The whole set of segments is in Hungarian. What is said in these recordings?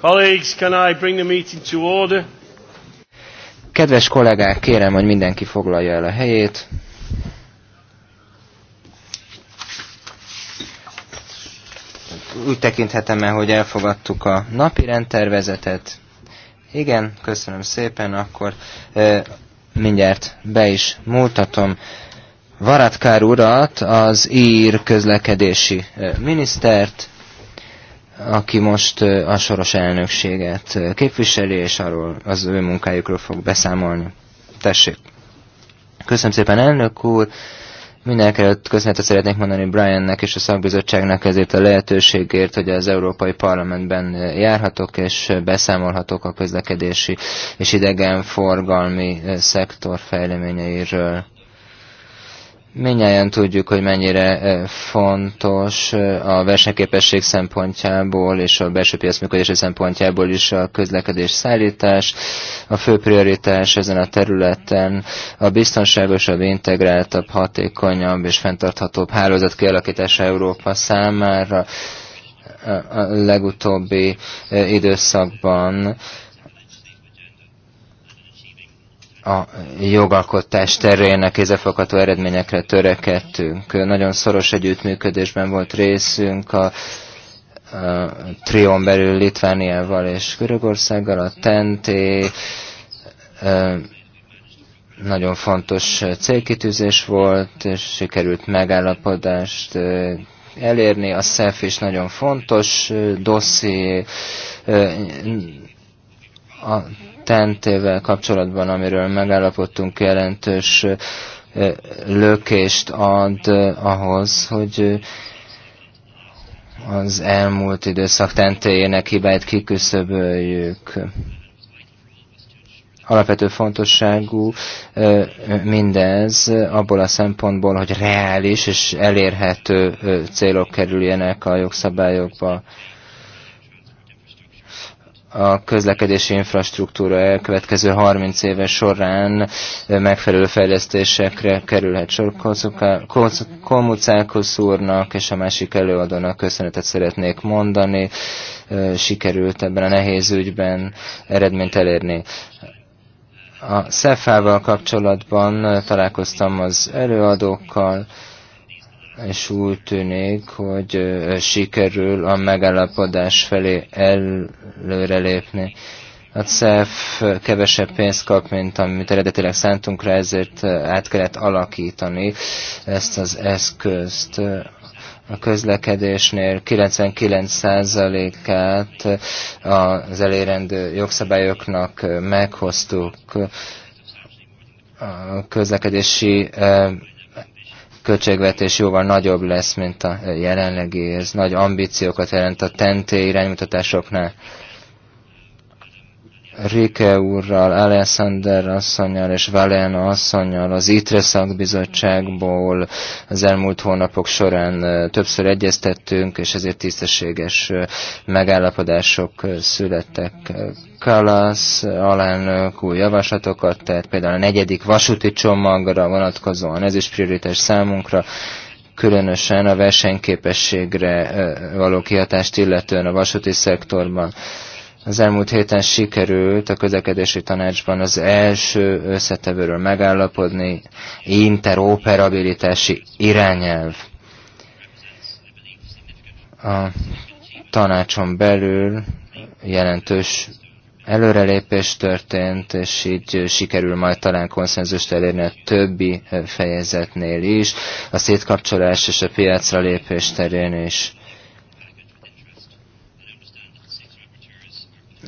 Colleagues, can I bring the meeting to order? Kedves kollégák, kérem, hogy mindenki foglalja el a helyét. Úgy tekinthetem el, hogy elfogadtuk a napi rendtervezetet. Igen, köszönöm szépen, akkor e, mindjárt be is mutatom. Varadkár urat, az ír közlekedési minisztert, aki most a soros elnökséget képviseli, és arról az ő munkájukról fog beszámolni. Tessék! Köszönöm szépen, elnök úr! előtt köszönetet szeretnék mondani Briannek és a szakbizottságnak ezért a lehetőségért, hogy az Európai Parlamentben járhatok és beszámolhatok a közlekedési és idegenforgalmi szektor fejleményeiről. Mindjárt tudjuk, hogy mennyire eh, fontos eh, a versenyképesség szempontjából és a belső piac működése szempontjából is a közlekedés szállítás. A fő prioritás ezen a területen a biztonságosabb, integráltabb, hatékonyabb és fenntarthatóbb hálózat kialakítása Európa számára a legutóbbi eh, időszakban a jogalkotás terén kézefogható eredményekre törekedtünk. Nagyon szoros együttműködésben volt részünk a, a trión belül Litvániával és Görögországgal, a TENTÉ, nagyon fontos célkitűzés volt, és sikerült megállapodást elérni. A SZEF is nagyon fontos dosszié. A tentével kapcsolatban, amiről megállapodtunk, jelentős lökést ad ahhoz, hogy az elmúlt időszak tentéjének hibáit kiküszöböljük. Alapvető fontosságú mindez abból a szempontból, hogy reális és elérhető célok kerüljenek a jogszabályokba a közlekedési infrastruktúra elkövetkező 30 éve során megfelelő fejlesztésekre kerülhet sor. Komucákos úrnak és a másik előadónak köszönetet szeretnék mondani. Sikerült ebben a nehéz ügyben eredményt elérni. A SZEFÁ-val kapcsolatban találkoztam az előadókkal, és úgy tűnik, hogy sikerül a megállapodás felé előrelépni. A CEF kevesebb pénzt kap, mint amit eredetileg szántunk rá, ezért át kellett alakítani ezt az eszközt a közlekedésnél 99%-át az elérendő jogszabályoknak meghoztuk a közlekedési költségvetés jóval nagyobb lesz, mint a jelenlegi, ez nagy ambíciókat jelent a TNT iránymutatásoknál. Rike úrral, Alexander asszonyal és Valen asszonyal az ITRE szakbizottságból az elmúlt hónapok során többször egyeztettünk, és ezért tisztességes megállapodások születtek. Kalasz alelnök új javaslatokat tett, például a negyedik vasúti csomagra vonatkozóan, ez is prioritás számunkra, különösen a versenyképességre való kihatást illetően a vasúti szektorban az elmúlt héten sikerült a közlekedési tanácsban az első összetevőről megállapodni, interoperabilitási irányelv. A tanácson belül jelentős előrelépés történt, és így sikerül majd talán konszenzust elérni a többi fejezetnél is, a szétkapcsolás és a piacra lépés terén is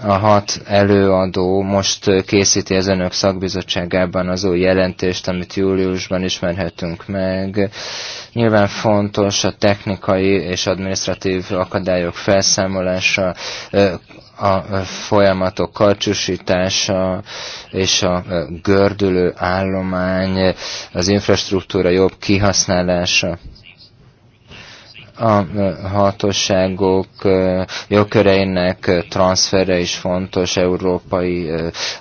a hat előadó most készíti az önök szakbizottságában az új jelentést, amit júliusban ismerhetünk meg. Nyilván fontos a technikai és administratív akadályok felszámolása, a folyamatok karcsúsítása és a gördülő állomány, az infrastruktúra jobb kihasználása a hatóságok jogköreinek transfere is fontos európai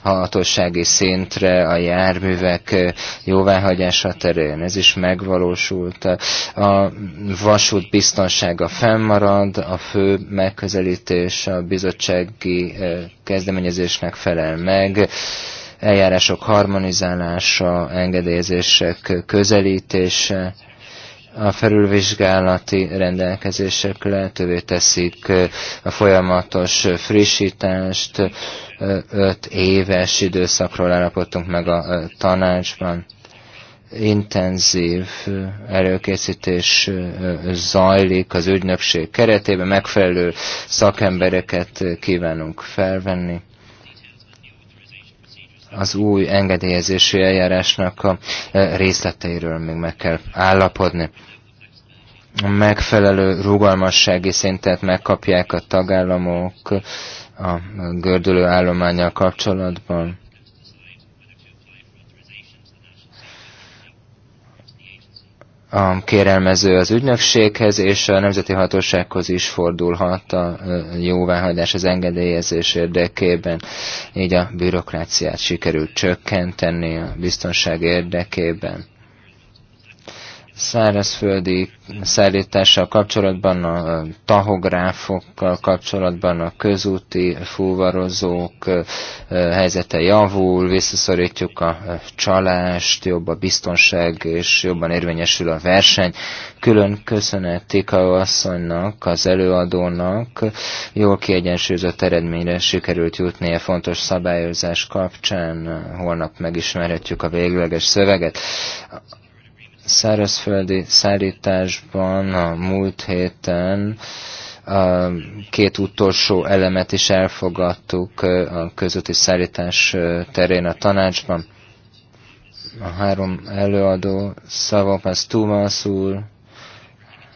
hatósági szintre a járművek jóváhagyása terén. Ez is megvalósult. A vasút biztonsága fennmarad, a fő megközelítés a bizottsági kezdeményezésnek felel meg eljárások harmonizálása, engedélyezések közelítése, a felülvizsgálati rendelkezések lehetővé teszik a folyamatos frissítást, öt éves időszakról állapodtunk meg a tanácsban. Intenzív előkészítés zajlik az ügynökség keretében, megfelelő szakembereket kívánunk felvenni az új engedélyezési eljárásnak a részleteiről még meg kell állapodni megfelelő rugalmassági szintet megkapják a tagállamok a gördülő állományjal kapcsolatban. a kérelmező az ügynökséghez és a nemzeti hatósághoz is fordulhat a jóváhagyás az engedélyezés érdekében. Így a bürokráciát sikerült csökkenteni a biztonság érdekében szárazföldi szállítással kapcsolatban, a tahográfokkal kapcsolatban a közúti fúvarozók helyzete javul, visszaszorítjuk a csalást, jobb a biztonság, és jobban érvényesül a verseny. Külön köszönet Tika asszonynak, az előadónak, jól kiegyensúlyozott eredményre sikerült jutni a fontos szabályozás kapcsán, holnap megismerhetjük a végleges szöveget szárazföldi szállításban a múlt héten a két utolsó elemet is elfogadtuk a közötti szállítás terén a tanácsban. A három előadó Szavopász Tumasz úr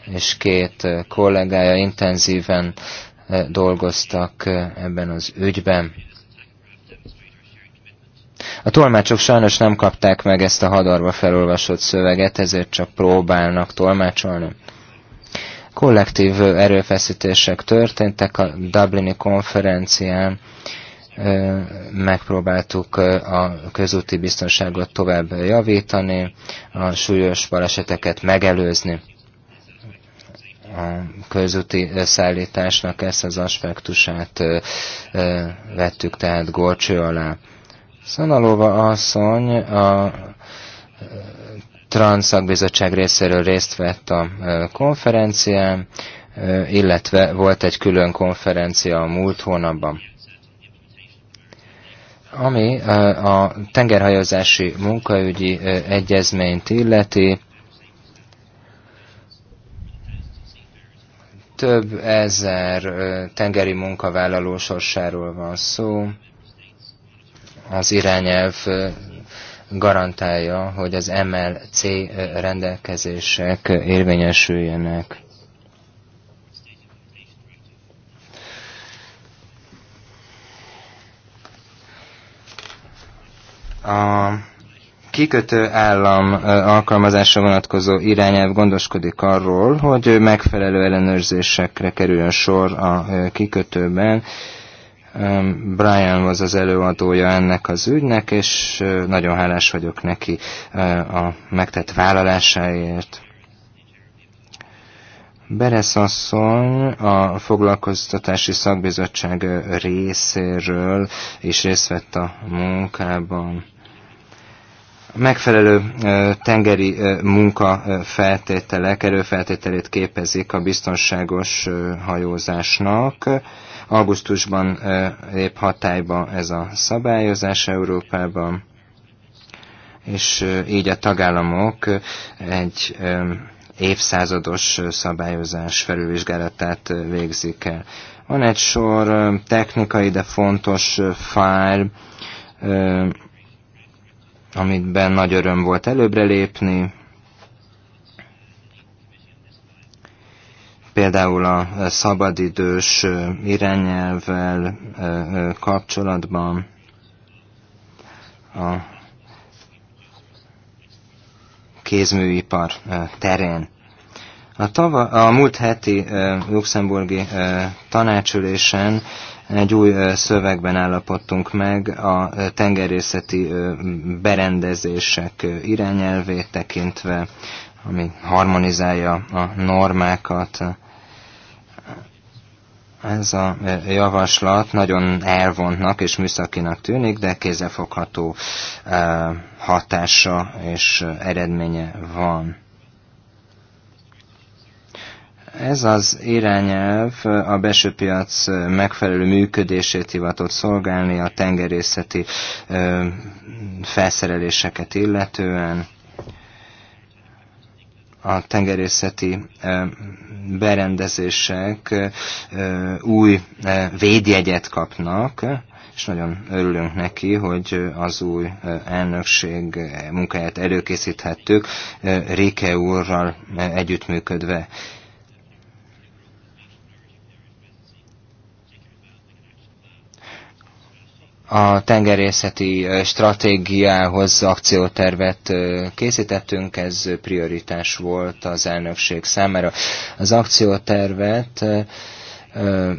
és két kollégája intenzíven dolgoztak ebben az ügyben. A tolmácsok sajnos nem kapták meg ezt a hadarba felolvasott szöveget, ezért csak próbálnak tolmácsolni. Kollektív erőfeszítések történtek a Dublini konferencián, megpróbáltuk a közúti biztonságot tovább javítani, a súlyos baleseteket megelőzni. A közúti szállításnak ezt az aspektusát vettük tehát gorcső alá. Szanalóva asszony a e, Transzakbizottság részéről részt vett a e, konferencián, e, illetve volt egy külön konferencia a múlt hónapban ami a tengerhajózási munkaügyi egyezményt illeti, több ezer tengeri munkavállaló sorsáról van szó, az irányelv garantálja, hogy az MLC rendelkezések érvényesüljenek. A kikötő állam alkalmazásra vonatkozó irányelv gondoskodik arról, hogy megfelelő ellenőrzésekre kerüljön sor a kikötőben, Brian az az előadója ennek az ügynek, és nagyon hálás vagyok neki a megtett vállalásáért. Beresz asszony a foglalkoztatási szakbizottság részéről is részt vett a munkában. Megfelelő tengeri munkafeltételek, erőfeltételét képezik a biztonságos hajózásnak Augusztusban lép eh, hatályba ez a szabályozás Európában, és eh, így a tagállamok eh, egy évszázados szabályozás felülvizsgálatát végzik el. Van egy sor technikai, de fontos fájl, amiben nagy öröm volt előbbre lépni, például a szabadidős irányelvvel kapcsolatban a kézműipar terén. A, tava, a múlt heti luxemburgi tanácsülésen egy új szövegben állapodtunk meg a tengerészeti berendezések irányelvét tekintve, ami harmonizálja a normákat ez a e, javaslat nagyon elvontnak és műszakinak tűnik, de kézzelfogható e, hatása és eredménye van. Ez az irányelv a belső piac megfelelő működését hivatott szolgálni a tengerészeti e, felszereléseket illetően a tengerészeti e, berendezések e, új e, védjegyet kapnak, és nagyon örülünk neki, hogy az új elnökség munkáját előkészíthettük Rike úrral együttműködve. a tengerészeti stratégiához akciótervet készítettünk, ez prioritás volt az elnökség számára. Az akciótervet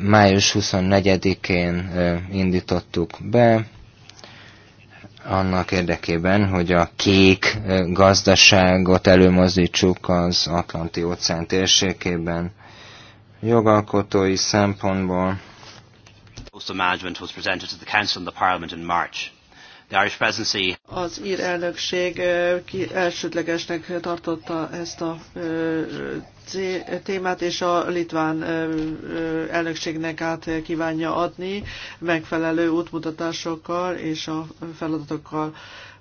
május 24-én indítottuk be, annak érdekében, hogy a kék gazdaságot előmozdítsuk az Atlanti óceán térségében jogalkotói szempontból coastal management was presented to the Council and the Parliament in March. The Irish presidency az ír elnökség elsődlegesnek tartotta ezt a témát, és a litván elnökségnek át kívánja adni megfelelő útmutatásokkal és a feladatokkal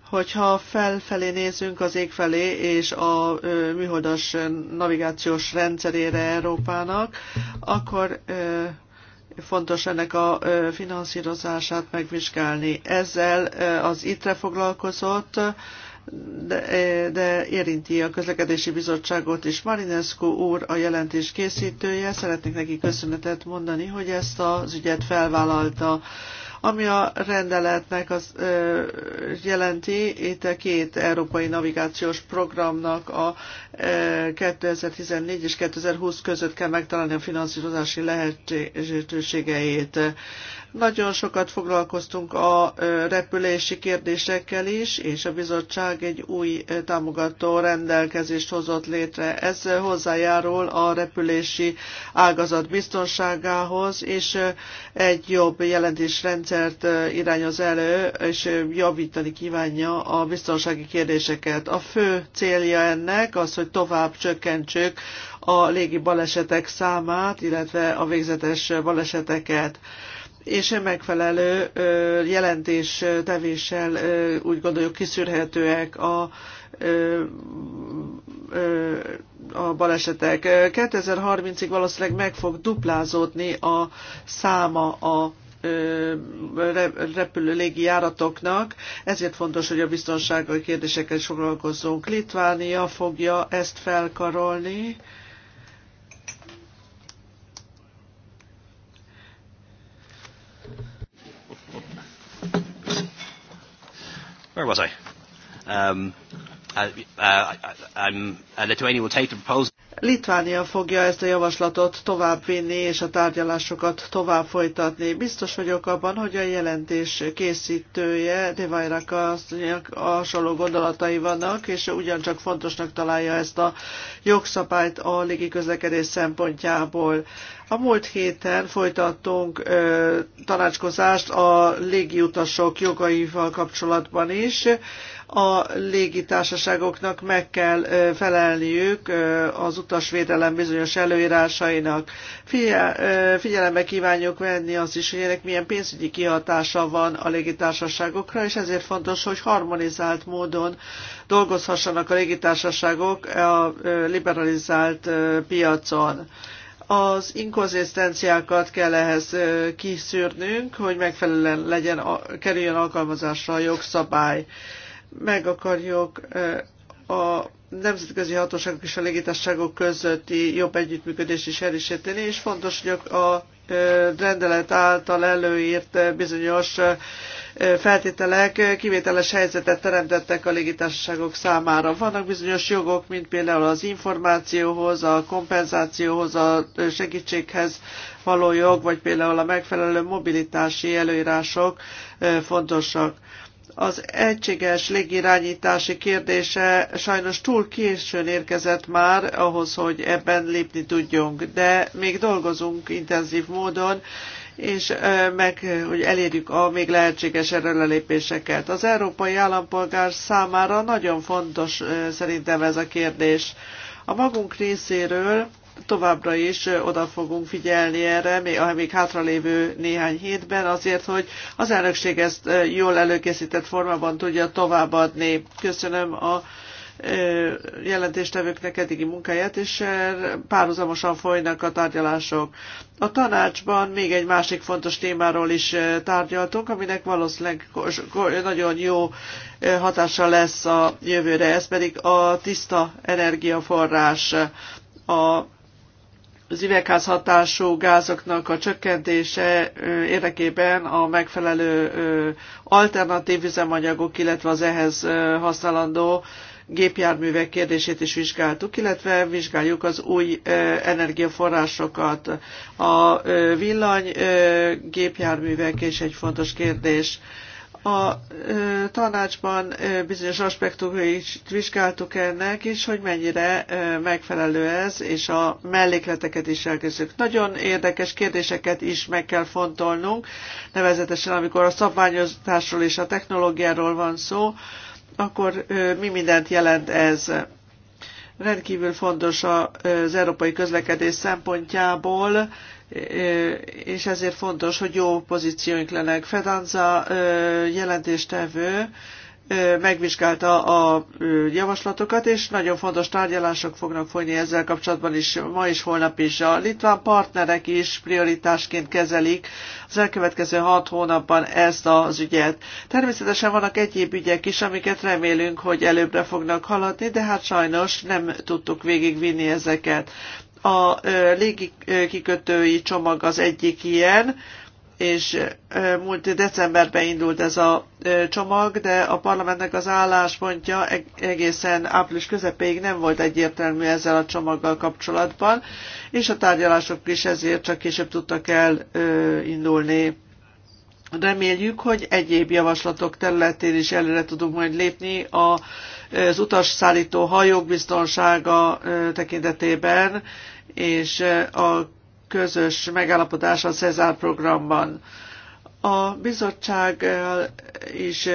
hogyha felfelé nézünk az ég felé és a műholdas navigációs rendszerére Európának, akkor fontos ennek a finanszírozását megvizsgálni. Ezzel az ITRE foglalkozott, de, de érinti a közlekedési bizottságot is. Marinescu úr a jelentés készítője, szeretnék neki köszönetet mondani, hogy ezt az ügyet felvállalta. Ami a rendeletnek az jelenti, itt a két európai navigációs programnak a 2014 és 2020 között kell megtalálni a finanszírozási lehetőségeit. Nagyon sokat foglalkoztunk a repülési kérdésekkel is, és a bizottság egy új támogató rendelkezést hozott létre. Ez hozzájárul a repülési ágazat biztonságához, és egy jobb jelentésrendszert irányoz elő, és javítani kívánja a biztonsági kérdéseket. A fő célja ennek az, hogy tovább csökkentsük a légi balesetek számát, illetve a végzetes baleseteket és megfelelő jelentés tevéssel úgy gondoljuk kiszűrhetőek a a balesetek. 2030-ig valószínűleg meg fog duplázódni a száma a repülő légi járatoknak, ezért fontos, hogy a biztonsági kérdésekkel is foglalkozzunk. Litvánia fogja ezt felkarolni. Where was I? Um, Uh, uh, um, uh, Litvánia fogja ezt a javaslatot továbbvinni és a tárgyalásokat tovább folytatni. Biztos vagyok abban, hogy a jelentés készítője, Devajrak a hasonló gondolatai vannak, és ugyancsak fontosnak találja ezt a jogszabályt a légiközlekedés szempontjából. A múlt héten folytattunk ö, tanácskozást a légiutasok jogaival kapcsolatban is a légitársaságoknak meg kell felelniük az utasvédelem bizonyos előírásainak. Figyelembe kívánjuk venni azt is, hogy ennek milyen pénzügyi kihatása van a légitársaságokra, és ezért fontos, hogy harmonizált módon dolgozhassanak a légitársaságok a liberalizált piacon az inkonzisztenciákat kell ehhez kiszűrnünk, hogy megfelelően legyen, kerüljön alkalmazásra a jogszabály meg akarjuk a nemzetközi hatóságok és a légitárságok közötti jobb együttműködést is erősíteni, és fontos, hogy a rendelet által előírt bizonyos feltételek kivételes helyzetet teremtettek a légitársaságok számára. Vannak bizonyos jogok, mint például az információhoz, a kompenzációhoz, a segítséghez való jog, vagy például a megfelelő mobilitási előírások fontosak az egységes légirányítási kérdése sajnos túl későn érkezett már ahhoz, hogy ebben lépni tudjunk, de még dolgozunk intenzív módon, és meg, hogy elérjük a még lehetséges erőlelépéseket. Az európai állampolgár számára nagyon fontos szerintem ez a kérdés. A magunk részéről továbbra is oda fogunk figyelni erre, még, még hátralévő néhány hétben, azért, hogy az elnökség ezt jól előkészített formában tudja továbbadni. Köszönöm a jelentéstevőknek eddigi munkáját, és párhuzamosan folynak a tárgyalások. A tanácsban még egy másik fontos témáról is tárgyaltunk, aminek valószínűleg nagyon jó hatása lesz a jövőre, ez pedig a tiszta energiaforrás. A az üvegházhatású gázoknak a csökkentése érdekében a megfelelő alternatív üzemanyagok, illetve az ehhez használandó gépjárművek kérdését is vizsgáltuk, illetve vizsgáljuk az új energiaforrásokat. A villany gépjárművek is egy fontos kérdés. A ö, tanácsban ö, bizonyos aspektusait vizsgáltuk ennek is, hogy mennyire ö, megfelelő ez, és a mellékleteket is elkezdjük. Nagyon érdekes kérdéseket is meg kell fontolnunk, nevezetesen amikor a szabványozásról és a technológiáról van szó, akkor ö, mi mindent jelent ez. Rendkívül fontos az európai közlekedés szempontjából, és ezért fontos, hogy jó pozícióink lennek. Fedanza jelentéstevő megvizsgálta a javaslatokat, és nagyon fontos tárgyalások fognak folyni ezzel kapcsolatban is, ma is, holnap is. A litván partnerek is prioritásként kezelik az elkövetkező hat hónapban ezt az ügyet. Természetesen vannak egyéb ügyek is, amiket remélünk, hogy előbbre fognak haladni, de hát sajnos nem tudtuk végigvinni ezeket. A légikikötői csomag az egyik ilyen, és múlt decemberben indult ez a csomag, de a parlamentnek az álláspontja egészen április közepéig nem volt egyértelmű ezzel a csomaggal kapcsolatban, és a tárgyalások is ezért csak később tudtak elindulni. Reméljük, hogy egyéb javaslatok területén is előre tudunk majd lépni a az utasszállító hajók biztonsága tekintetében, és a közös megállapodás a CESAR programban. A bizottság is,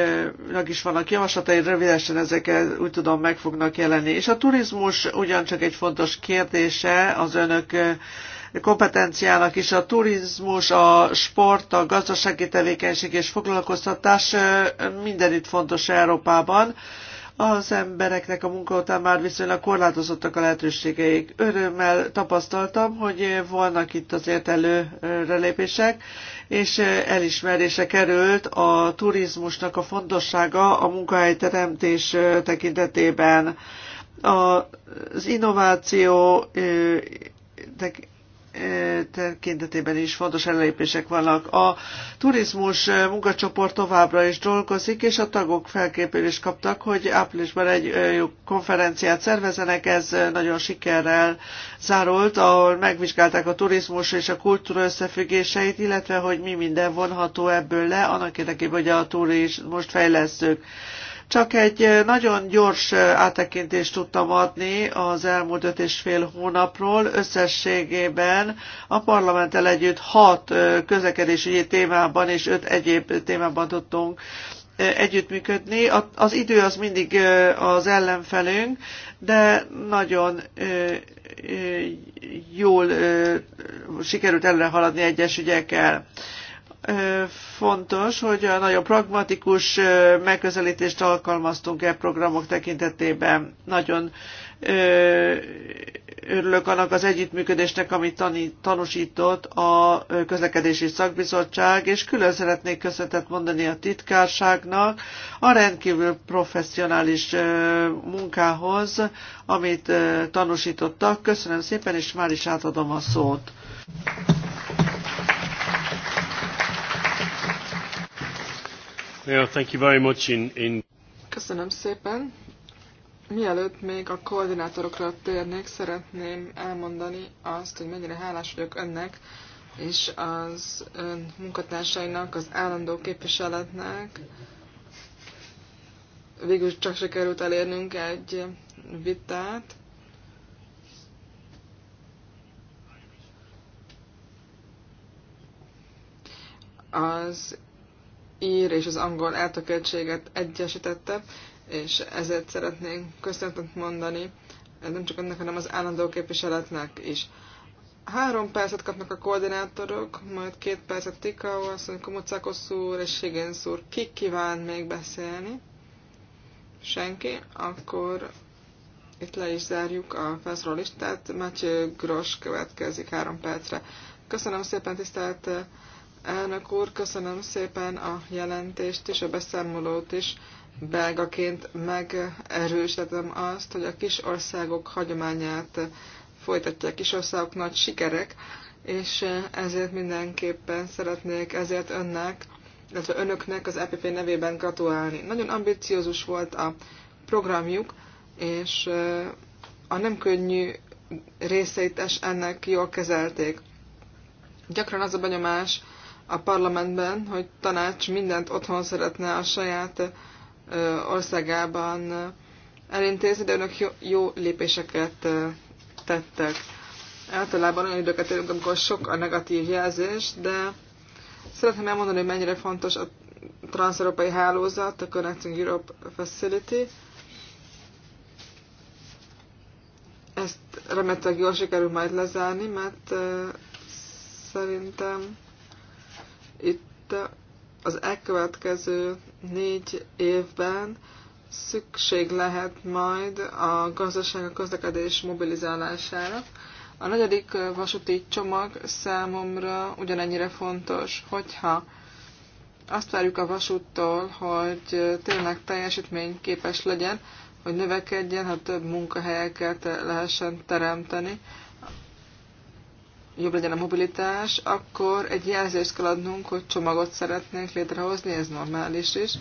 is vannak javaslatai, rövidesen ezeket úgy tudom meg fognak jelenni. És a turizmus ugyancsak egy fontos kérdése az önök kompetenciának is. A turizmus, a sport, a gazdasági tevékenység és foglalkoztatás mindenütt fontos Európában az embereknek a munka után már viszonylag korlátozottak a lehetőségeik. Örömmel tapasztaltam, hogy vannak itt azért előrelépések, és elismerése került a turizmusnak a fontossága a munkahelyteremtés tekintetében. Az innováció tekintetében is fontos ellépések vannak. A turizmus munkacsoport továbbra is dolgozik, és a tagok felképülést kaptak, hogy áprilisban egy konferenciát szervezenek, ez nagyon sikerrel zárult, ahol megvizsgálták a turizmus és a kultúra összefüggéseit, illetve hogy mi minden vonható ebből le, annak érdekében, hogy a turizmust fejlesztők. Csak egy nagyon gyors áttekintést tudtam adni az elmúlt öt és fél hónapról. Összességében a parlamenttel együtt hat közlekedésügyi témában és öt egyéb témában tudtunk együttműködni. Az idő az mindig az ellenfelünk, de nagyon jól sikerült előre haladni egyes ügyekkel fontos, hogy a nagyon pragmatikus megközelítést alkalmaztunk e programok tekintetében. Nagyon örülök annak az együttműködésnek, amit tanúsított a közlekedési szakbizottság, és külön szeretnék köszönetet mondani a titkárságnak a rendkívül professzionális munkához, amit tanúsítottak. Köszönöm szépen, és már is átadom a szót. Köszönöm szépen. Mielőtt még a koordinátorokra térnék, szeretném elmondani azt, hogy mennyire hálás vagyok önnek és az ön munkatársainak, az állandó képviseletnek. Végül csak sikerült elérnünk egy vitát. Az ír és az angol eltökéltséget egyesítette, és ezért szeretnénk köszönetet mondani, eh, nem csak ennek, hanem az állandó képviseletnek is. Három percet kapnak a koordinátorok, majd két percet Tikau, a Komocákos úr és Sigensz úr. Ki kíván még beszélni? Senki? Akkor itt le is zárjuk a felszóló listát. Matyő Gros következik három percre. Köszönöm szépen, tisztelt eh, Elnök úr, köszönöm szépen a jelentést és a beszámolót is. Belgaként megerősítem azt, hogy a kis országok hagyományát folytatják, kis országok nagy sikerek, és ezért mindenképpen szeretnék ezért önnek, illetve önöknek az EPP nevében gratulálni. Nagyon ambiciózus volt a programjuk, és a nem könnyű részeit ennek jól kezelték. Gyakran az a benyomás, a parlamentben, hogy tanács mindent otthon szeretne a saját országában elintézni, de önök jó, jó lépéseket tettek. Általában olyan időket élünk, amikor sok a negatív jelzés, de szeretném elmondani, hogy mennyire fontos a transzeurópai hálózat, a Connecting Europe Facility. Ezt remélhetőleg jól sikerül majd lezárni, mert szerintem itt az elkövetkező négy évben szükség lehet majd a gazdaság a közlekedés mobilizálására. A negyedik vasúti csomag számomra ugyanennyire fontos, hogyha azt várjuk a vasúttól, hogy tényleg teljesítményképes legyen, hogy növekedjen, ha több munkahelyeket lehessen teremteni, jobb legyen a mobilitás, akkor egy jelzést kell adnunk, hogy csomagot szeretnénk létrehozni, ez normális is,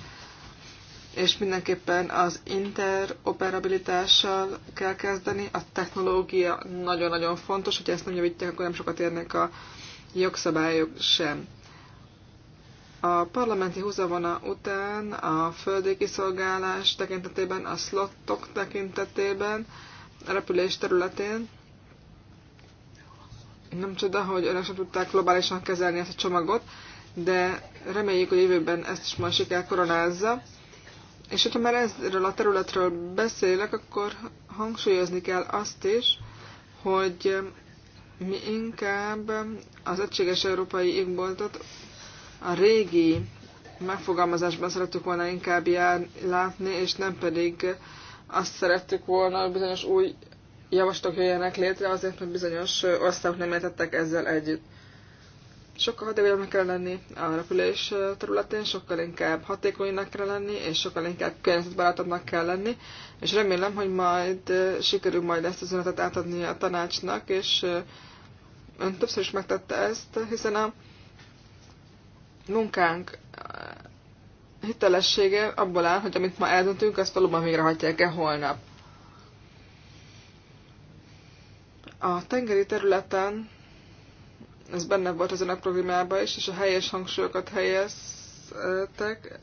és mindenképpen az interoperabilitással kell kezdeni, a technológia nagyon-nagyon fontos, hogyha ezt nem javítják, akkor nem sokat érnek a jogszabályok sem. A parlamenti húzavona után a földi kiszolgálás tekintetében, a slottok tekintetében, a repülés területén nem csoda, hogy önök sem tudták globálisan kezelni ezt a csomagot, de reméljük, hogy jövőben ezt is majd siker koronázza. És hogyha már ezről a területről beszélek, akkor hangsúlyozni kell azt is, hogy mi inkább az egységes európai égboltot a régi megfogalmazásban szerettük volna inkább jár, látni, és nem pedig azt szerettük volna, hogy bizonyos új javaslatok jöjjenek létre, azért, mert bizonyos országok nem értettek ezzel együtt. Sokkal hatékonyabbnak kell lenni a repülés területén, sokkal inkább hatékonynak kell lenni, és sokkal inkább környezetbarátabbnak kell lenni, és remélem, hogy majd sikerül majd ezt az üzenetet átadni a tanácsnak, és ön többször is megtette ezt, hiszen a munkánk hitelessége abból áll, hogy amit ma eldöntünk, azt valóban végrehajtják-e holnap. A tengeri területen, ez benne volt az önök programjában is, és a helyes hangsúlyokat helyeztek,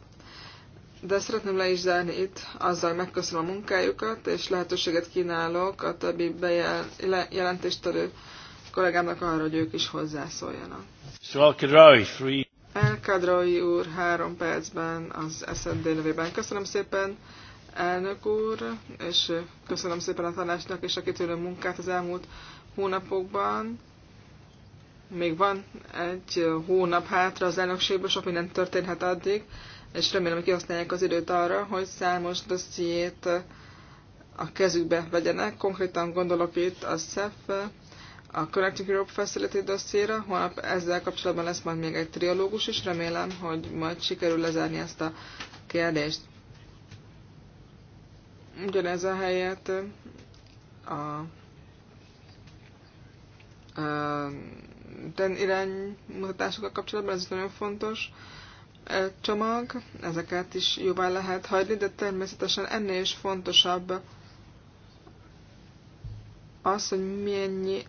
de szeretném le is zárni itt, azzal megköszönöm a munkájukat, és lehetőséget kínálok a többi bejel, jelentéstevő kollégámnak arra, hogy ők is hozzászóljanak. El Kadrói úr három percben az SZD nevében. Köszönöm szépen, elnök úr, és köszönöm szépen a tanácsnak és a kitűnő munkát az elmúlt hónapokban. Még van egy hónap hátra az elnökségből, sok minden történhet addig, és remélem, hogy kihasználják az időt arra, hogy számos dossziét a kezükbe vegyenek. Konkrétan gondolok itt a SEF, a Connecting Europe Facility dossziéra. Holnap ezzel kapcsolatban lesz majd még egy triológus is. Remélem, hogy majd sikerül lezárni ezt a kérdést. Ugyanez a helyet a ten iránymutatásokkal kapcsolatban, ez nagyon fontos csomag, ezeket is jóvá lehet hagyni, de természetesen ennél is fontosabb az, hogy mennyi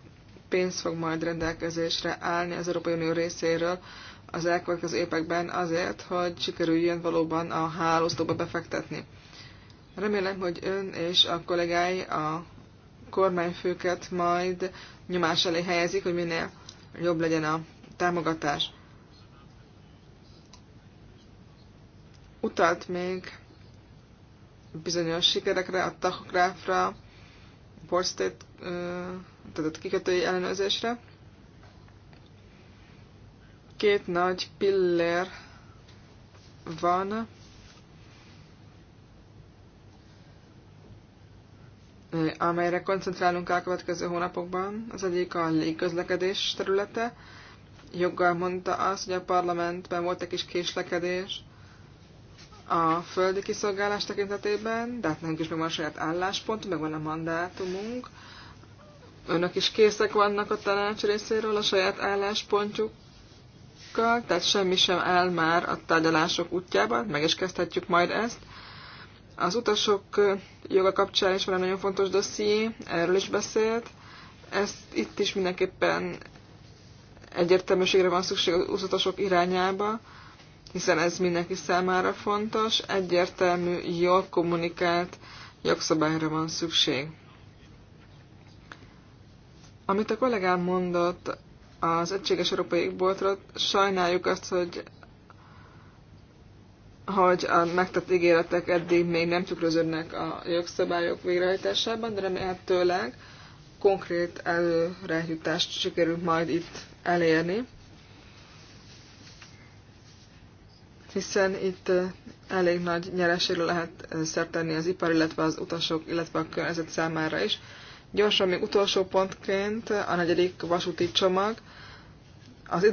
pénz fog majd rendelkezésre állni az Európai Unió részéről az elkövetkező években azért, hogy sikerüljön valóban a hálózatokba befektetni. Remélem, hogy ön és a kollégái a kormányfőket majd nyomás elé helyezik, hogy minél jobb legyen a támogatás. Utalt még bizonyos sikerekre, a tachográfra, a State, tehát a kikötői ellenőrzésre. Két nagy pillér van, amelyre koncentrálunk a következő hónapokban. Az egyik a légközlekedés területe. Joggal mondta az, hogy a parlamentben volt egy kis késlekedés a földi kiszolgálás tekintetében, de hát nekünk is megvan a saját álláspontunk, megvan a mandátumunk. Önök is készek vannak a tanács részéről a saját álláspontjukkal, tehát semmi sem áll már a tárgyalások útjában, meg is kezdhetjük majd ezt. Az utasok joga kapcsán is van egy nagyon fontos dosszié, erről is beszélt. Ezt itt is mindenképpen egyértelműségre van szükség az utasok irányába, hiszen ez mindenki számára fontos, egyértelmű, jól kommunikált jogszabályra van szükség. Amit a kollégám mondott az Egységes Európai Égboltról, sajnáljuk azt, hogy hogy a megtett ígéretek eddig még nem tükröződnek a jogszabályok végrehajtásában, de remélhetőleg konkrét előrejutást sikerül majd itt elérni. hiszen itt elég nagy nyereségre lehet szert tenni az ipar, illetve az utasok, illetve a környezet számára is. Gyorsan még utolsó pontként a negyedik vasúti csomag. Az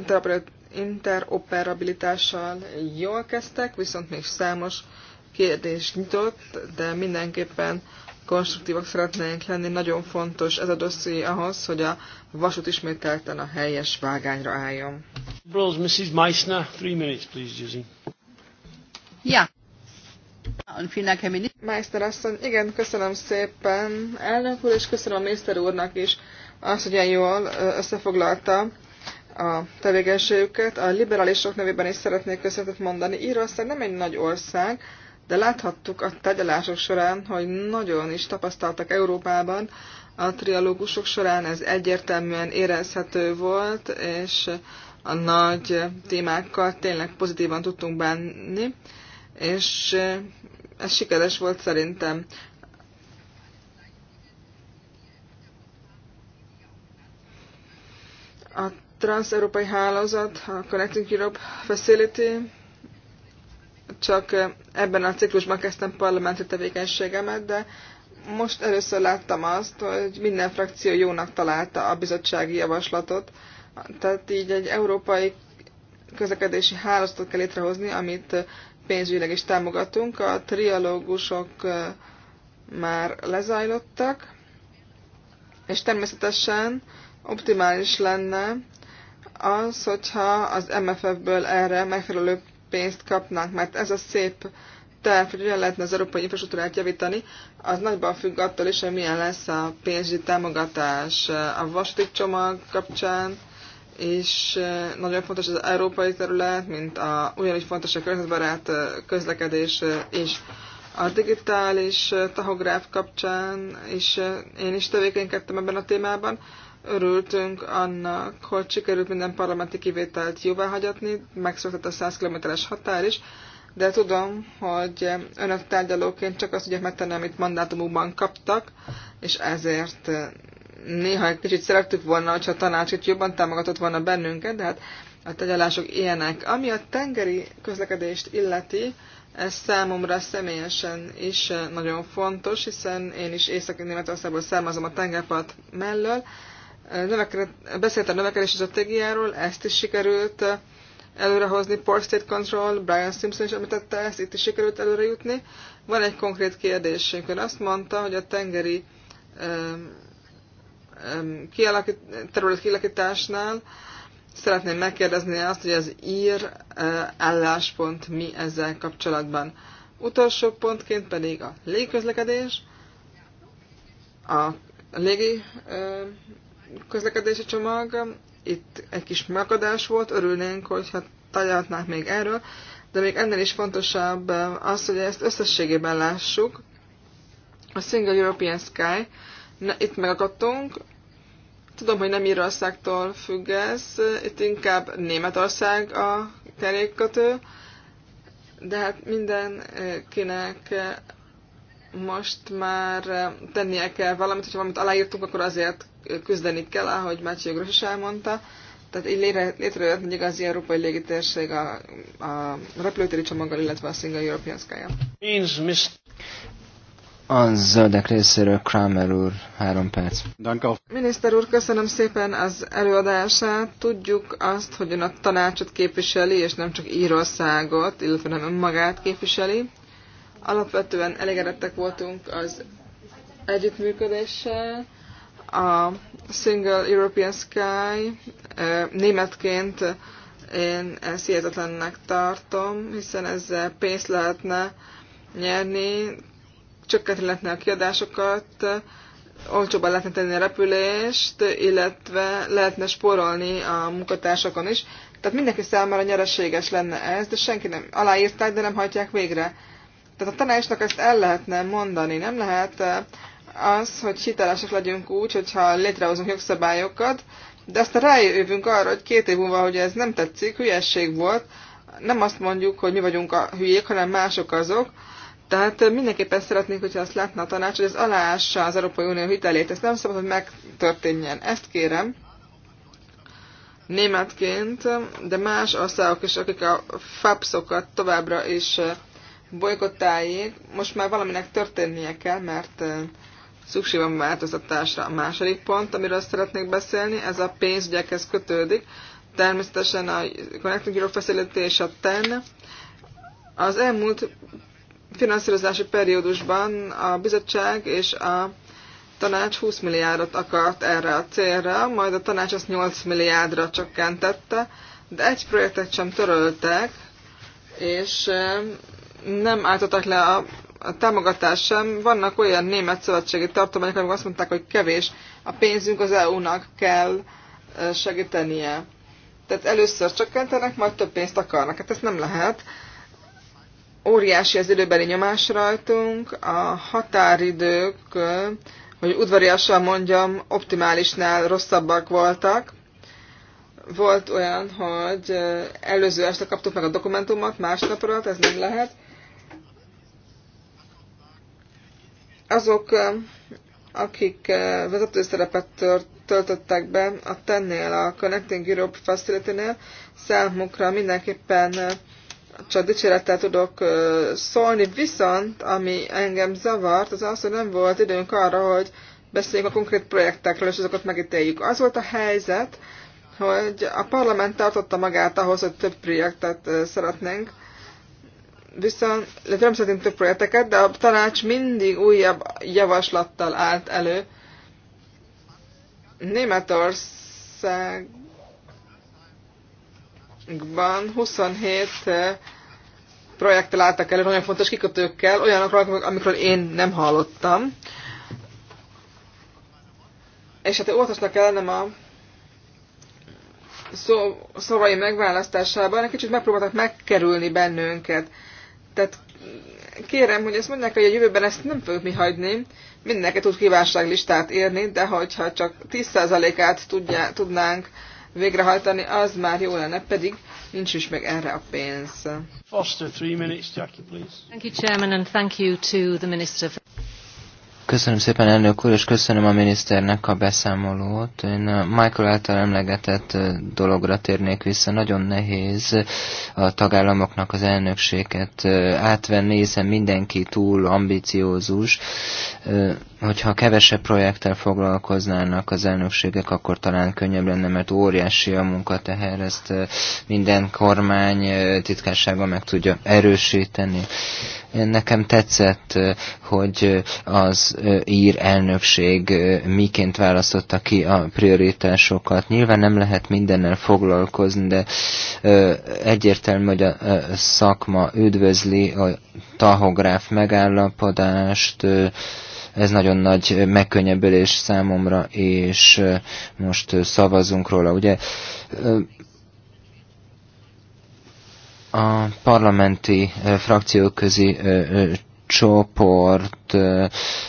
interoperabilitással jól kezdtek, viszont még számos kérdés nyitott, de mindenképpen konstruktívak szeretnénk lenni. Nagyon fontos ez a dosszié ahhoz, hogy a vasút ismételten a helyes vágányra álljon. Bros, Mrs. Meissner, three minutes, please, Jizzy. Ja. Meister asszony, igen, köszönöm szépen elnök úr, és köszönöm a miniszter úrnak is azt, hogy ilyen jól összefoglalta a tevékenységüket. A liberálisok nevében is szeretnék köszönetet mondani. Írország nem egy nagy ország, de láthattuk a tegyelások során, hogy nagyon is tapasztaltak Európában, a trialógusok során ez egyértelműen érezhető volt, és a nagy témákkal tényleg pozitívan tudtunk bánni, és ez sikeres volt szerintem. A transeurópai hálózat, a Connecting Europe Facility, csak eh, ebben a ciklusban kezdtem parlamenti tevékenységemet, de most először láttam azt, hogy minden frakció jónak találta a bizottsági javaslatot, tehát így egy európai közlekedési hálózatot kell létrehozni, amit eh, pénzügyileg is támogatunk. A trialógusok eh, már lezajlottak, és természetesen optimális lenne, az, hogyha az MFF-ből erre megfelelő pénzt kapnak, mert ez a szép terv, hogy hogyan lehetne az európai infrastruktúrát javítani, az nagyban függ attól is, hogy milyen lesz a pénzügyi támogatás a vasúti csomag kapcsán, és eh, nagyon fontos az európai terület, mint a, ugyanis fontos a környezetbarát eh, közlekedés és eh, A digitális tahográf kapcsán és én is tevékenykedtem ebben a témában, örültünk annak, hogy sikerült minden parlamenti kivételt jóvá hagyatni, megszületett a 100 km-es határ is, de tudom, hogy önök tárgyalóként csak azt tudják megtenni, amit mandátumukban kaptak, és ezért néha egy kicsit szerettük volna, hogyha a tanács itt jobban támogatott volna bennünket, de hát a tegyelások ilyenek. Ami a tengeri közlekedést illeti, ez számomra személyesen is nagyon fontos, hiszen én is Észak-Németországból származom a tengerpart mellől, beszélt a növekedési stratégiáról, ezt is sikerült előrehozni, Poor State Control, Brian Simpson is említette ezt, itt is sikerült előre jutni. Van egy konkrét kérdésünk. Ön azt mondta, hogy a tengeri um, um, kialakít, terület kialakításnál szeretném megkérdezni azt, hogy az ír uh, álláspont mi ezzel kapcsolatban. Utolsó pontként pedig a légközlekedés, a légi közlekedési csomag. Itt egy kis megadás volt, örülnénk, hogyha tárgyalhatnánk még erről, de még ennél is fontosabb eh, az, hogy ezt összességében lássuk. A Single European Sky, na, itt megakadtunk, Tudom, hogy nem Írországtól függ ez, itt inkább Németország a kerékkötő, de hát mindenkinek eh, most már eh, tennie kell valamit, hogyha valamit aláírtunk, akkor azért küzdeni kell, ahogy Mácsi Jogros is elmondta. Tehát így létre, létrejött egy igazi európai légitérség a, a repülőtéri csomaggal, illetve a Single European Sky-a. zöldek részéről Kramer úr, három perc. Miniszter úr, köszönöm szépen az előadását. Tudjuk azt, hogy ön a tanácsot képviseli, és nem csak Írországot, illetve nem önmagát képviseli. Alapvetően elégedettek voltunk az együttműködéssel, a Single European Sky németként én ezt hihetetlennek tartom, hiszen ezzel pénzt lehetne nyerni, csökkenteni lehetne a kiadásokat, olcsóban lehetne tenni a repülést, illetve lehetne sporolni a munkatársakon is. Tehát mindenki számára nyereséges lenne ez, de senki nem aláírták, de nem hajtják végre. Tehát a tanácsnak ezt el lehetne mondani, nem lehet az, hogy hitelesek legyünk úgy, hogyha létrehozunk jogszabályokat, de aztán rájövünk arra, hogy két év múlva, hogy ez nem tetszik, hülyesség volt, nem azt mondjuk, hogy mi vagyunk a hülyék, hanem mások azok. Tehát mindenképpen szeretnénk, hogyha azt látna a tanács, hogy ez aláássa az Európai Unió hitelét. Ezt nem szabad, hogy megtörténjen. Ezt kérem. Németként, de más országok is, akik a FAPS-okat továbbra is bolygottálják, most már valaminek történnie kell, mert szükség van változtatásra. A második pont, amiről szeretnék beszélni, ez a pénzügyekhez kötődik. Természetesen a Connecting Europe Facility és a TEN. Az elmúlt finanszírozási periódusban a bizottság és a tanács 20 milliárdot akart erre a célra, majd a tanács azt 8 milliárdra csökkentette, de egy projektet sem töröltek, és eh, nem álltottak le a a támogatás sem. Vannak olyan német szövetségi tartományok, amik azt mondták, hogy kevés a pénzünk, az EU-nak kell segítenie. Tehát először csökkentenek, majd több pénzt akarnak. Hát ezt nem lehet. Óriási az időbeli nyomás rajtunk, a határidők, hogy udvariasan mondjam, optimálisnál rosszabbak voltak. Volt olyan, hogy előző este kaptuk meg a dokumentumot, másnapra, hát ez nem lehet Azok, akik vezető szerepet töltöttek be a tennél, a Connecting Europe Facility-nél, számukra mindenképpen csak dicsérettel tudok szólni, viszont ami engem zavart, az az, hogy nem volt időnk arra, hogy beszéljünk a konkrét projektekről, és azokat megítéljük. Az volt a helyzet, hogy a parlament tartotta magát ahhoz, hogy több projektet szeretnénk, viszont nem szeretném több projekteket, de a tanács mindig újabb javaslattal állt elő. Németországban 27 eh, projekttel álltak elő, nagyon fontos kikötőkkel, olyanokról, amikről én nem hallottam. És hát óvatosnak kellene a szó, szóvai megválasztásában, egy kicsit megpróbáltak megkerülni bennünket. Tehát kérem, hogy ezt mondják, hogy a jövőben ezt nem fogjuk mi hagyni. Mindenki tud kívánságlistát írni, de hogyha csak 10%-át tudnánk végrehajtani, az már jó lenne, pedig nincs is meg erre a pénz. Foster, three minutes, Jackie, please. Thank you, Chairman, and thank you to the Minister. For... Köszönöm szépen elnök úr, és köszönöm a miniszternek a beszámolót. Én a Michael által emlegetett dologra térnék vissza. Nagyon nehéz a tagállamoknak az elnökséget átvenni, hiszen mindenki túl ambiciózus. Hogyha kevesebb projekttel foglalkoznának az elnökségek, akkor talán könnyebb lenne, mert óriási a munkateher, ezt minden kormány titkársága meg tudja erősíteni. Nekem tetszett, hogy az ír elnökség miként választotta ki a prioritásokat. Nyilván nem lehet mindennel foglalkozni, de egyértelmű, hogy a szakma üdvözli a tahográf megállapodást, ez nagyon nagy megkönnyebbülés számomra, és most szavazunk róla. Ugye a parlamenti frakcióközi csoport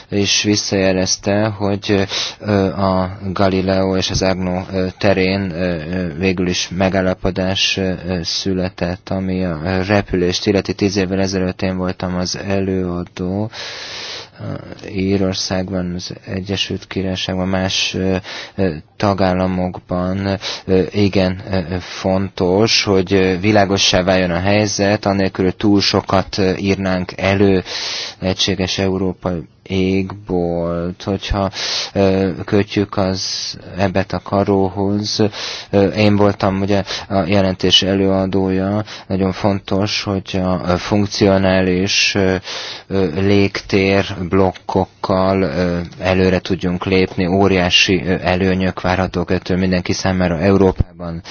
is visszajelezte, hogy a Galileo és az Agno terén végül is megállapodás született, ami a repülést illeti. Tíz évvel ezelőtt én voltam az előadó, Írországban, az Egyesült Királyságban, más tagállamokban igen fontos, hogy világossá váljon a helyzet, anélkül, hogy túl sokat írnánk elő egységes európai égbolt, hogyha kötjük az ebet a karóhoz. Én voltam ugye a jelentés előadója, nagyon fontos, hogy a funkcionális légtér blokkokkal előre tudjunk lépni, óriási előnyök várhatók ettől mindenki számára Európában,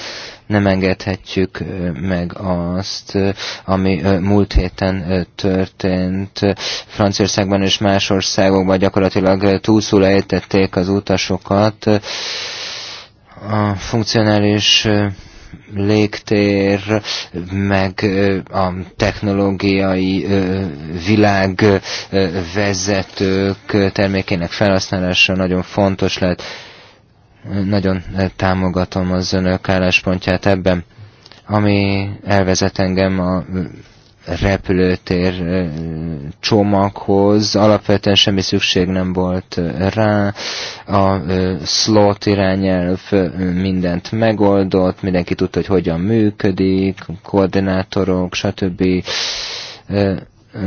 nem engedhetjük meg azt, ami múlt héten történt. Franciaországban és más országokban gyakorlatilag túlszul ejtették az utasokat. A funkcionális légtér, meg a technológiai világ termékének felhasználása nagyon fontos lett. Nagyon eh, támogatom az önök álláspontját ebben, ami elvezet engem a mm, repülőtér eh, csomaghoz. Alapvetően semmi szükség nem volt eh, rá. A slot irányelv mindent megoldott, mindenki tudta, hogy hogyan működik, koordinátorok, stb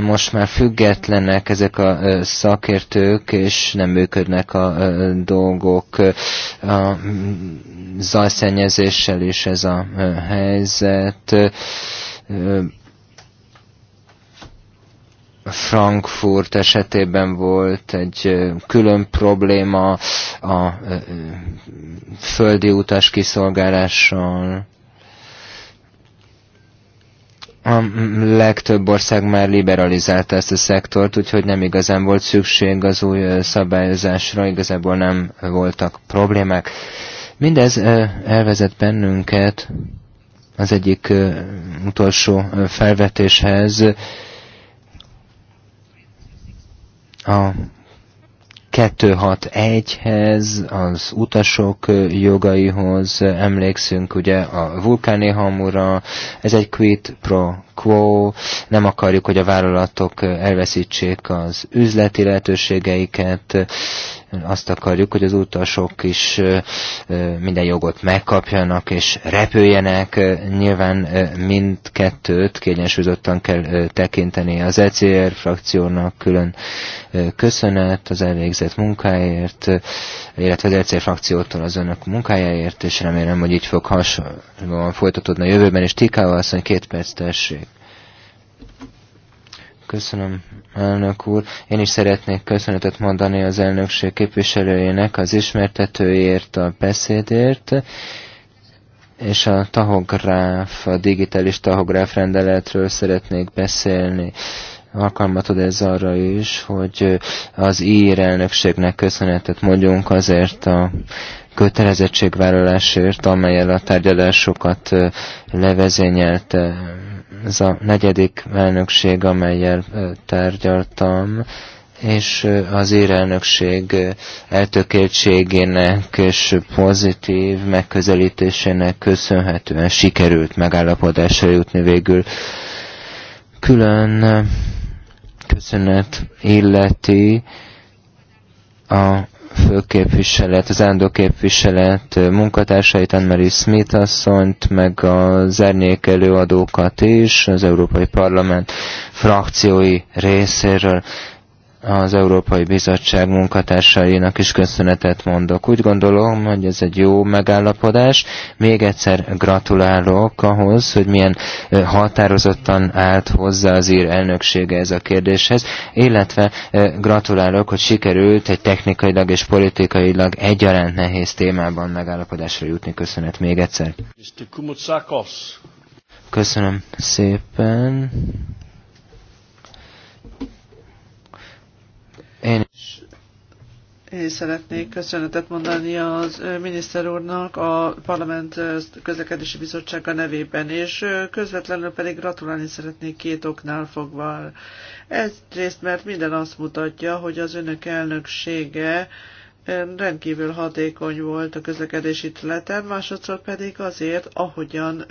most már függetlenek ezek a szakértők, és nem működnek a dolgok. A mm, zajszennyezéssel is ez a helyzet. Frankfurt esetében volt egy külön probléma a földi utas kiszolgálással a legtöbb ország már liberalizálta ezt a szektort, úgyhogy nem igazán volt szükség az új szabályozásra, igazából nem voltak problémák. Mindez elvezet bennünket az egyik utolsó felvetéshez, a 261-hez, az utasok jogaihoz emlékszünk, ugye a vulkáni hamura, ez egy quid pro quo, nem akarjuk, hogy a vállalatok elveszítsék az üzleti lehetőségeiket, azt akarjuk, hogy az utasok is minden jogot megkapjanak és repüljenek. Nyilván mindkettőt kiegyensúlyozottan kell tekinteni. Az ECR frakciónak külön köszönet az elvégzett munkáért, illetve az ECR frakciótól az önök munkájáért, és remélem, hogy így fog hasonlóan folytatódni a jövőben, és Tikával mondja, két perc tessék. Köszönöm, elnök úr. Én is szeretnék köszönetet mondani az elnökség képviselőjének az ismertetőért, a beszédért, és a tahográf, a digitális tahográf rendeletről szeretnék beszélni alkalmat ad ez arra is, hogy az ír elnökségnek köszönetet mondjunk azért a kötelezettségvállalásért, amelyel a tárgyalásokat levezényelte ez a negyedik elnökség, amelyel tárgyaltam, és az írelnökség eltökéltségének és pozitív megközelítésének köszönhetően sikerült megállapodásra jutni végül. Külön köszönet illeti a főképviselet, az állandó képviselet munkatársait, Anne-Marie Smith asszonyt, meg az árnyék előadókat is, az Európai Parlament frakciói részéről az Európai Bizottság munkatársainak is köszönetet mondok. Úgy gondolom, hogy ez egy jó megállapodás. Még egyszer gratulálok ahhoz, hogy milyen határozottan állt hozzá az ír elnöksége ez a kérdéshez, illetve gratulálok, hogy sikerült egy technikailag és politikailag egyaránt nehéz témában megállapodásra jutni. Köszönet még egyszer. Köszönöm szépen. Én is én szeretnék köszönetet mondani az miniszter úrnak a Parlament Közlekedési Bizottsága nevében, és közvetlenül pedig gratulálni szeretnék két oknál fogva. Egyrészt, mert minden azt mutatja, hogy az önök elnöksége rendkívül hatékony volt a közlekedési területen, másodszor pedig azért, ahogyan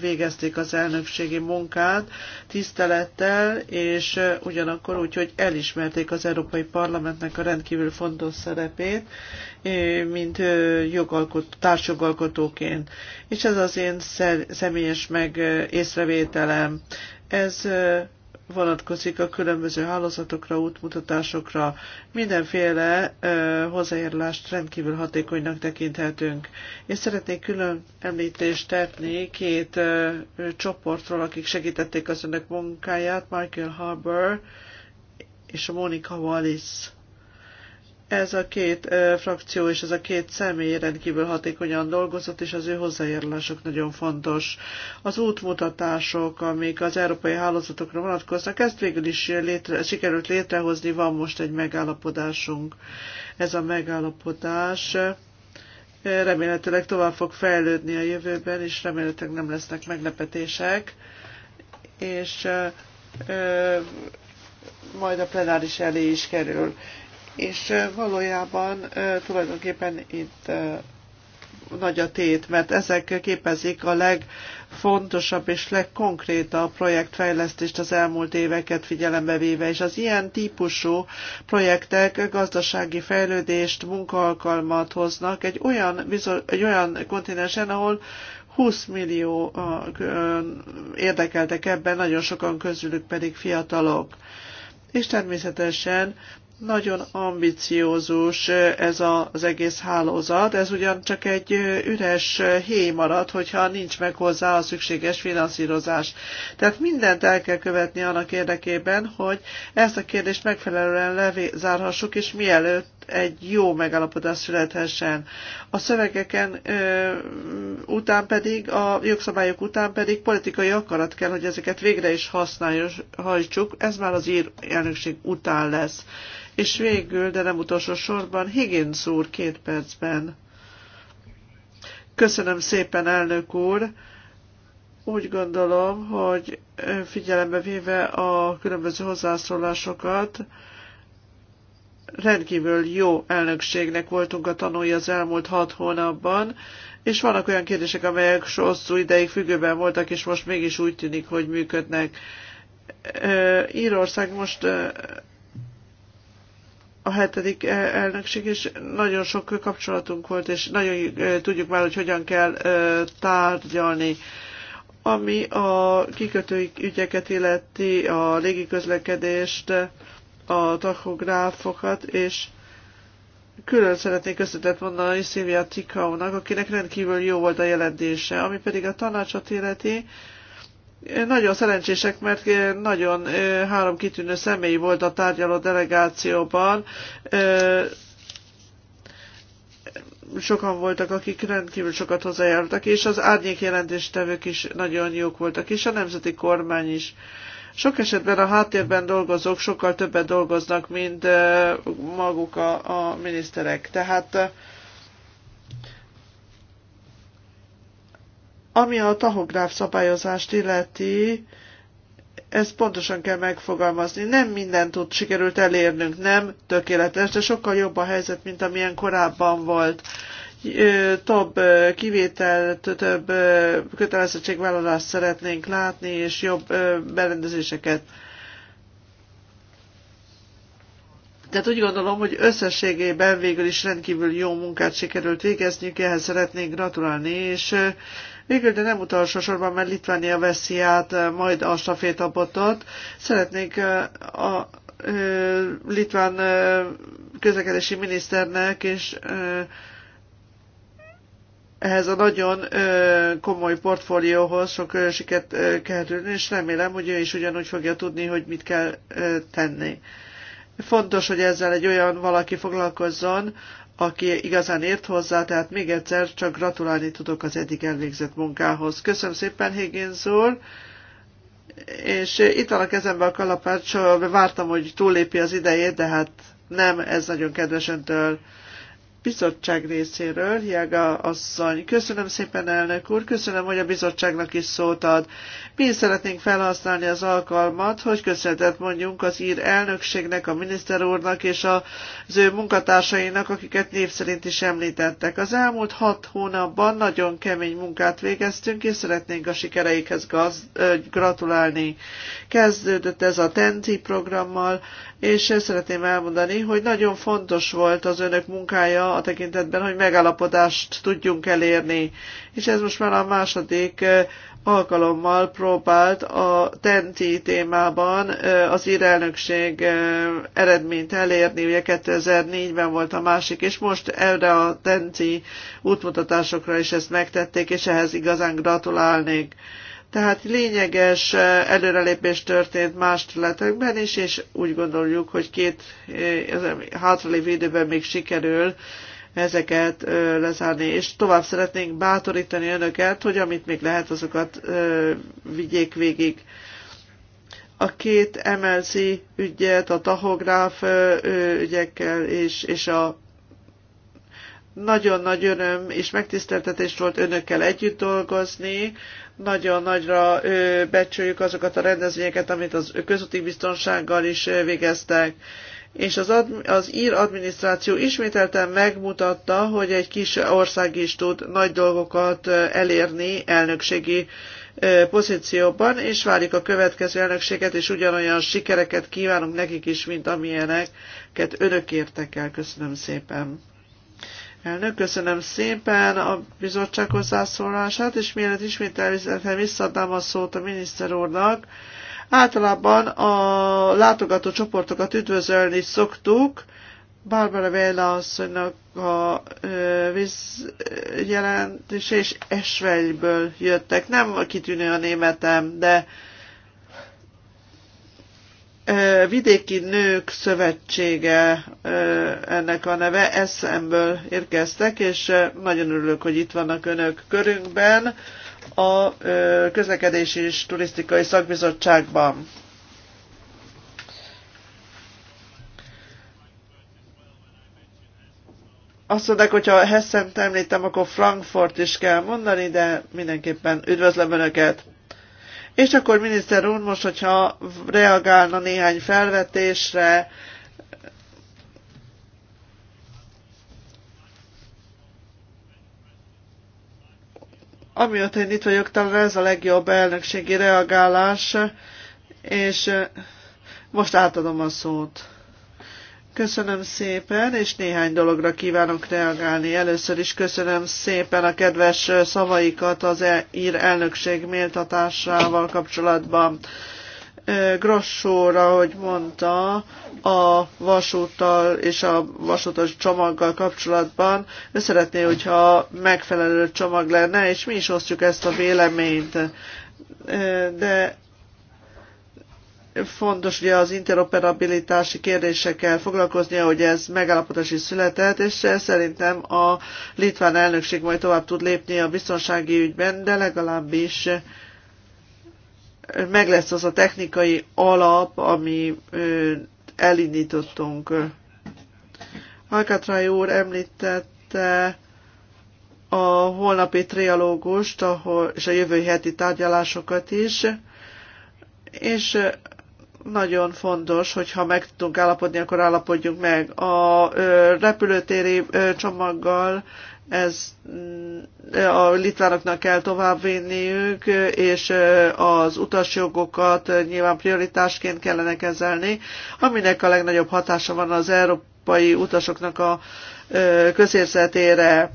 végezték az elnökségi munkát, tisztelettel, és ugyanakkor úgy, hogy elismerték az Európai Parlamentnek a rendkívül fontos szerepét, mint jogalkotó, társjogalkotóként. És ez az én személyes meg észrevételem. Ez vonatkozik a különböző hálózatokra, útmutatásokra. Mindenféle ö, hozzájárulást rendkívül hatékonynak tekinthetünk. Én szeretnék külön említést tenni két ö, csoportról, akik segítették az önök munkáját, Michael Harbour és a Monica Wallis ez a két frakció és ez a két személy rendkívül hatékonyan dolgozott, és az ő hozzájárulások nagyon fontos. Az útmutatások, amik az európai hálózatokra vonatkoznak, ezt végül is létre, sikerült létrehozni, van most egy megállapodásunk. Ez a megállapodás remélhetőleg tovább fog fejlődni a jövőben, és remélhetőleg nem lesznek meglepetések, és ö, ö, majd a plenáris elé is kerül és valójában tulajdonképpen itt nagy a tét, mert ezek képezik a legfontosabb és legkonkrétabb projektfejlesztést az elmúlt éveket figyelembe véve, és az ilyen típusú projektek gazdasági fejlődést, munkaalkalmat hoznak egy olyan, egy olyan kontinensen, ahol 20 millió érdekeltek ebben, nagyon sokan közülük pedig fiatalok. És természetesen nagyon ambiciózus ez az egész hálózat, ez ugyancsak egy üres héj marad, hogyha nincs meg hozzá a szükséges finanszírozás. Tehát mindent el kell követni annak érdekében, hogy ezt a kérdést megfelelően lezárhassuk, és mielőtt egy jó megállapodás születhessen. A szövegeken ö, után pedig, a jogszabályok után pedig politikai akarat kell, hogy ezeket végre is használjuk, ez már az ír elnökség után lesz. És végül, de nem utolsó sorban, Higgins úr két percben. Köszönöm szépen, elnök úr! Úgy gondolom, hogy figyelembe véve a különböző hozzászólásokat, rendkívül jó elnökségnek voltunk a tanulja az elmúlt hat hónapban, és vannak olyan kérdések, amelyek hosszú ideig függőben voltak, és most mégis úgy tűnik, hogy működnek. Írország most a hetedik elnökség, és nagyon sok kapcsolatunk volt, és nagyon tudjuk már, hogy hogyan kell tárgyalni. Ami a kikötői ügyeket illeti, a légiközlekedést, közlekedést, a tachográfokat, és külön szeretnék köszönetet mondani Szilvia Tikaunak, akinek rendkívül jó volt a jelentése, ami pedig a tanácsot illeti. Nagyon szerencsések, mert nagyon három kitűnő személy volt a tárgyaló delegációban. Sokan voltak, akik rendkívül sokat hozzájárultak, és az árnyék jelentéstevők is nagyon jók voltak, és a nemzeti kormány is. Sok esetben a háttérben dolgozók sokkal többet dolgoznak, mint maguk a, a miniszterek. Tehát ami a tahográf szabályozást illeti, ezt pontosan kell megfogalmazni. Nem mindent tud sikerült elérnünk, nem tökéletes, de sokkal jobb a helyzet, mint amilyen korábban volt több kivételt, több kötelezettségvállalást szeretnénk látni, és jobb berendezéseket. Tehát úgy gondolom, hogy összességében végül is rendkívül jó munkát sikerült végezniük, ehhez szeretnénk gratulálni, és végül, de nem utolsó sorban, mert Litvánia veszi át majd a stafétabotot, szeretnénk a litván közlekedési miniszternek és ehhez a nagyon ö, komoly portfólióhoz sok ö, siket ö, kerülni, és remélem, hogy ő is ugyanúgy fogja tudni, hogy mit kell ö, tenni. Fontos, hogy ezzel egy olyan valaki foglalkozzon, aki igazán ért hozzá, tehát még egyszer csak gratulálni tudok az eddig elvégzett munkához. Köszönöm szépen, Higgins úr! És itt van a kezembe a kalapács, vártam, hogy túllépi az idejét, de hát nem, ez nagyon kedves öntől bizottság részéről, Jaga asszony. Köszönöm szépen, elnök úr, köszönöm, hogy a bizottságnak is szót ad. Mi szeretnénk felhasználni az alkalmat, hogy köszönetet mondjunk az ír elnökségnek, a miniszter úrnak és az ő munkatársainak, akiket név szerint is említettek. Az elmúlt hat hónapban nagyon kemény munkát végeztünk, és szeretnénk a sikereikhez gaz, ö, gratulálni. Kezdődött ez a TENTI programmal, és szeretném elmondani, hogy nagyon fontos volt az önök munkája a tekintetben, hogy megállapodást tudjunk elérni. És ez most már a második alkalommal próbált a TENTI témában az írelnökség eredményt elérni. Ugye 2004-ben volt a másik, és most erre a TENTI útmutatásokra is ezt megtették, és ehhez igazán gratulálnék. Tehát lényeges előrelépés történt más területekben is, és úgy gondoljuk, hogy két hátralévő időben még sikerül ezeket lezárni, és tovább szeretnénk bátorítani önöket, hogy amit még lehet, azokat vigyék végig. A két MLC ügyet, a tahográf ügyekkel és, és a nagyon nagy öröm és megtiszteltetés volt önökkel együtt dolgozni, nagyon nagyra becsüljük azokat a rendezvényeket, amit az közúti biztonsággal is végeztek. És az, admi, az ír adminisztráció ismételten megmutatta, hogy egy kis ország is tud nagy dolgokat elérni elnökségi pozícióban, és várjuk a következő elnökséget, és ugyanolyan sikereket kívánunk nekik is, mint amilyeneket önök értek el. Köszönöm szépen. Elnök, köszönöm szépen a bizottság hozzászólását, és mielőtt elvizetem, visszadnám a szót a miniszter úrnak, általában a látogató csoportokat üdvözölni szoktuk, Barbara Véla asszonynak a vízjelentés és Esvelyből jöttek. Nem kitűnő a németem, de Vidéki Nők Szövetsége ennek a neve, eszemből érkeztek, és nagyon örülök, hogy itt vannak önök körünkben a közlekedési és turisztikai szakbizottságban. Azt mondták, hogy ha Hessent említem, akkor Frankfurt is kell mondani, de mindenképpen üdvözlöm Önöket! És akkor miniszter úr most, hogyha reagálna néhány felvetésre, amióta én itt vagyok, talán ez a legjobb elnökségi reagálás, és most átadom a szót. Köszönöm szépen, és néhány dologra kívánok reagálni. Először is köszönöm szépen a kedves szavaikat az e- ír elnökség méltatásával kapcsolatban. Grossóra hogy mondta, a vasúttal és a vasútos csomaggal kapcsolatban. Ő szeretné, hogyha megfelelő csomag lenne, és mi is osztjuk ezt a véleményt. De fontos ugye az interoperabilitási kérdésekkel foglalkoznia, hogy ez megállapodás is született, és szerintem a litván elnökség majd tovább tud lépni a biztonsági ügyben, de legalábbis meg lesz az a technikai alap, ami elindítottunk. Alkatrály úr említette a holnapi trialógust ahol, és a jövő heti tárgyalásokat is, és nagyon fontos, hogy ha meg tudunk állapodni, akkor állapodjunk meg. A repülőtéri csomaggal ez mm, a litvánoknak kell továbbvinniük, és az utasjogokat nyilván prioritásként kellene kezelni, aminek a legnagyobb hatása van az európai utasoknak a közérzetére.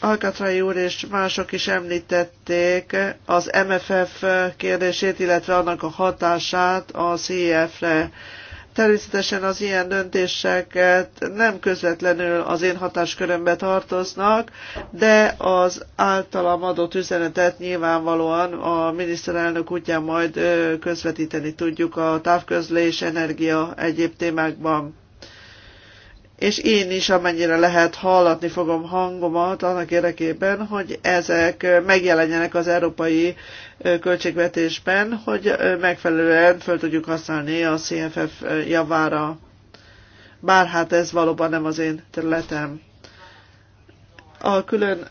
Alkatrai úr és mások is említették az MFF kérdését, illetve annak a hatását a CIF-re. E Természetesen az ilyen döntéseket nem közvetlenül az én hatáskörömbe tartoznak, de az általam adott üzenetet nyilvánvalóan a miniszterelnök útján majd közvetíteni tudjuk a távközlés, energia egyéb témákban és én is amennyire lehet hallatni fogom hangomat annak érdekében, hogy ezek megjelenjenek az európai költségvetésben, hogy megfelelően föl tudjuk használni a CFF javára. Bár hát ez valóban nem az én területem. A külön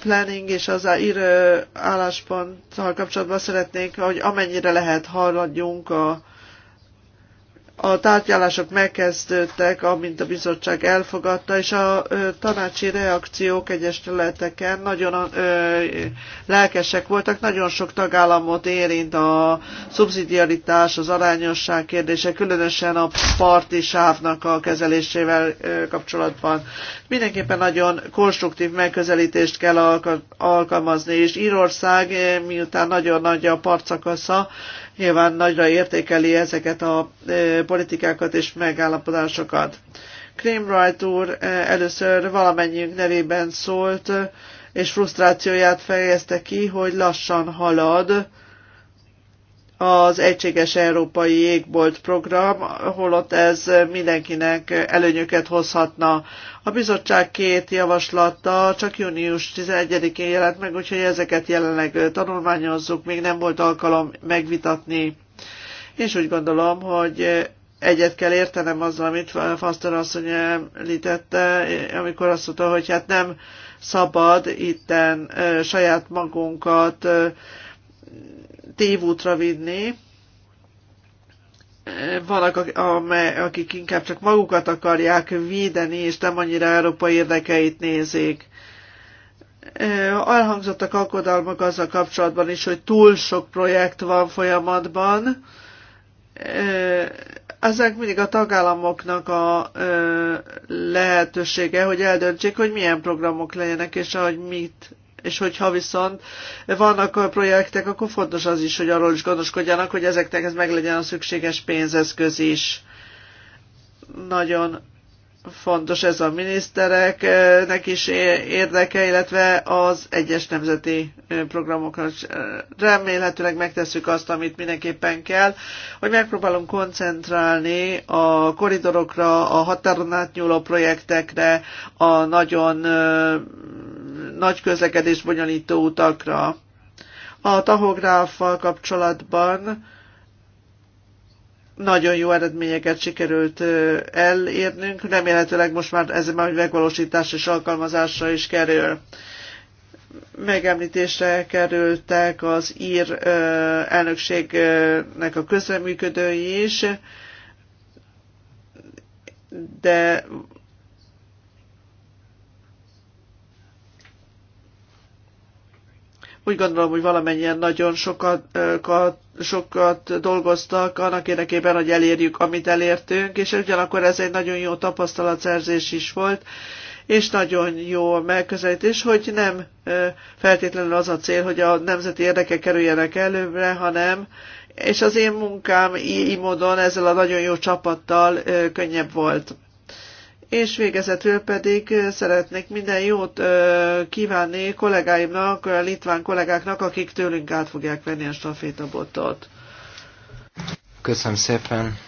planning és az ír állásponttal kapcsolatban szeretnék, hogy amennyire lehet halladjunk a a tárgyalások megkezdődtek, amint a bizottság elfogadta, és a tanácsi reakciók egyes területeken nagyon lelkesek voltak. Nagyon sok tagállamot érint a szubszidiaritás, az arányosság kérdése, különösen a parti sávnak a kezelésével kapcsolatban. Mindenképpen nagyon konstruktív megközelítést kell alkalmazni, és Írország, miután nagyon nagy a partszakasza, nyilván nagyra értékeli ezeket a e, politikákat és megállapodásokat. Krimwright úr e, először valamennyiünk nevében szólt, és frusztrációját fejezte ki, hogy lassan halad, az Egységes Európai Jégbolt program, holott ez mindenkinek előnyöket hozhatna. A bizottság két javaslata csak június 11-én jelent meg, úgyhogy ezeket jelenleg tanulmányozzuk, még nem volt alkalom megvitatni. is úgy gondolom, hogy egyet kell értenem azzal, amit Foster asszony említette, amikor azt mondta, hogy hát nem szabad itten saját magunkat tévútra vinni. Vannak, akik inkább csak magukat akarják védeni, és nem annyira európai érdekeit nézik elhangzottak alkodalmak azzal kapcsolatban is, hogy túl sok projekt van folyamatban. Ezek mindig a tagállamoknak a lehetősége, hogy eldöntsék, hogy milyen programok legyenek, és ahogy mit és hogyha viszont vannak projektek, akkor fontos az is, hogy arról is gondoskodjanak, hogy ezeknek ez meglegyen a szükséges pénzeszköz is. Nagyon fontos ez a minisztereknek is érdeke, illetve az egyes nemzeti programokra Remélhetőleg megtesszük azt, amit mindenképpen kell, hogy megpróbálunk koncentrálni a koridorokra, a határon átnyúló projektekre, a nagyon nagy közlekedés bonyolító utakra. A tahográffal kapcsolatban nagyon jó eredményeket sikerült elérnünk, remélhetőleg most már ez már megvalósítás és alkalmazásra is kerül. Megemlítésre kerültek az ír elnökségnek a közreműködői is, de Úgy gondolom, hogy valamennyien nagyon sokat, sokat dolgoztak annak érdekében, hogy elérjük, amit elértünk, és ugyanakkor ez egy nagyon jó tapasztalatszerzés is volt, és nagyon jó megközelítés, hogy nem feltétlenül az a cél, hogy a nemzeti érdekek kerüljenek előbbre, hanem és az én munkám így módon ezzel a nagyon jó csapattal könnyebb volt és végezetül pedig szeretnék minden jót kívánni kollégáimnak, litván kollégáknak, akik tőlünk át fogják venni a stafétabotot. Köszönöm szépen,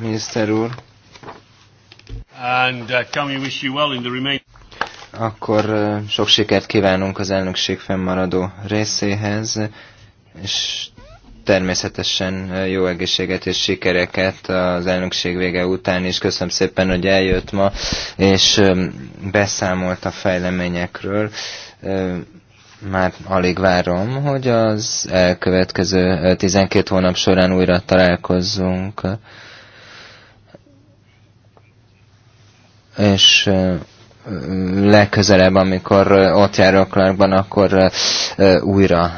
miniszter úr. And uh, can we wish you well in the remain- Akkor uh, sok sikert kívánunk az elnökség fennmaradó részéhez, és természetesen jó egészséget és sikereket az elnökség vége után is. Köszönöm szépen, hogy eljött ma, és beszámolt a fejleményekről. Már alig várom, hogy az elkövetkező 12 hónap során újra találkozzunk. És legközelebb, amikor ott a Clarkban, akkor újra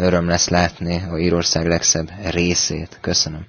öröm lesz látni a Írország legszebb részét. Köszönöm.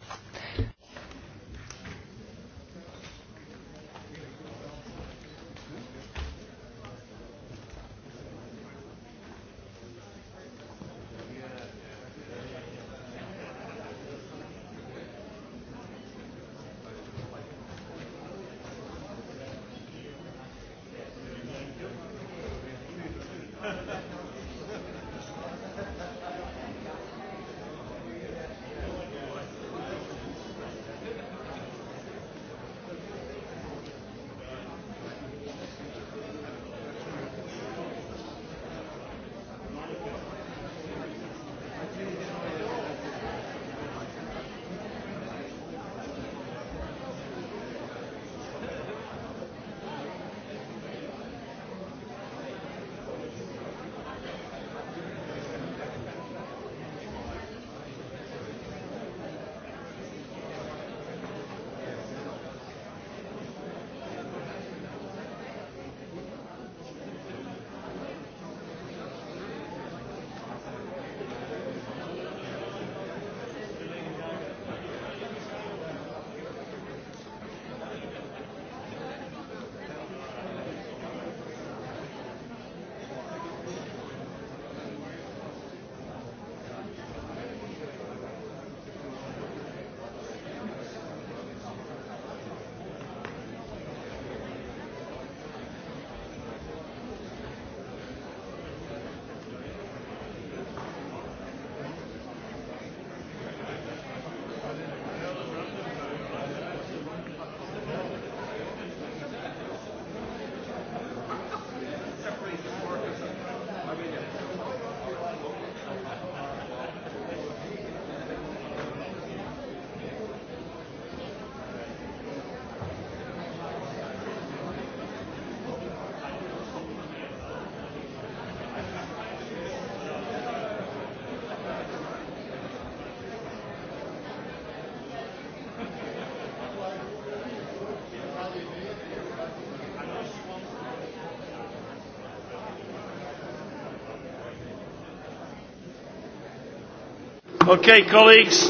Okay, colleagues.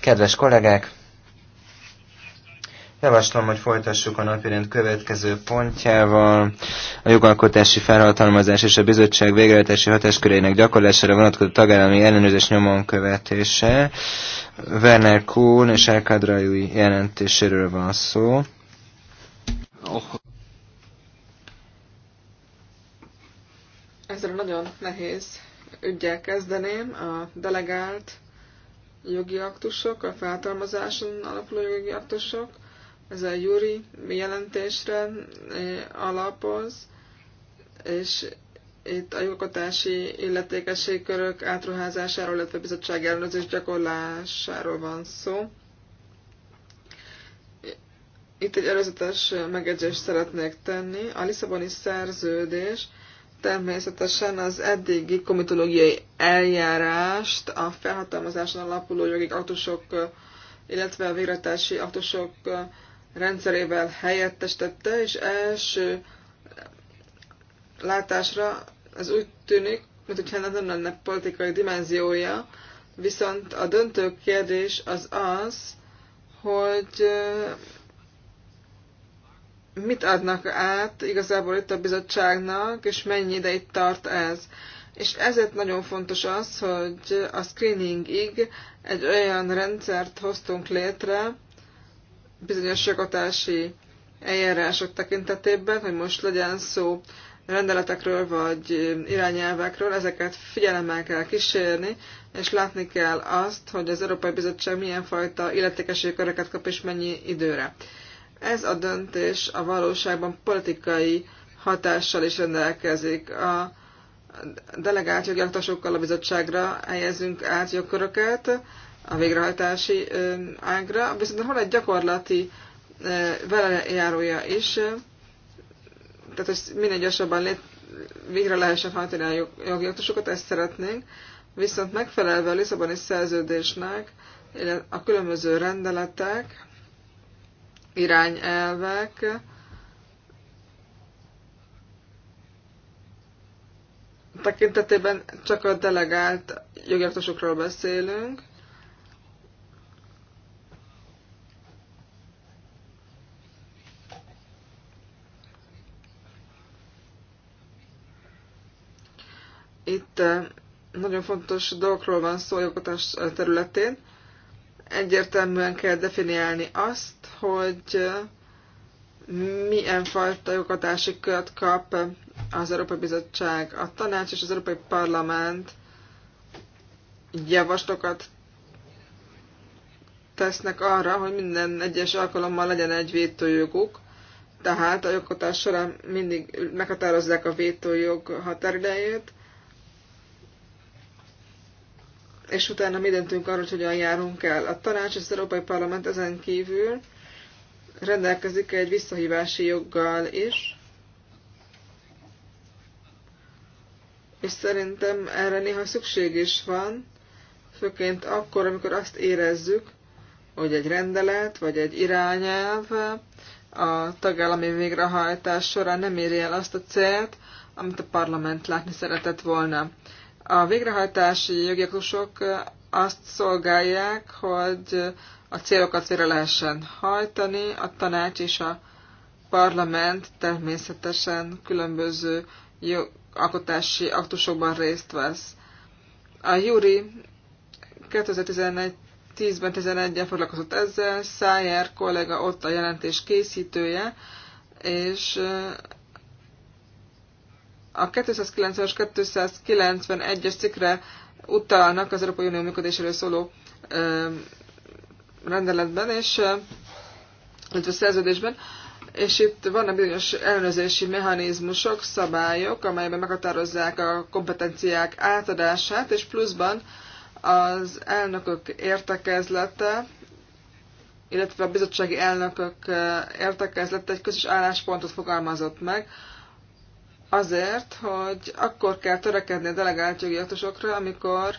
Kedves kollégák! Javaslom, hogy folytassuk a napirend következő pontjával. A jogalkotási felhatalmazás és a bizottság végrehajtási hatáskörének gyakorlására vonatkozó tagállami ellenőrzés nyomon követése. Werner Kuhn és Elkadrajúi jelentéséről van szó. Oh. Ezzel nagyon nehéz ügyel kezdeném, a delegált jogi aktusok, a feltalmazáson alapuló jogi aktusok, ez a Juri jelentésre eh, alapoz, és itt a jogotási illetékességkörök átruházásáról, illetve bizottság ellenőrzés gyakorlásáról van szó. Itt egy előzetes megjegyzést szeretnék tenni. A Lisszaboni szerződés természetesen az eddigi komitológiai eljárást a felhatalmazáson alapuló jogi aktusok, illetve a végrehajtási aktusok rendszerével helyettestette, és első látásra ez úgy tűnik, mint hogyha nem lenne politikai dimenziója, viszont a döntő kérdés az az, hogy mit adnak át igazából itt a bizottságnak, és mennyi ideig tart ez. És ezért nagyon fontos az, hogy a screeningig egy olyan rendszert hoztunk létre bizonyos jogotási eljárások tekintetében, hogy most legyen szó rendeletekről vagy irányelvekről, ezeket figyelemmel kell kísérni, és látni kell azt, hogy az Európai Bizottság milyen fajta illetékességköröket kap és mennyi időre. Ez a döntés a valóságban politikai hatással is rendelkezik. A delegált jogi a bizottságra helyezünk át jogköröket a végrehajtási ágra, viszont van egy gyakorlati velejárója is, tehát hogy minél gyorsabban lét, végre lehessen hajtani a jogi aktusokat, ezt szeretnénk, viszont megfelelve a Lisszaboni szerződésnek, a különböző rendeletek, irányelvek, tekintetében csak a delegált jogjártosokról beszélünk. Itt eh, nagyon fontos dolgokról van szó a eh, területén egyértelműen kell definiálni azt, hogy milyen fajta jogatási költ kap az Európai Bizottság, a Tanács és az Európai Parlament javaslatokat tesznek arra, hogy minden egyes alkalommal legyen egy vétójoguk, tehát a jogkotás során mindig meghatározzák a vétójog határidejét, és utána mi döntünk arról, hogy hogyan járunk el. A tanács és az Európai Parlament ezen kívül rendelkezik egy visszahívási joggal is, és szerintem erre néha szükség is van, főként akkor, amikor azt érezzük, hogy egy rendelet vagy egy irányelv a tagállami végrehajtás során nem éri el azt a célt, amit a parlament látni szeretett volna. A végrehajtási jogi azt szolgálják, hogy a célokat végre lehessen hajtani, a tanács és a parlament természetesen különböző alkotási aktusokban részt vesz. A Júri 2011 ben 11-en foglalkozott ezzel, Szájer kollega ott a jelentés készítője, és a 290-es 291-es cikkre utalnak az Európai Unió működéséről szóló ö, rendeletben, és illetve szerződésben, és itt vannak bizonyos ellenőrzési mechanizmusok, szabályok, amelyben meghatározzák a kompetenciák átadását, és pluszban az elnökök értekezlete, illetve a bizottsági elnökök értekezlete egy közös álláspontot fogalmazott meg, azért, hogy akkor kell törekedni a delegált jogi aktusokra, amikor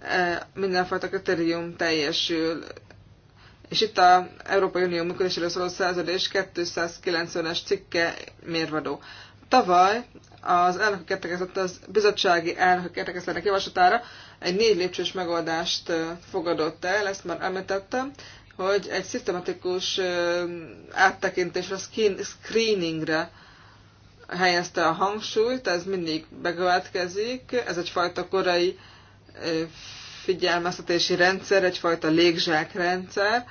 e, mindenfajta kritérium teljesül. És itt a Európai Unió működéséről szóló szerződés 290-es cikke mérvadó. Tavaly az elnökök értekezett az bizottsági elnökök értekezletek javaslatára egy négy lépcsős megoldást e, fogadott el, ezt már említettem, hogy egy szisztematikus e, áttekintésre, screeningre helyezte a hangsúlyt, ez mindig bekövetkezik, ez egyfajta korai figyelmeztetési rendszer, egyfajta légzsákrendszer.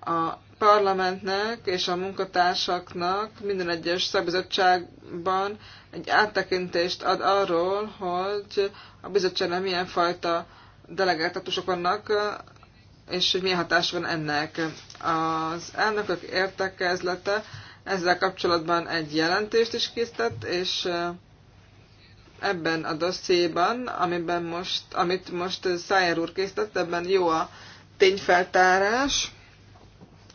A parlamentnek és a munkatársaknak minden egyes szakbizottságban egy áttekintést ad arról, hogy a bizottságnak milyen fajta delegáltatusok vannak, és hogy milyen hatás van ennek. Az elnökök értekezlete ezzel kapcsolatban egy jelentést is készített, és ebben a dossziéban, amiben most, amit most Szájer úr készített, ebben jó a tényfeltárás,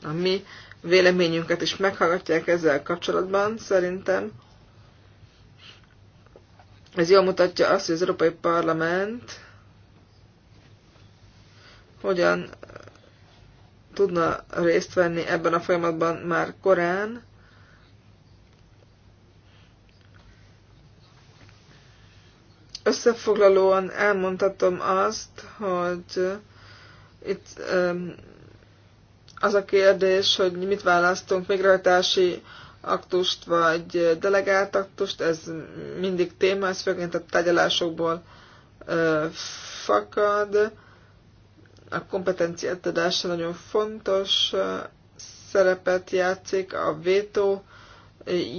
a mi véleményünket is meghallgatják ezzel kapcsolatban, szerintem. Ez jól mutatja azt, hogy az Európai Parlament hogyan tudna részt venni ebben a folyamatban már korán, Összefoglalóan elmondhatom azt, hogy itt az a kérdés, hogy mit választunk, végrehajtási aktust vagy delegált aktust, ez mindig téma, ez főként a tárgyalásokból fakad. A kompetencia nagyon fontos szerepet játszik, a vétó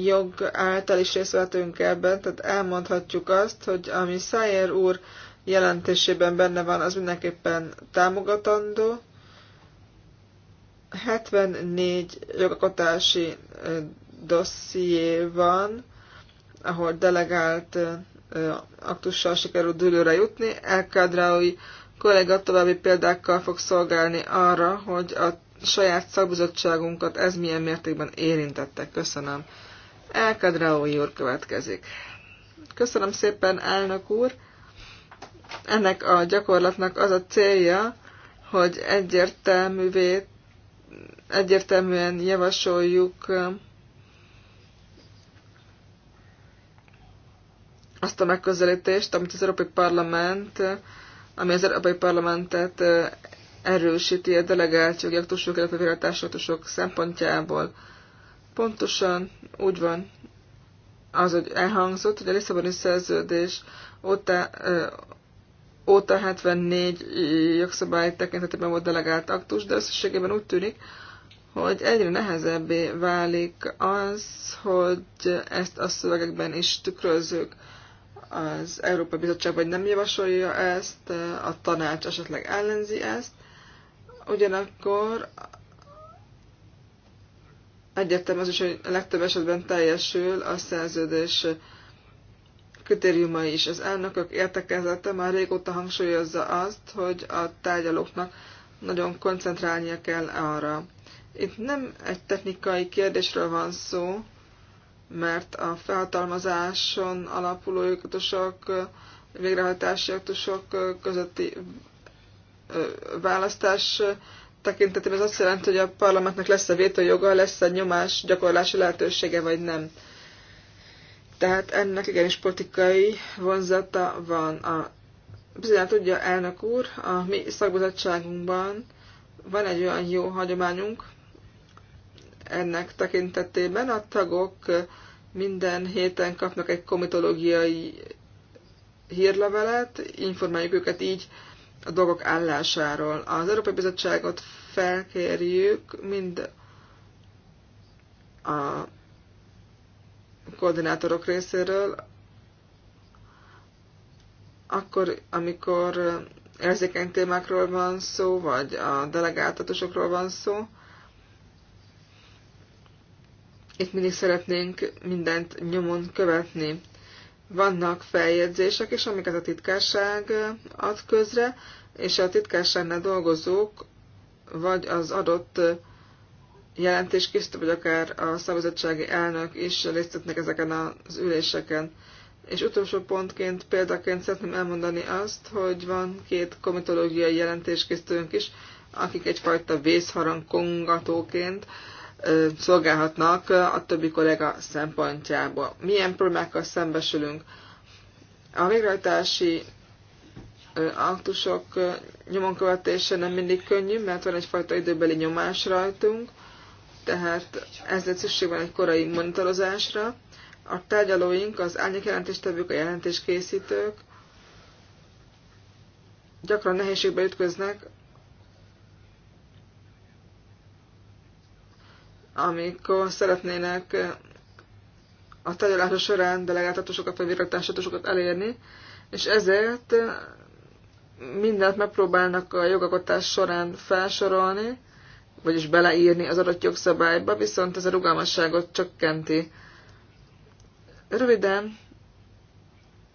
jog által is részt vettünk ebben, tehát elmondhatjuk azt, hogy ami Szájer úr jelentésében benne van, az mindenképpen támogatandó. 74 jogakotási dosszié van, ahol delegált aktussal sikerült dőlőre jutni. El Kadraui kollega további példákkal fog szolgálni arra, hogy a saját szakbizottságunkat ez milyen mértékben érintette. Köszönöm. Elkadráó úr következik. Köszönöm szépen, elnök úr. Ennek a gyakorlatnak az a célja, hogy egyértelművé, egyértelműen javasoljuk um, azt a megközelítést, amit az Európai Parlament, ami az Európai Parlamentet uh, erősíti a delegált a aktusok, a végrehajtási szempontjából. Pontosan úgy van az, hogy elhangzott, hogy a Lisszaboni szerződés óta, ö, óta 74 jogszabály tekintetében volt delegált aktus, de összességében úgy tűnik, hogy egyre nehezebbé válik az, hogy ezt a szövegekben is tükrözzük. Az Európai Bizottság vagy nem javasolja ezt, a tanács esetleg ellenzi ezt, Ugyanakkor egyértelmű az is, hogy a legtöbb esetben teljesül a szerződés kritériumai is. Az elnökök értekezete már régóta hangsúlyozza azt, hogy a tárgyalóknak nagyon koncentrálnia kell arra. Itt nem egy technikai kérdésről van szó, mert a felhatalmazáson alapuló jogotosok, végrehajtási aktusok közötti választás tekintetében ez azt jelenti, hogy a parlamentnek lesz a vétójoga, lesz a nyomás gyakorlási lehetősége, vagy nem. Tehát ennek igenis politikai vonzata van. A, bizonyára tudja, elnök úr, a mi szakbizottságunkban van egy olyan jó hagyományunk ennek tekintetében. A tagok minden héten kapnak egy komitológiai hírlevelet, informáljuk őket így a dolgok állásáról. Az Európai Bizottságot felkérjük mind a koordinátorok részéről, akkor, amikor érzékeny témákról van szó, vagy a delegáltatósokról van szó, itt mindig szeretnénk mindent nyomon követni. Vannak feljegyzések is, amiket a titkárság ad közre, és a titkárságnál dolgozók, vagy az adott jelentéskészítő, vagy akár a szabadságsági elnök is résztetnek ezeken az üléseken. És utolsó pontként, példaként szeretném elmondani azt, hogy van két komitológiai jelentéskészítőnk is, akik egyfajta vészharang kongatóként szolgálhatnak a többi kollega szempontjából. Milyen problémákkal szembesülünk? A végrehajtási aktusok követése nem mindig könnyű, mert van egyfajta időbeli nyomás rajtunk, tehát ezért szükség van egy korai monitorozásra. A tárgyalóink, az árnyékjelentéstevők, a jelentéskészítők gyakran nehézségbe ütköznek, amikor szeretnének a tárgyalása során delegáltatósokat vagy végrehajtásatosokat elérni, és ezért mindent megpróbálnak a jogakotás során felsorolni, vagyis beleírni az adott jogszabályba, viszont ez a rugalmasságot csökkenti. Röviden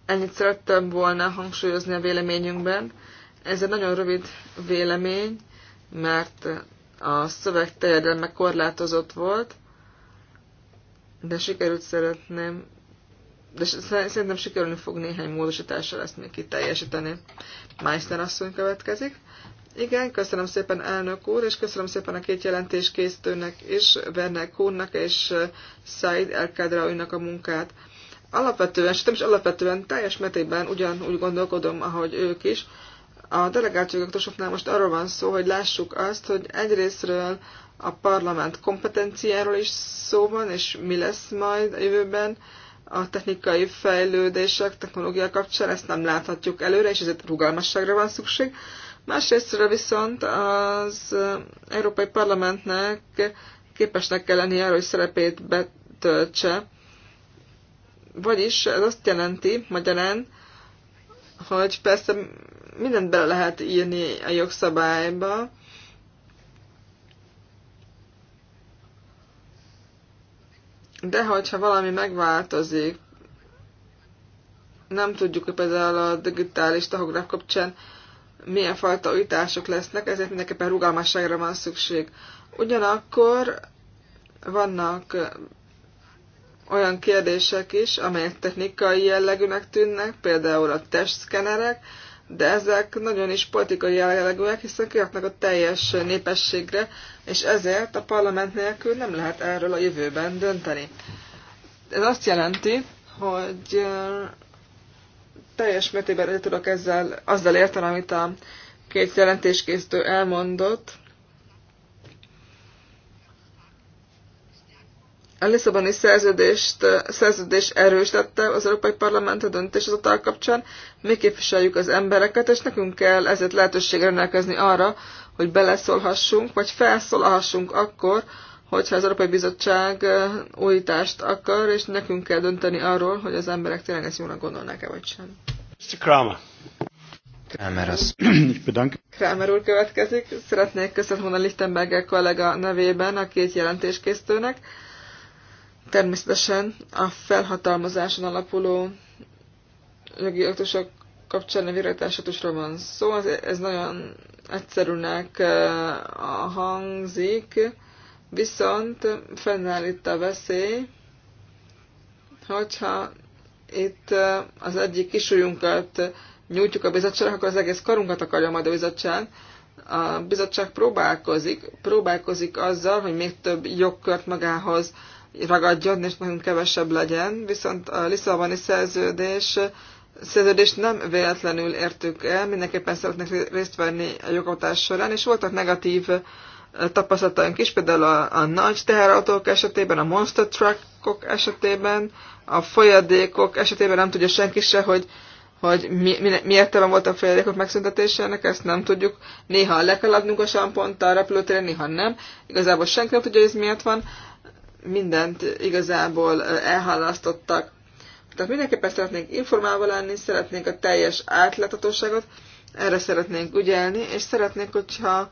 ennyit szerettem volna hangsúlyozni a véleményünkben. Ez egy nagyon rövid vélemény, mert a szöveg teljedelme korlátozott volt, de sikerült szeretném de szerintem sikerülni fog néhány módosítással ezt még kiteljesíteni. Meissner asszony következik. Igen, köszönöm szépen elnök úr, és köszönöm szépen a két jelentés készítőnek is, Werner Kuhnnak és Said el a munkát. Alapvetően, sőt, is alapvetően teljes mértékben ugyanúgy gondolkodom, ahogy ők is. A delegációgaktosoknál most arról van szó, hogy lássuk azt, hogy egyrésztről a parlament kompetenciáról is szó van, és mi lesz majd a jövőben, a technikai fejlődések, technológia kapcsán ezt nem láthatjuk előre, és ezért rugalmasságra van szükség. Másrésztről viszont az Európai Parlamentnek képesnek kell lennie arra, hogy szerepét betöltse. Vagyis ez azt jelenti magyarán, hogy persze mindent bele lehet írni a jogszabályba, De hogyha valami megváltozik, nem tudjuk, hogy például a digitális tahográf kapcsán milyen fajta újítások lesznek, ezért mindenképpen rugalmasságra van szükség. Ugyanakkor vannak olyan kérdések is, amelyek technikai jellegűnek tűnnek, például a testszkenerek, de ezek nagyon is politikai jellegűek, hiszen kiaknak a teljes népességre, és ezért a parlament nélkül nem lehet erről a jövőben dönteni. Ez azt jelenti, hogy teljes mértékben tudok ezzel, azzal érteni, amit a két jelentéskészítő elmondott, a Lisszaboni szerződést, szerződés erősítette az Európai Parlament a döntés döntéshozatal kapcsán, mi képviseljük az embereket, és nekünk kell ezért lehetőség rendelkezni arra, hogy beleszólhassunk, vagy felszólhassunk akkor, hogyha az Európai Bizottság újítást akar, és nekünk kell dönteni arról, hogy az emberek tényleg ezt jónak gondolnák-e, vagy sem. Mr. Kramer. Kramer az. Kramer úr következik. Szeretnék köszönet a Lichtenberger kollega nevében a két jelentéskészítőnek Természetesen a felhatalmazáson alapuló jogi aktusok kapcsán a végrehajtásatusra van szó. Ez nagyon egyszerűnek hangzik, viszont fennáll itt a veszély, hogyha itt az egyik kisújunkat nyújtjuk a bizottságnak, akkor az egész karunkat akarja majd a bizottság. A bizottság próbálkozik, próbálkozik azzal, hogy még több jogkört magához ragadjon, és nagyon kevesebb legyen, viszont a Lisszaboni szerződés szerződést nem véletlenül értük el, mindenképpen szeretnek részt venni a jogotás során, és voltak negatív tapasztalataink is, például a, a nagy teherautók esetében, a monster truckok esetében, a folyadékok esetében nem tudja senki se, hogy, hogy mi, mi, mi értelme volt a folyadékok megszüntetésének, ezt nem tudjuk. Néha le kell adnunk a sampont a repülőtéren, néha nem. Igazából senki nem tudja, hogy ez miért van mindent igazából elhalasztottak. Tehát mindenképpen szeretnénk informálva lenni, szeretnénk a teljes átláthatóságot, erre szeretnénk ügyelni, és szeretnénk, hogyha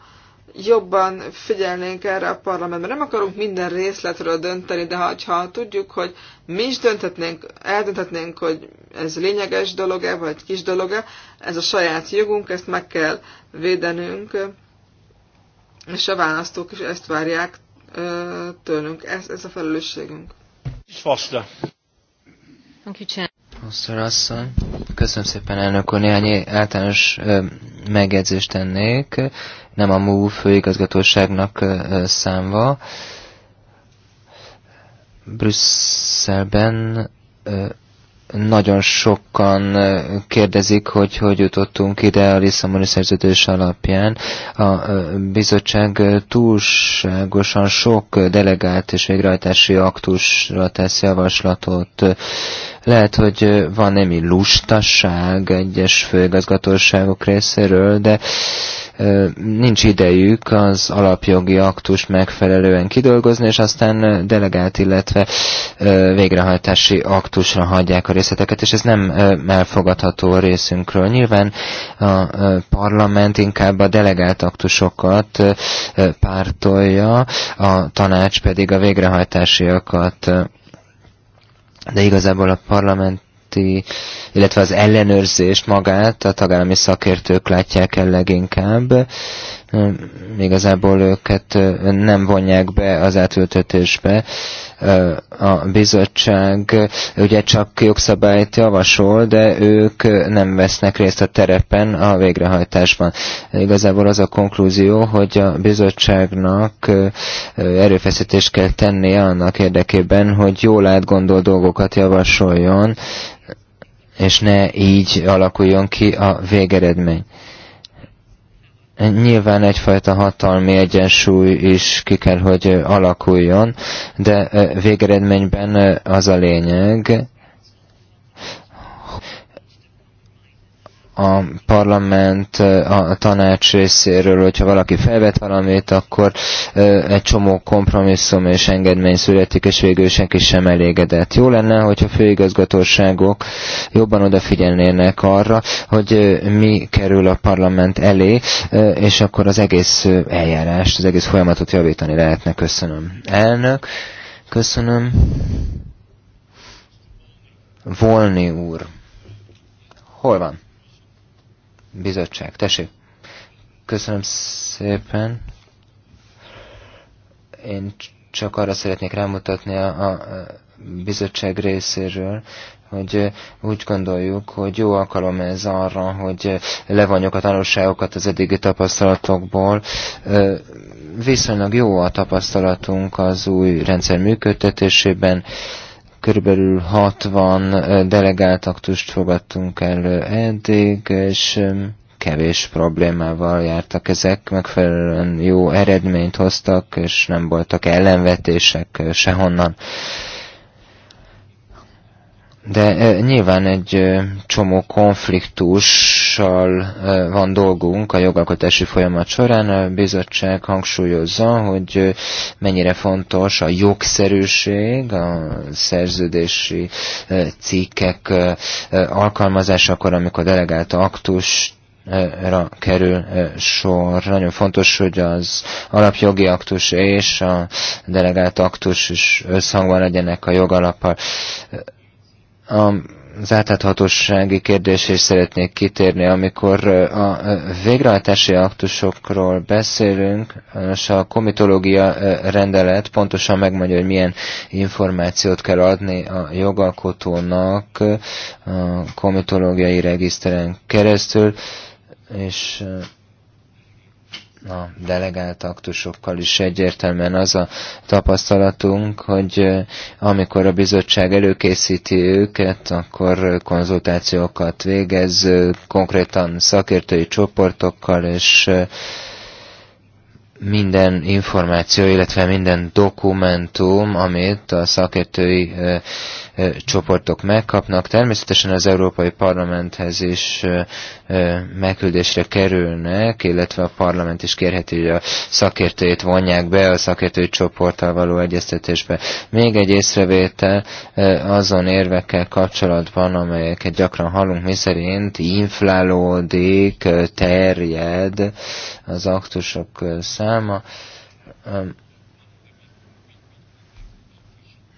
jobban figyelnénk erre a parlamentben. Nem akarunk minden részletről dönteni, de ha, ha tudjuk, hogy mi is dönthetnénk, eldönthetnénk, hogy ez lényeges dolog-e, vagy kis dolog-e, ez a saját jogunk, ezt meg kell védenünk, és a választók is ezt várják tőlünk. Ez, ez a felelősségünk. Fasta. Pastor asszony, köszönöm szépen elnök úr, néhány általános megjegyzést tennék, nem a MÚ főigazgatóságnak számva. Brüsszelben nagyon sokan kérdezik, hogy hogy jutottunk ide a Lisszaboni szerződés alapján. A bizottság túlságosan sok delegált és végrehajtási aktusra tesz javaslatot lehet, hogy van némi lustaság egyes főigazgatóságok részéről, de nincs idejük az alapjogi aktust megfelelően kidolgozni, és aztán delegált, illetve végrehajtási aktusra hagyják a részleteket, és ez nem elfogadható a részünkről. Nyilván a parlament inkább a delegált aktusokat pártolja, a tanács pedig a végrehajtásiakat de igazából a parlamenti illetve az ellenőrzést magát a tagállami szakértők látják el leginkább. Hm, igazából őket nem vonják be az átültetésbe. A bizottság ugye csak jogszabályt javasol, de ők nem vesznek részt a terepen a végrehajtásban. Igazából az a konklúzió, hogy a bizottságnak erőfeszítést kell tennie annak érdekében, hogy jól átgondol dolgokat javasoljon, és ne így alakuljon ki a végeredmény. Nyilván egyfajta hatalmi egyensúly is ki kell, hogy alakuljon, de végeredményben az a lényeg, a parlament, a tanács részéről, hogyha valaki felvet valamit, akkor egy csomó kompromisszum és engedmény születik, és végül senki sem elégedett. Jó lenne, hogyha főigazgatóságok jobban odafigyelnének arra, hogy mi kerül a parlament elé, és akkor az egész eljárást, az egész folyamatot javítani lehetne. Köszönöm. Elnök, köszönöm. Volni úr. Hol van? bizottság. Tessék. Köszönöm szépen. Én csak arra szeretnék rámutatni a, a bizottság részéről, hogy úgy gondoljuk, hogy jó alkalom ez arra, hogy levonjuk a tanulságokat az eddigi tapasztalatokból. Viszonylag jó a tapasztalatunk az új rendszer működtetésében. Körülbelül 60 delegált aktust fogadtunk el eddig, és kevés problémával jártak ezek, megfelelően jó eredményt hoztak, és nem voltak ellenvetések sehonnan. De nyilván egy csomó konfliktus aspektussal van dolgunk a jogalkotási folyamat során. A bizottság hangsúlyozza, hogy mennyire fontos a jogszerűség, a szerződési cikkek alkalmazásakor, amikor delegált aktus ra kerül sor. Nagyon fontos, hogy az alapjogi aktus és a delegált aktus is összhangban legyenek a jogalappal. A az átláthatósági kérdésre is szeretnék kitérni. Amikor a végrehajtási aktusokról beszélünk, és a komitológia rendelet pontosan megmondja, hogy milyen információt kell adni a jogalkotónak a komitológiai regiszteren keresztül, és a delegált aktusokkal is egyértelműen az a tapasztalatunk, hogy amikor a bizottság előkészíti őket, akkor konzultációkat végez konkrétan szakértői csoportokkal, és minden információ, illetve minden dokumentum, amit a szakértői csoportok megkapnak. Természetesen az Európai Parlamenthez is megküldésre kerülnek, illetve a parlament is kérheti, hogy a szakértőjét vonják be a szakértői csoporttal való egyeztetésbe. Még egy észrevétel azon érvekkel kapcsolatban, amelyeket gyakran hallunk, miszerint inflálódik, terjed az aktusok száma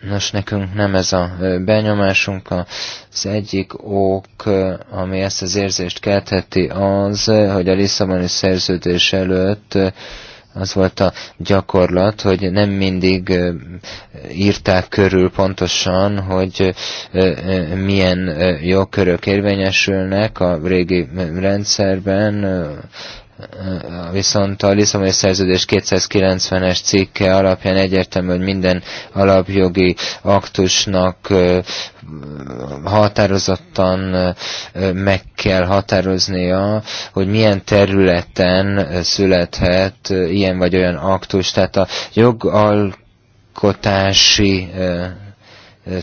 Nos, nekünk nem ez a benyomásunk. Az egyik ok, ami ezt az érzést keltheti, az, hogy a Lisszaboni szerződés előtt az volt a gyakorlat, hogy nem mindig írták körül pontosan, hogy milyen jogkörök érvényesülnek a régi rendszerben, viszont a Lisszaboni Szerződés 290-es cikke alapján egyértelmű, hogy minden alapjogi aktusnak határozottan meg kell határoznia, hogy milyen területen születhet ilyen vagy olyan aktus. Tehát a jogalkotási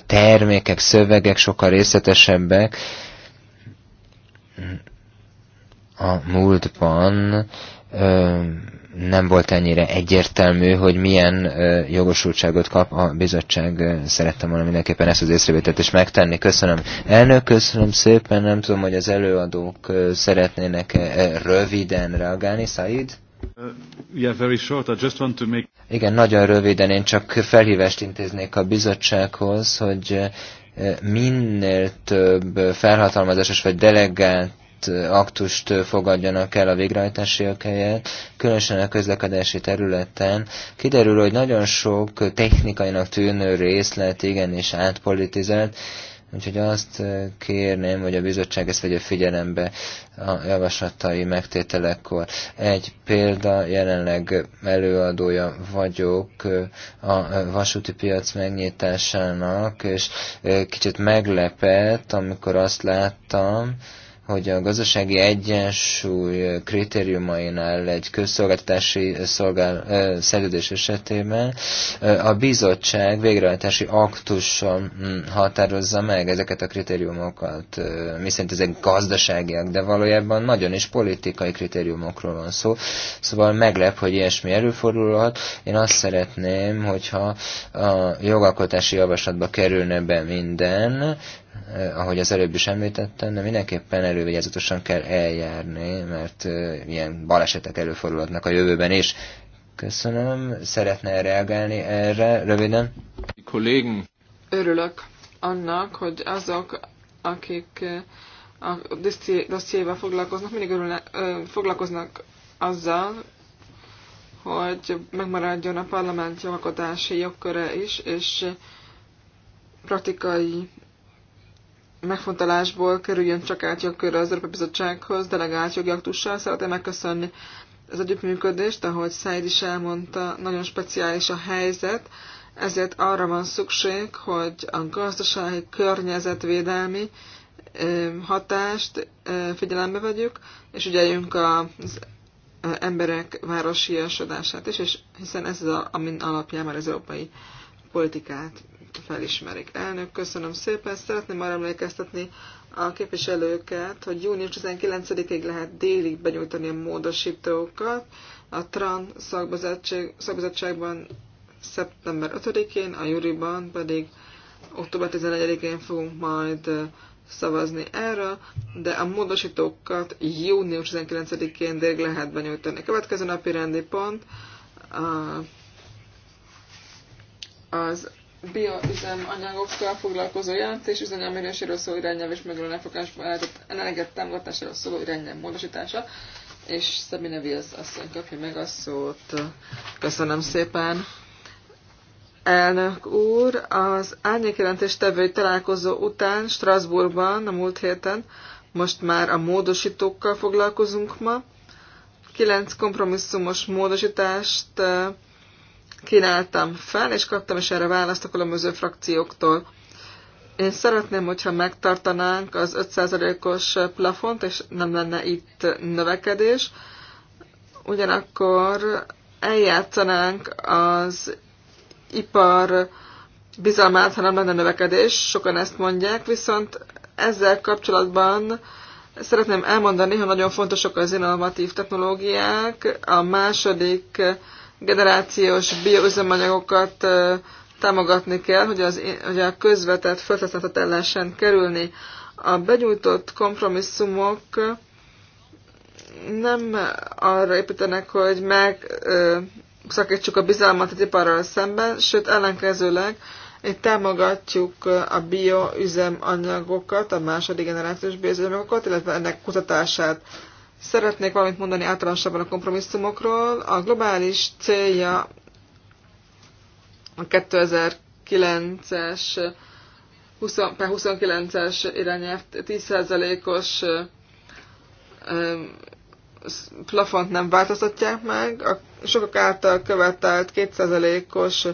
termékek, szövegek sokkal részletesebbek, a múltban nem volt ennyire egyértelmű, hogy milyen jogosultságot kap a bizottság. Szerettem volna mindenképpen ezt az észrevételt is megtenni. Köszönöm. Elnök, köszönöm szépen. Nem tudom, hogy az előadók szeretnének -e röviden reagálni. Said? Uh, yeah, very short. I just want to make... Igen, nagyon röviden. Én csak felhívást intéznék a bizottsághoz, hogy minél több felhatalmazásos vagy delegált aktust fogadjanak el a végrehajtási helyett, különösen a közlekedési területen. Kiderül, hogy nagyon sok technikainak tűnő részlet igenis átpolitizált, Úgyhogy azt kérném, hogy a bizottság ezt vegye figyelembe a javaslatai megtételekkor. Egy példa, jelenleg előadója vagyok a vasúti piac megnyitásának, és kicsit meglepett, amikor azt láttam, hogy a gazdasági egyensúly kritériumainál egy közszolgáltatási szolgál, szerződés esetében a bizottság végrehajtási aktussal mm, határozza meg ezeket a kritériumokat, miszerint ezek gazdaságiak, de valójában nagyon is politikai kritériumokról van szó, szóval meglep, hogy ilyesmi előfordulhat. Én azt szeretném, hogyha a jogalkotási javaslatba kerülne be minden, Eh, ahogy az előbb is említettem, de mindenképpen elővigyázatosan kell eljárni, mert eh, ilyen balesetek előfordulhatnak a jövőben is. Köszönöm. Szeretne reagálni erre röviden? Kollégum. Örülök annak, hogy azok, akik eh, a dossziéval foglalkoznak, mindig örülnek, ö, foglalkoznak azzal, hogy megmaradjon a parlament jogalkotási jogköre is, és praktikai megfontolásból kerüljön csak át jogkörre az Európai Bizottsághoz, delegált jogi aktussal. Szeretném megköszönni az együttműködést, ahogy Szájd is elmondta, nagyon speciális a helyzet, ezért arra van szükség, hogy a gazdasági környezetvédelmi hatást figyelembe vegyük, és ügyeljünk az emberek városi is, és hiszen ez az, amin alapján már az európai politikát felismerik. Elnök, köszönöm szépen. Szeretném arra emlékeztetni a képviselőket, hogy június 19-ig lehet délig benyújtani a módosítókat. A TRAN szakbizottságban szeptember 5-én, a Juriban pedig október 11-én fogunk majd szavazni erre. de a módosítókat június 19-én délig lehet benyújtani. Következő napi rendi pont a, az bioüzemanyagokkal foglalkozó jelentés, üzemanyagminőségről szóló irányelv és megölő elfogásba állított ellenegett támogatásáról szóló irányelv módosítása, és Szabine Vilsz asszony kapja meg a szót. Köszönöm szépen! Elnök úr, az tevői találkozó után Strasbourgban a múlt héten, most már a módosítókkal foglalkozunk ma. Kilenc kompromisszumos módosítást kínáltam fel, és kaptam is erre választ a különböző frakcióktól. Én szeretném, hogyha megtartanánk az 5%-os plafont, és nem lenne itt növekedés. Ugyanakkor eljátszanánk az ipar bizalmát, ha nem lenne növekedés, sokan ezt mondják, viszont ezzel kapcsolatban szeretném elmondani, hogy nagyon fontosak az innovatív technológiák. A második generációs bioüzemanyagokat támogatni kell, hogy, az, hogy a közvetett felhasználatot ellen kerülni. A benyújtott kompromisszumok nem arra építenek, hogy meg szakítsuk a bizalmat az iparral szemben, sőt ellenkezőleg itt támogatjuk a bioüzemanyagokat, a második generációs bioüzemanyagokat, illetve ennek kutatását. Szeretnék valamit mondani általánosabban a kompromisszumokról. A globális célja a 2009-es 29-es irányelv 10%-os plafont nem változtatják meg. A sokak által követelt 2%-os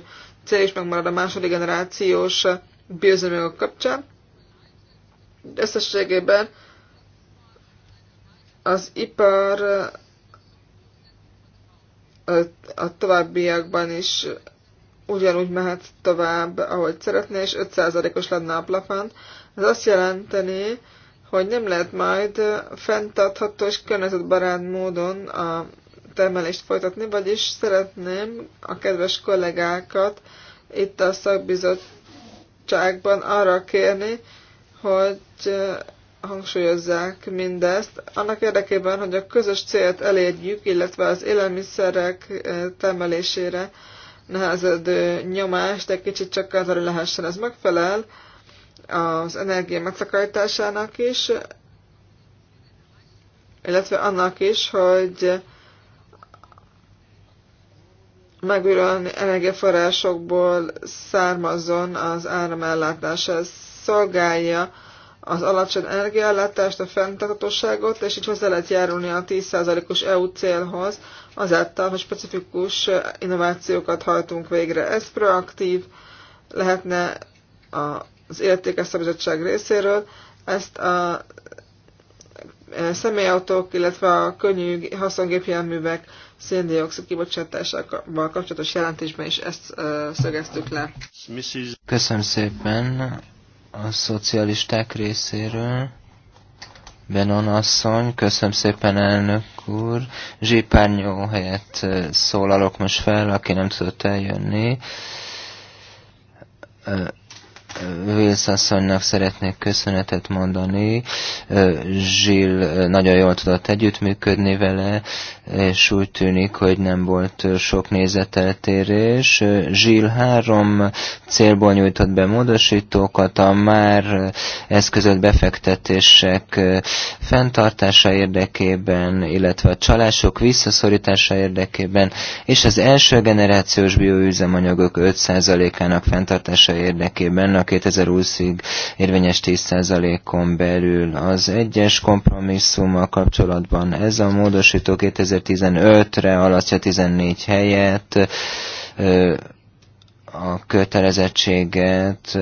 cél is megmarad a második generációs bioüzemanyagok kapcsán. Összességében az ipar a továbbiakban is ugyanúgy mehet tovább, ahogy szeretné, és 5%-os lenne a plafon. Ez azt jelenteni, hogy nem lehet majd fenntartható és környezetbarát módon a termelést folytatni, vagyis szeretném a kedves kollégákat itt a szakbizottságban arra kérni, hogy hangsúlyozzák mindezt, annak érdekében, hogy a közös célt elérjük, illetve az élelmiszerek eh, termelésére nehezedő nyomást egy kicsit csak az lehessen. Ez megfelel az energia megszakításának is, illetve annak is, hogy megújulóan energiaforrásokból származzon az áramellátás. Ez szolgálja az alacsony energiállátást, a fenntarthatóságot, és így hozzá lehet járulni a 10%-os EU célhoz, azáltal, hogy specifikus innovációkat hajtunk végre. Ez proaktív lehetne az értékes szabadság részéről, ezt a e, személyautók, illetve a könnyű haszongépjárművek széndiokszid kibocsátásával kapcsolatos jelentésben is ezt e, szögeztük le. Köszönöm szépen a szocialisták részéről. Benon asszony, köszönöm szépen elnök úr. Zsipárnyó helyett szólalok most fel, aki nem tudott eljönni. Wills asszonynak szeretnék köszönetet mondani. Zsill nagyon jól tudott együttműködni vele, és úgy tűnik, hogy nem volt sok nézeteltérés. Zsil három célból nyújtott be módosítókat, a már eszközött befektetések fenntartása érdekében, illetve a csalások visszaszorítása érdekében, és az első generációs bioüzemanyagok 5%-ának fenntartása érdekében a 2020-ig érvényes 10%-on belül. Az egyes kompromisszummal kapcsolatban ez a módosító 2000 2015-re halasztja 14 helyet, a kötelezettséget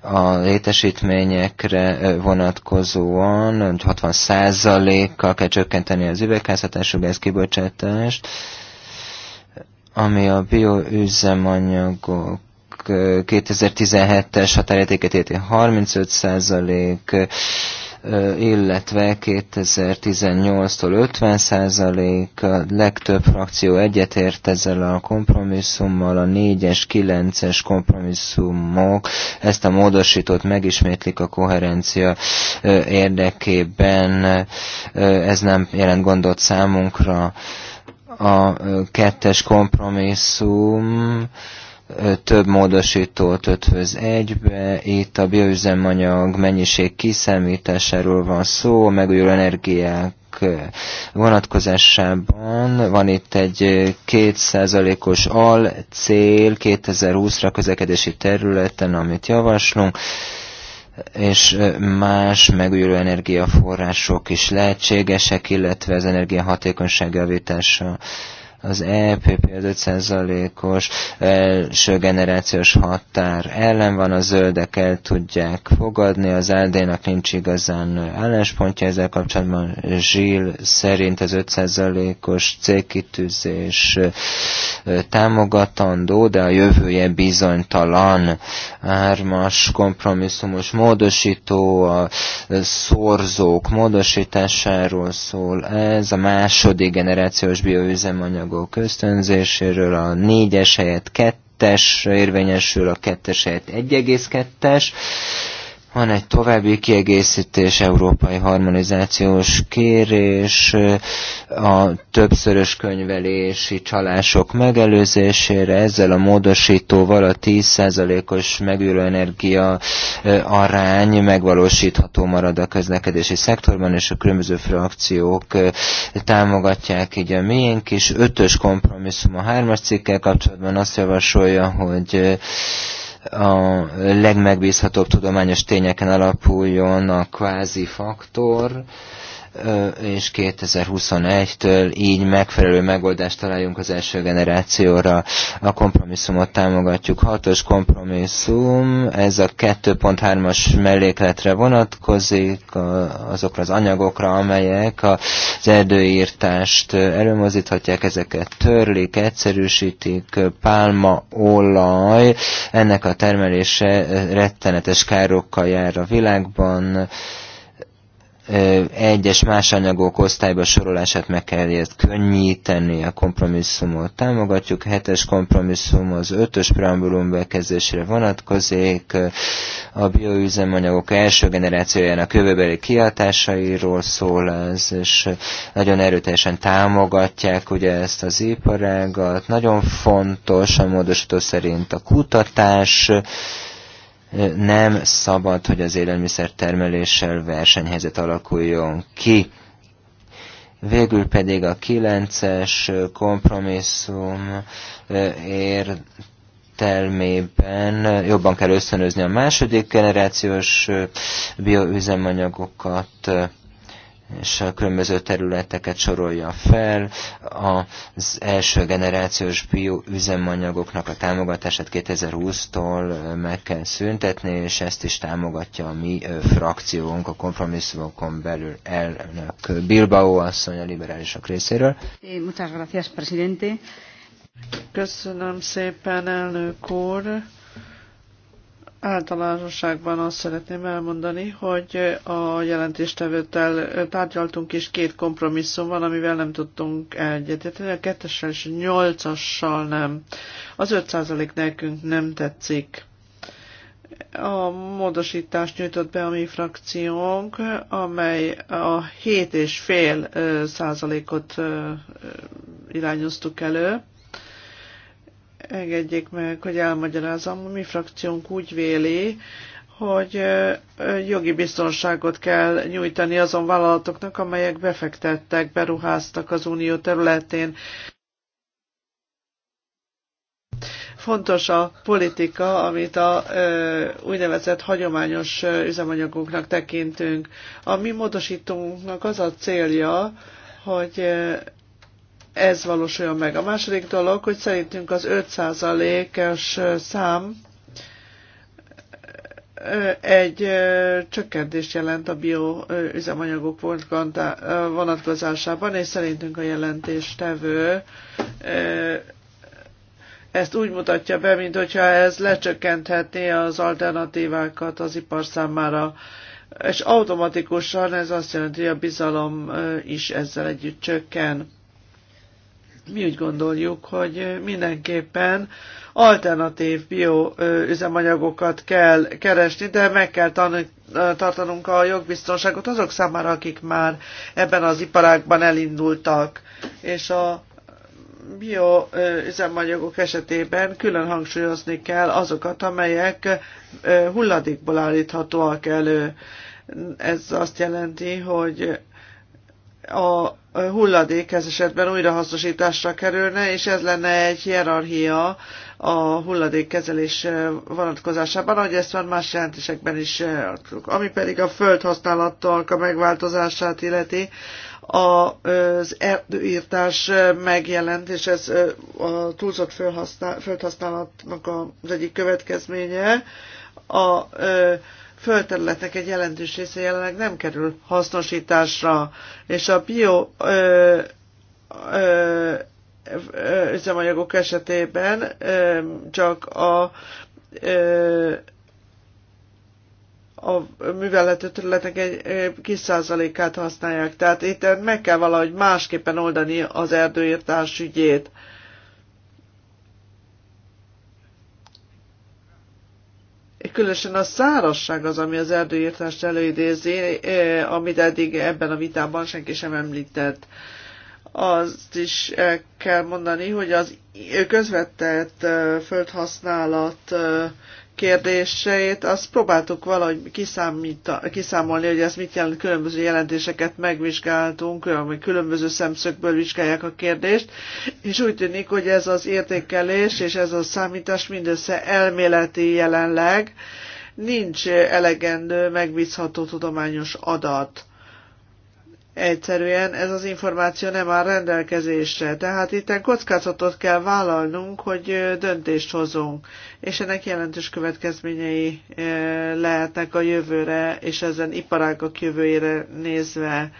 a létesítményekre vonatkozóan 60%-kal kell csökkenteni az üvegházhatású gázkibocsátást, ami a bioüzemanyagok 2017-es határértéket érti 35 százalék, illetve 2018-tól 50 százalék, a legtöbb frakció egyetért ezzel a kompromisszummal, a 4-es, 9-es kompromisszumok ezt a módosítót megismétlik a koherencia érdekében, ez nem jelent gondot számunkra. A kettes kompromisszum több módosítót ötvöz egybe, itt a bioüzemanyag mennyiség kiszámításáról van szó, a megújuló energiák vonatkozásában van itt egy 2%-os al cél 2020-ra közlekedési területen, amit javaslunk, és más megújuló energiaforrások is lehetségesek, illetve az energiahatékonyság javítása az EPP az 5%-os első generációs határ ellen van, a zöldek el tudják fogadni, az LD-nak nincs igazán álláspontja ezzel kapcsolatban. Zsil szerint az 5%-os célkitűzés támogatandó, de a jövője bizonytalan. Ármas kompromisszumos módosító, a szorzók módosításáról szól. Ez a második generációs bioüzemanyagok jogok köztönzéséről, a négyes helyett kettes érvényesül, a kettes helyett 1,2-es van egy további kiegészítés, európai harmonizációs kérés, a többszörös könyvelési csalások megelőzésére, ezzel a módosítóval a 10%-os megülő energia arány megvalósítható marad a közlekedési szektorban, és a különböző frakciók támogatják így a miénk is. Ötös kompromisszum a hármas cikkel kapcsolatban azt javasolja, hogy a legmegbízhatóbb tudományos tényeken alapuljon a kvázi faktor, és 2021-től így megfelelő megoldást találjunk az első generációra. A kompromisszumot támogatjuk. Hatos kompromisszum, ez a 2.3-as mellékletre vonatkozik, azokra az anyagokra, amelyek az erdőírtást előmozíthatják, ezeket törlik, egyszerűsítik, pálma, olaj, ennek a termelése rettenetes károkkal jár a világban, egyes más anyagok osztályba sorolását meg kell ért könnyíteni, a kompromisszumot támogatjuk, hetes kompromisszum az ötös preambulum bekezdésére vonatkozik, a bioüzemanyagok első generációjának jövőbeli kiadásairól szól ez, és nagyon erőteljesen támogatják ugye ezt az iparágat, nagyon fontos a módosító szerint a kutatás, nem szabad, hogy az élelmiszer termeléssel versenyhelyzet alakuljon ki. Végül pedig a kilences kompromisszum ér termében jobban kell összönözni a második generációs bioüzemanyagokat, és a különböző területeket sorolja fel. Az első generációs bioüzemanyagoknak a támogatását 2020-tól meg kell szüntetni, és ezt is támogatja a mi frakciónk a kompromisszumokon belül elnök Bilbao asszony a liberálisok részéről. Köszönöm szépen, elnök úr. Általánosságban azt szeretném elmondani, hogy a jelentéstevőtel tárgyaltunk, és két kompromisszum van, amivel nem tudtunk egyetérteni, a kettessel és a nyolcassal nem. Az 5% nekünk nem tetszik. A módosítást nyújtott be a mi frakciónk, amely a 7,5 százalékot irányoztuk elő Engedjék meg, hogy elmagyarázzam, mi frakciónk úgy véli, hogy jogi biztonságot kell nyújtani azon vállalatoknak, amelyek befektettek, beruháztak az unió területén. Fontos a politika, amit a ö, úgynevezett hagyományos üzemanyagoknak tekintünk. A mi módosítónknak az a célja, hogy ez valósuljon meg. A második dolog, hogy szerintünk az 5%-es szám egy csökkentést jelent a bioüzemanyagok vonatkozásában, és szerintünk a jelentéstevő ezt úgy mutatja be, mint hogyha ez lecsökkenthetné az alternatívákat az ipar számára. És automatikusan ez azt jelenti, hogy a bizalom is ezzel együtt csökken mi úgy gondoljuk, hogy mindenképpen alternatív bioüzemanyagokat kell keresni, de meg kell tartanunk a jogbiztonságot azok számára, akik már ebben az iparágban elindultak. És a bioüzemanyagok esetében külön hangsúlyozni kell azokat, amelyek hulladékból állíthatóak elő. Ez azt jelenti, hogy a hulladék ez esetben újrahasznosításra kerülne, és ez lenne egy hierarchia a hulladékkezelés eh, vonatkozásában, ahogy ezt van más jelentésekben is adtuk. Eh, Ami pedig a földhasználattal a megváltozását illeti, az erdőírtás eh, megjelent, és ez a túlzott földhasználatnak az egyik következménye. A, földterületek egy jelentős része jelenleg nem kerül hasznosításra, és a bio ö, ö, üzemanyagok esetében ö, csak a ö, a művelhető területek egy kis százalékát használják. Tehát itt meg kell valahogy másképpen oldani az erdőírtás ügyét. Ö, különösen a szárasság az, ami az erdőírtást előidézi, eh, amit eddig ebben a vitában senki sem említett. Azt is kell mondani, hogy az közvetett eh, földhasználat eh, kérdéseit, azt próbáltuk valahogy kiszámíta, kiszámolni, hogy ez mit jelent, különböző jelentéseket megvizsgáltunk, ami különböző szemszögből vizsgálják a kérdést, és úgy tűnik, hogy ez az értékelés és ez a számítás mindössze elméleti jelenleg, nincs elegendő megbízható tudományos adat egyszerűen ez az információ nem áll rendelkezésre. Tehát itt kockázatot kell vállalnunk, hogy döntést hozunk, és ennek jelentős következményei lehetnek a jövőre, és ezen iparágak jövőjére nézve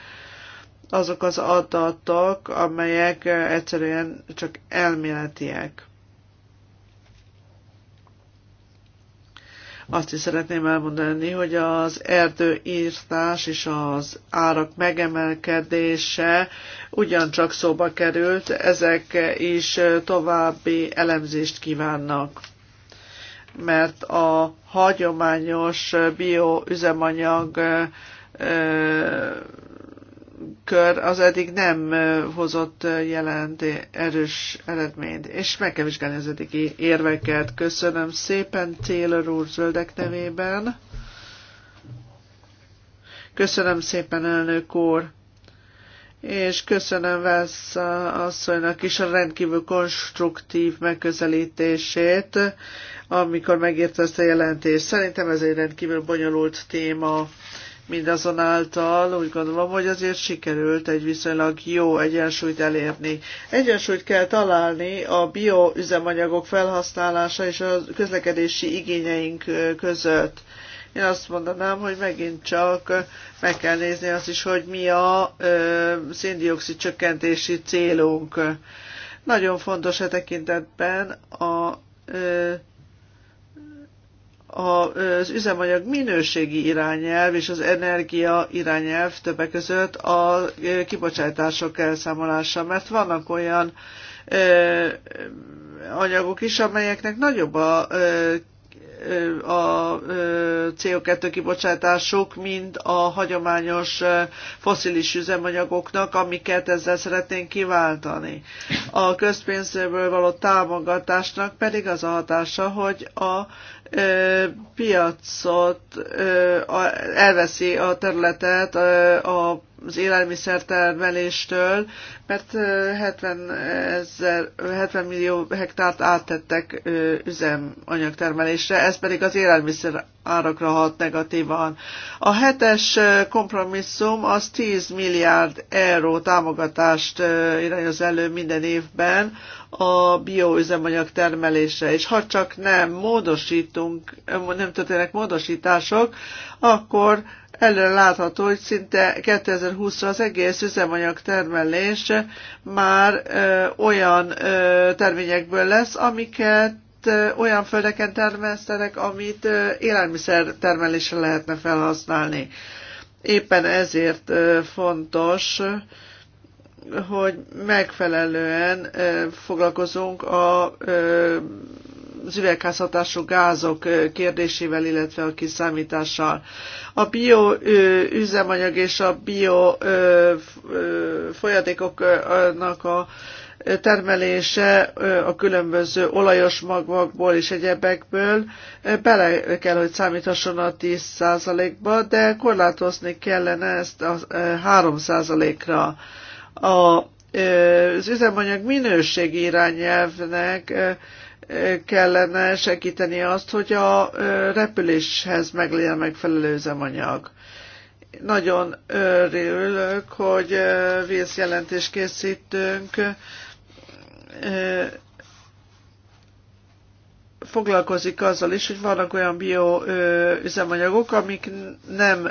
azok az adatok, amelyek egyszerűen csak elméletiek. Azt is szeretném elmondani, hogy az erdőírtás és az árak megemelkedése ugyancsak szóba került, ezek is további elemzést kívánnak mert a hagyományos bioüzemanyag kör az eddig nem hozott jelent erős eredményt, és meg kell vizsgálni az eddigi érveket. Köszönöm szépen Taylor úr zöldek nevében. Köszönöm szépen, elnök úr! És köszönöm Vesz asszonynak is a rendkívül konstruktív megközelítését, amikor megírta ezt a jelentést. Szerintem ez egy rendkívül bonyolult téma. Mindazonáltal úgy gondolom, hogy azért sikerült egy viszonylag jó egyensúlyt elérni. Egyensúlyt kell találni a bioüzemanyagok felhasználása és a közlekedési igényeink között. Én azt mondanám, hogy megint csak meg kell nézni azt is, hogy mi a széndiokszid csökkentési célunk. Nagyon fontos a e tekintetben a az üzemanyag minőségi irányelv és az energia irányelv többek között a kibocsátások elszámolása, mert vannak olyan anyagok is, amelyeknek nagyobb a, a CO2 kibocsátásuk, mint a hagyományos foszilis üzemanyagoknak, amiket ezzel szeretnénk kiváltani. A közpénzből való támogatásnak pedig az a hatása, hogy a piacot elveszi a területet a az élelmiszertermeléstől, mert 70, ezer, 70 millió hektárt áttettek üzemanyagtermelésre, ez pedig az élelmiszer árakra hat negatívan. A hetes kompromisszum az 10 milliárd euró támogatást irányoz elő minden évben a bioüzemanyag termelésre, és ha csak nem módosítunk, nem történnek módosítások, akkor előre látható, hogy szinte 2020-ra az egész üzemanyag termelés már ö, olyan ö, terményekből lesz, amiket ö, olyan földeken termesztenek, amit ö, élelmiszer termelésre lehetne felhasználni. Éppen ezért ö, fontos, hogy megfelelően foglalkozunk a az üvegházhatású gázok kérdésével, illetve a kiszámítással. A bio üzemanyag és a bio folyadékoknak a termelése a különböző olajos magvakból és egyebekből bele kell, hogy számíthasson a 10%-ba, de korlátozni kellene ezt a 3%-ra. A, az üzemanyag minőségi irányelvnek kellene segíteni azt, hogy a repüléshez meg legyen megfelelő üzemanyag. Nagyon örülök, hogy vészjelentést készítünk. Foglalkozik azzal is, hogy vannak olyan bioüzemanyagok, amik nem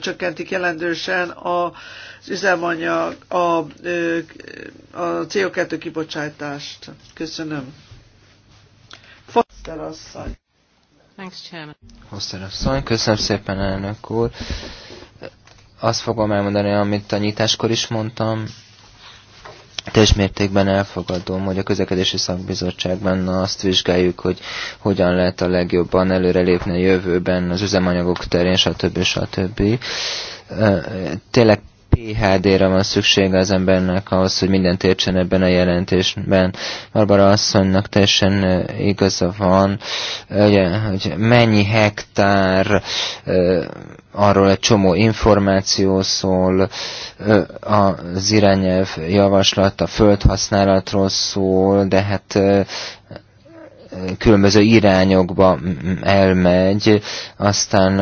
csökkentik jelentősen az üzemanyag, a, a CO2 kibocsátást. Köszönöm. Hosszerasszony. Thanks, Chairman. köszönöm szépen, elnök úr. Azt fogom elmondani, amit a nyitáskor is mondtam, teljes mértékben elfogadom, hogy a közlekedési szakbizottságban azt vizsgáljuk, hogy hogyan lehet a legjobban előrelépni a jövőben az üzemanyagok terén, stb. stb. Tényleg PHD-re van szüksége az embernek ahhoz, hogy mindent értsen ebben a jelentésben. Barbara asszonynak teljesen igaza van, ugye, hogy mennyi hektár, arról egy csomó információ szól, az irányelv javaslat a földhasználatról szól, de hát különböző irányokba elmegy, aztán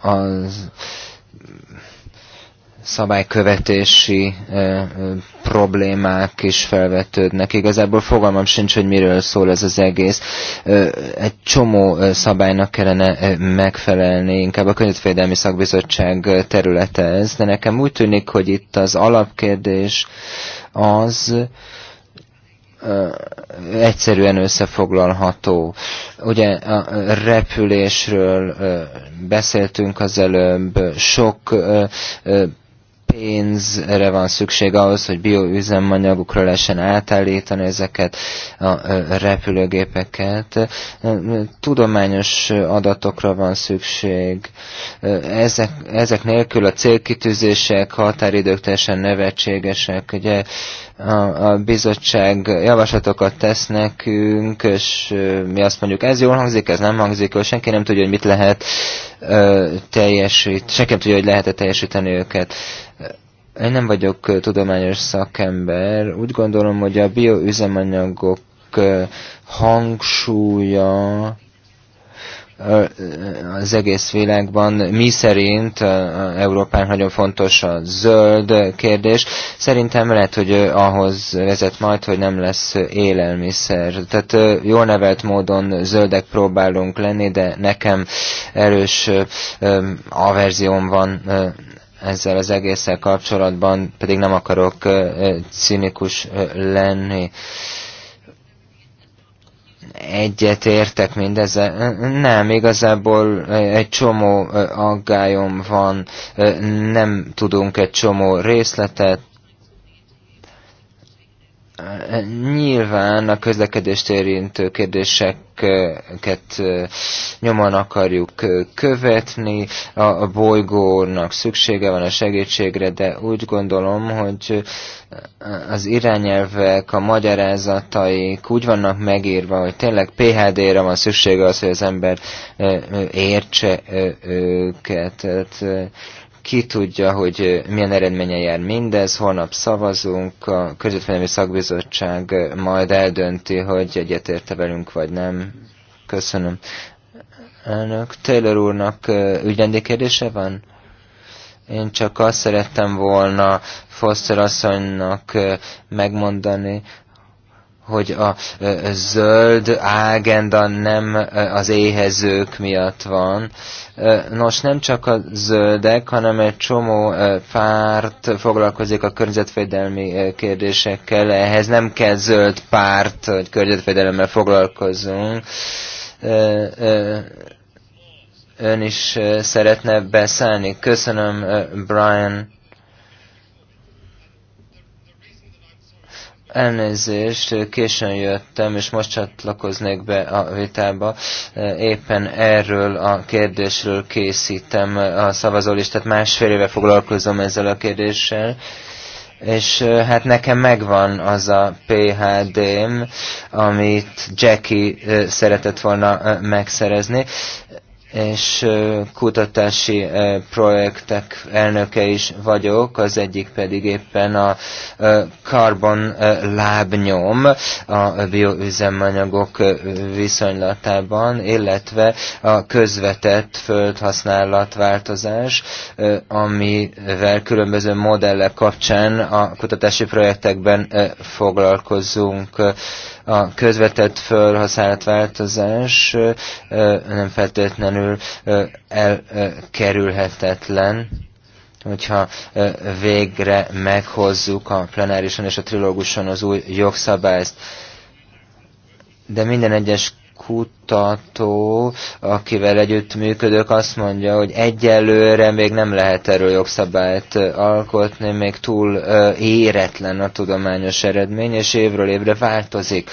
az szabálykövetési problémák is felvetődnek. Igazából fogalmam sincs, hogy miről szól ez az egész. Egy csomó szabálynak kellene megfelelni, inkább a Környezetvédelmi Szakbizottság területe ez, de nekem úgy tűnik, hogy itt az alapkérdés az, egyszerűen összefoglalható. Ugye a repülésről beszéltünk az előbb, sok pénzre van szükség ahhoz, hogy bioüzemanyagokra lehessen átállítani ezeket a repülőgépeket. Tudományos adatokra van szükség. Ezek, ezek nélkül a célkitűzések, határidők teljesen nevetségesek. Ugye a, a bizottság javaslatokat tesz nekünk, és mi azt mondjuk, ez jól hangzik, ez nem hangzik jól, senki nem tudja, hogy mit lehet teljesíteni, senki nem tudja, hogy lehet-e teljesíteni őket én nem vagyok tudományos szakember. Úgy gondolom, hogy a bioüzemanyagok hangsúlya az egész világban. Mi szerint Európán nagyon fontos a zöld kérdés. Szerintem lehet, hogy ahhoz vezet majd, hogy nem lesz élelmiszer. Tehát jó nevelt módon zöldek próbálunk lenni, de nekem erős averzióm van ezzel az egésszel kapcsolatban pedig nem akarok cinikus lenni. Egyet értek mindezzel. Nem, igazából egy csomó aggályom van, nem tudunk egy csomó részletet, Nyilván a közlekedést érintő kérdéseket nyomon akarjuk követni, a bolygónak szüksége van a segítségre, de úgy gondolom, hogy az irányelvek, a magyarázataik úgy vannak megírva, hogy tényleg PHD-re van szüksége az, hogy az ember értse őket. Tehát, ki tudja, hogy eh, milyen eredménye jár mindez, holnap szavazunk, a Közvetlenül Szakbizottság eh, majd eldönti, hogy egyetérte velünk vagy nem. Köszönöm. Elnök, Taylor úrnak eh, ügyrendi kérdése van? Én csak azt szerettem volna Foster asszonynak megmondani, hogy a zöld ágenda nem az éhezők miatt van. Nos, nem csak a zöldek, hanem egy csomó párt foglalkozik a környezetvédelmi kérdésekkel. Ehhez nem kell zöld párt, hogy környezetvédelemmel foglalkozunk ön is szeretne beszállni. Köszönöm, Brian. Elnézést, későn jöttem, és most csatlakoznék be a vitába. Éppen erről a kérdésről készítem a szavazólistát. Másfél éve foglalkozom ezzel a kérdéssel és hát nekem megvan az a PHD-m, amit Jackie szeretett volna megszerezni és kutatási projektek elnöke is vagyok, az egyik pedig éppen a karbon lábnyom a bioüzemanyagok viszonylatában, illetve a közvetett földhasználatváltozás, amivel különböző modellek kapcsán a kutatási projektekben foglalkozunk a közvetett fölhasznált változás nem feltétlenül elkerülhetetlen hogyha végre meghozzuk a plenárison és a trilóguson az új jogszabályt. De minden egyes kutató, akivel működök, azt mondja, hogy egyelőre még nem lehet erről jogszabályt alkotni, még túl éretlen a tudományos eredmény, és évről évre változik.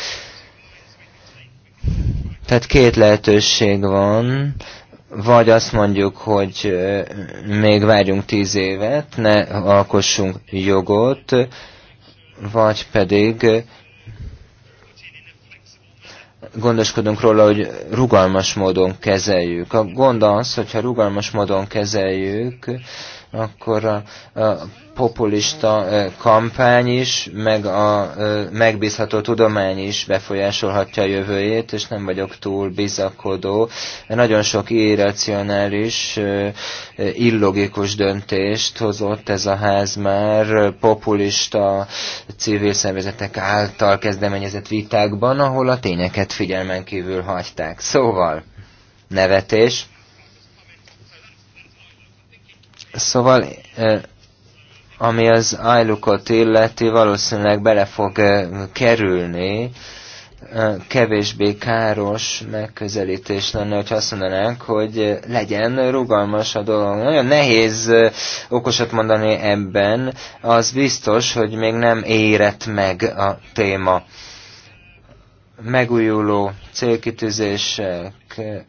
Tehát két lehetőség van, vagy azt mondjuk, hogy még várjunk tíz évet, ne alkossunk jogot, vagy pedig gondoskodunk róla, hogy rugalmas módon kezeljük. A gond az, hogyha rugalmas módon kezeljük, akkor a, a populista kampány is, meg a megbízható tudomány is befolyásolhatja a jövőjét, és nem vagyok túl bizakodó. Nagyon sok irracionális, illogikus döntést hozott ez a ház már populista civil szervezetek által kezdeményezett vitákban, ahol a tényeket figyelmen kívül hagyták. Szóval, nevetés. Szóval ami az ájlukot illeti, valószínűleg bele fog kerülni, kevésbé káros megközelítés lenne, hogy azt mondanánk, hogy legyen rugalmas a dolog. Nagyon nehéz okosat mondani ebben, az biztos, hogy még nem érett meg a téma megújuló célkitűzések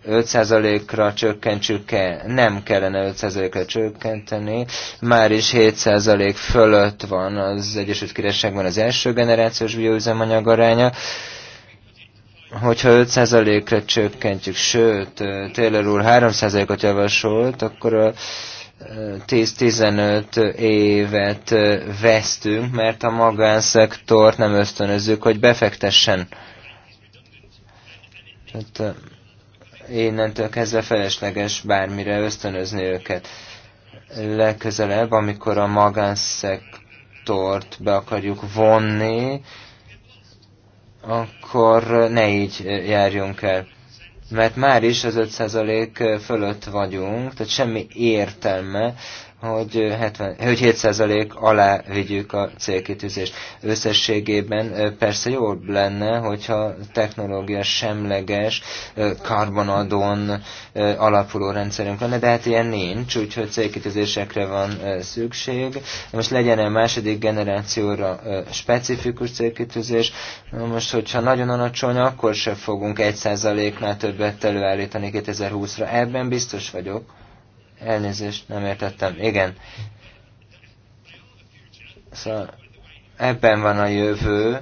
5%-ra csökkentsük-e? Nem kellene 5%-ra csökkenteni, már is 7% fölött van az Egyesült Királyságban az első generációs bioüzemanyag aránya. Hogyha 5%-ra csökkentjük, sőt, Taylor úr 3%-ot javasolt, akkor a 10-15 eh, évet eh, vesztünk, mert a magánszektort nem ösztönözzük, hogy befektessen hát innentől kezdve felesleges bármire ösztönözni őket. Legközelebb, amikor a magánszektort be akarjuk vonni, akkor ne így járjunk el. Mert már is az 5% fölött vagyunk, tehát semmi értelme hogy, 70, hogy 7% alá vigyük a célkitűzést. Összességében persze jobb lenne, hogyha technológia semleges, karbonadon alapuló rendszerünk lenne, de hát ilyen nincs, úgyhogy célkitűzésekre van szükség. Most legyen a második generációra specifikus célkitűzés. Most, hogyha nagyon alacsony, akkor se fogunk 1%-nál többet előállítani 2020-ra. Ebben biztos vagyok. Elnézést, nem értettem. Igen. Szóval ebben van a jövő,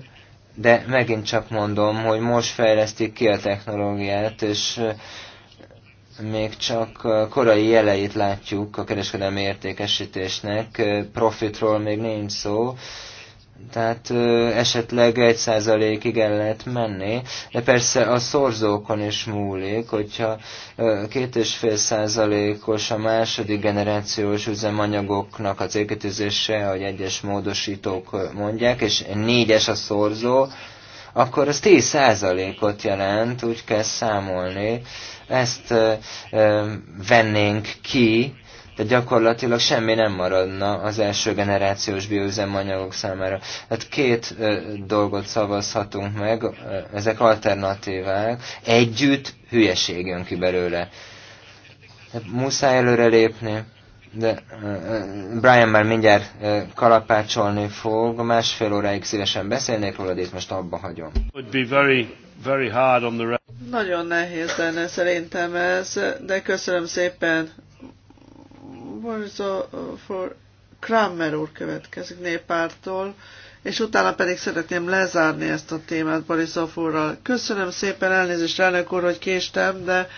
de megint csak mondom, hogy most fejlesztik ki a technológiát, és eh, még csak korai jeleit látjuk a kereskedelmi értékesítésnek, eh, profitról még nincs szó, tehát ö, esetleg egy százalékig el lehet menni, de persze a szorzókon is múlik, hogyha két és fél százalékos a második generációs üzemanyagoknak az égetőzése, ahogy egyes módosítók mondják, és négyes a szorzó, akkor az 10 százalékot jelent, úgy kell számolni. Ezt ö, ö, vennénk ki, tehát gyakorlatilag semmi nem maradna az első generációs bioüzemanyagok számára. Tehát két ö, dolgot szavazhatunk meg, ö, ezek alternatívák, együtt hülyeség jön ki belőle. Tehát muszáj előrelépni, de Brian már mindjárt kalapácsolni fog, másfél óráig szívesen beszélnék róla, de itt most abba hagyom. Nagyon nehéz lenne szerintem ez, de köszönöm szépen borzó for Kramer úr következik néppártól, és utána pedig szeretném lezárni ezt a témát Borisov úrral. Köszönöm szépen, elnézést elnök úr, hogy késtem, de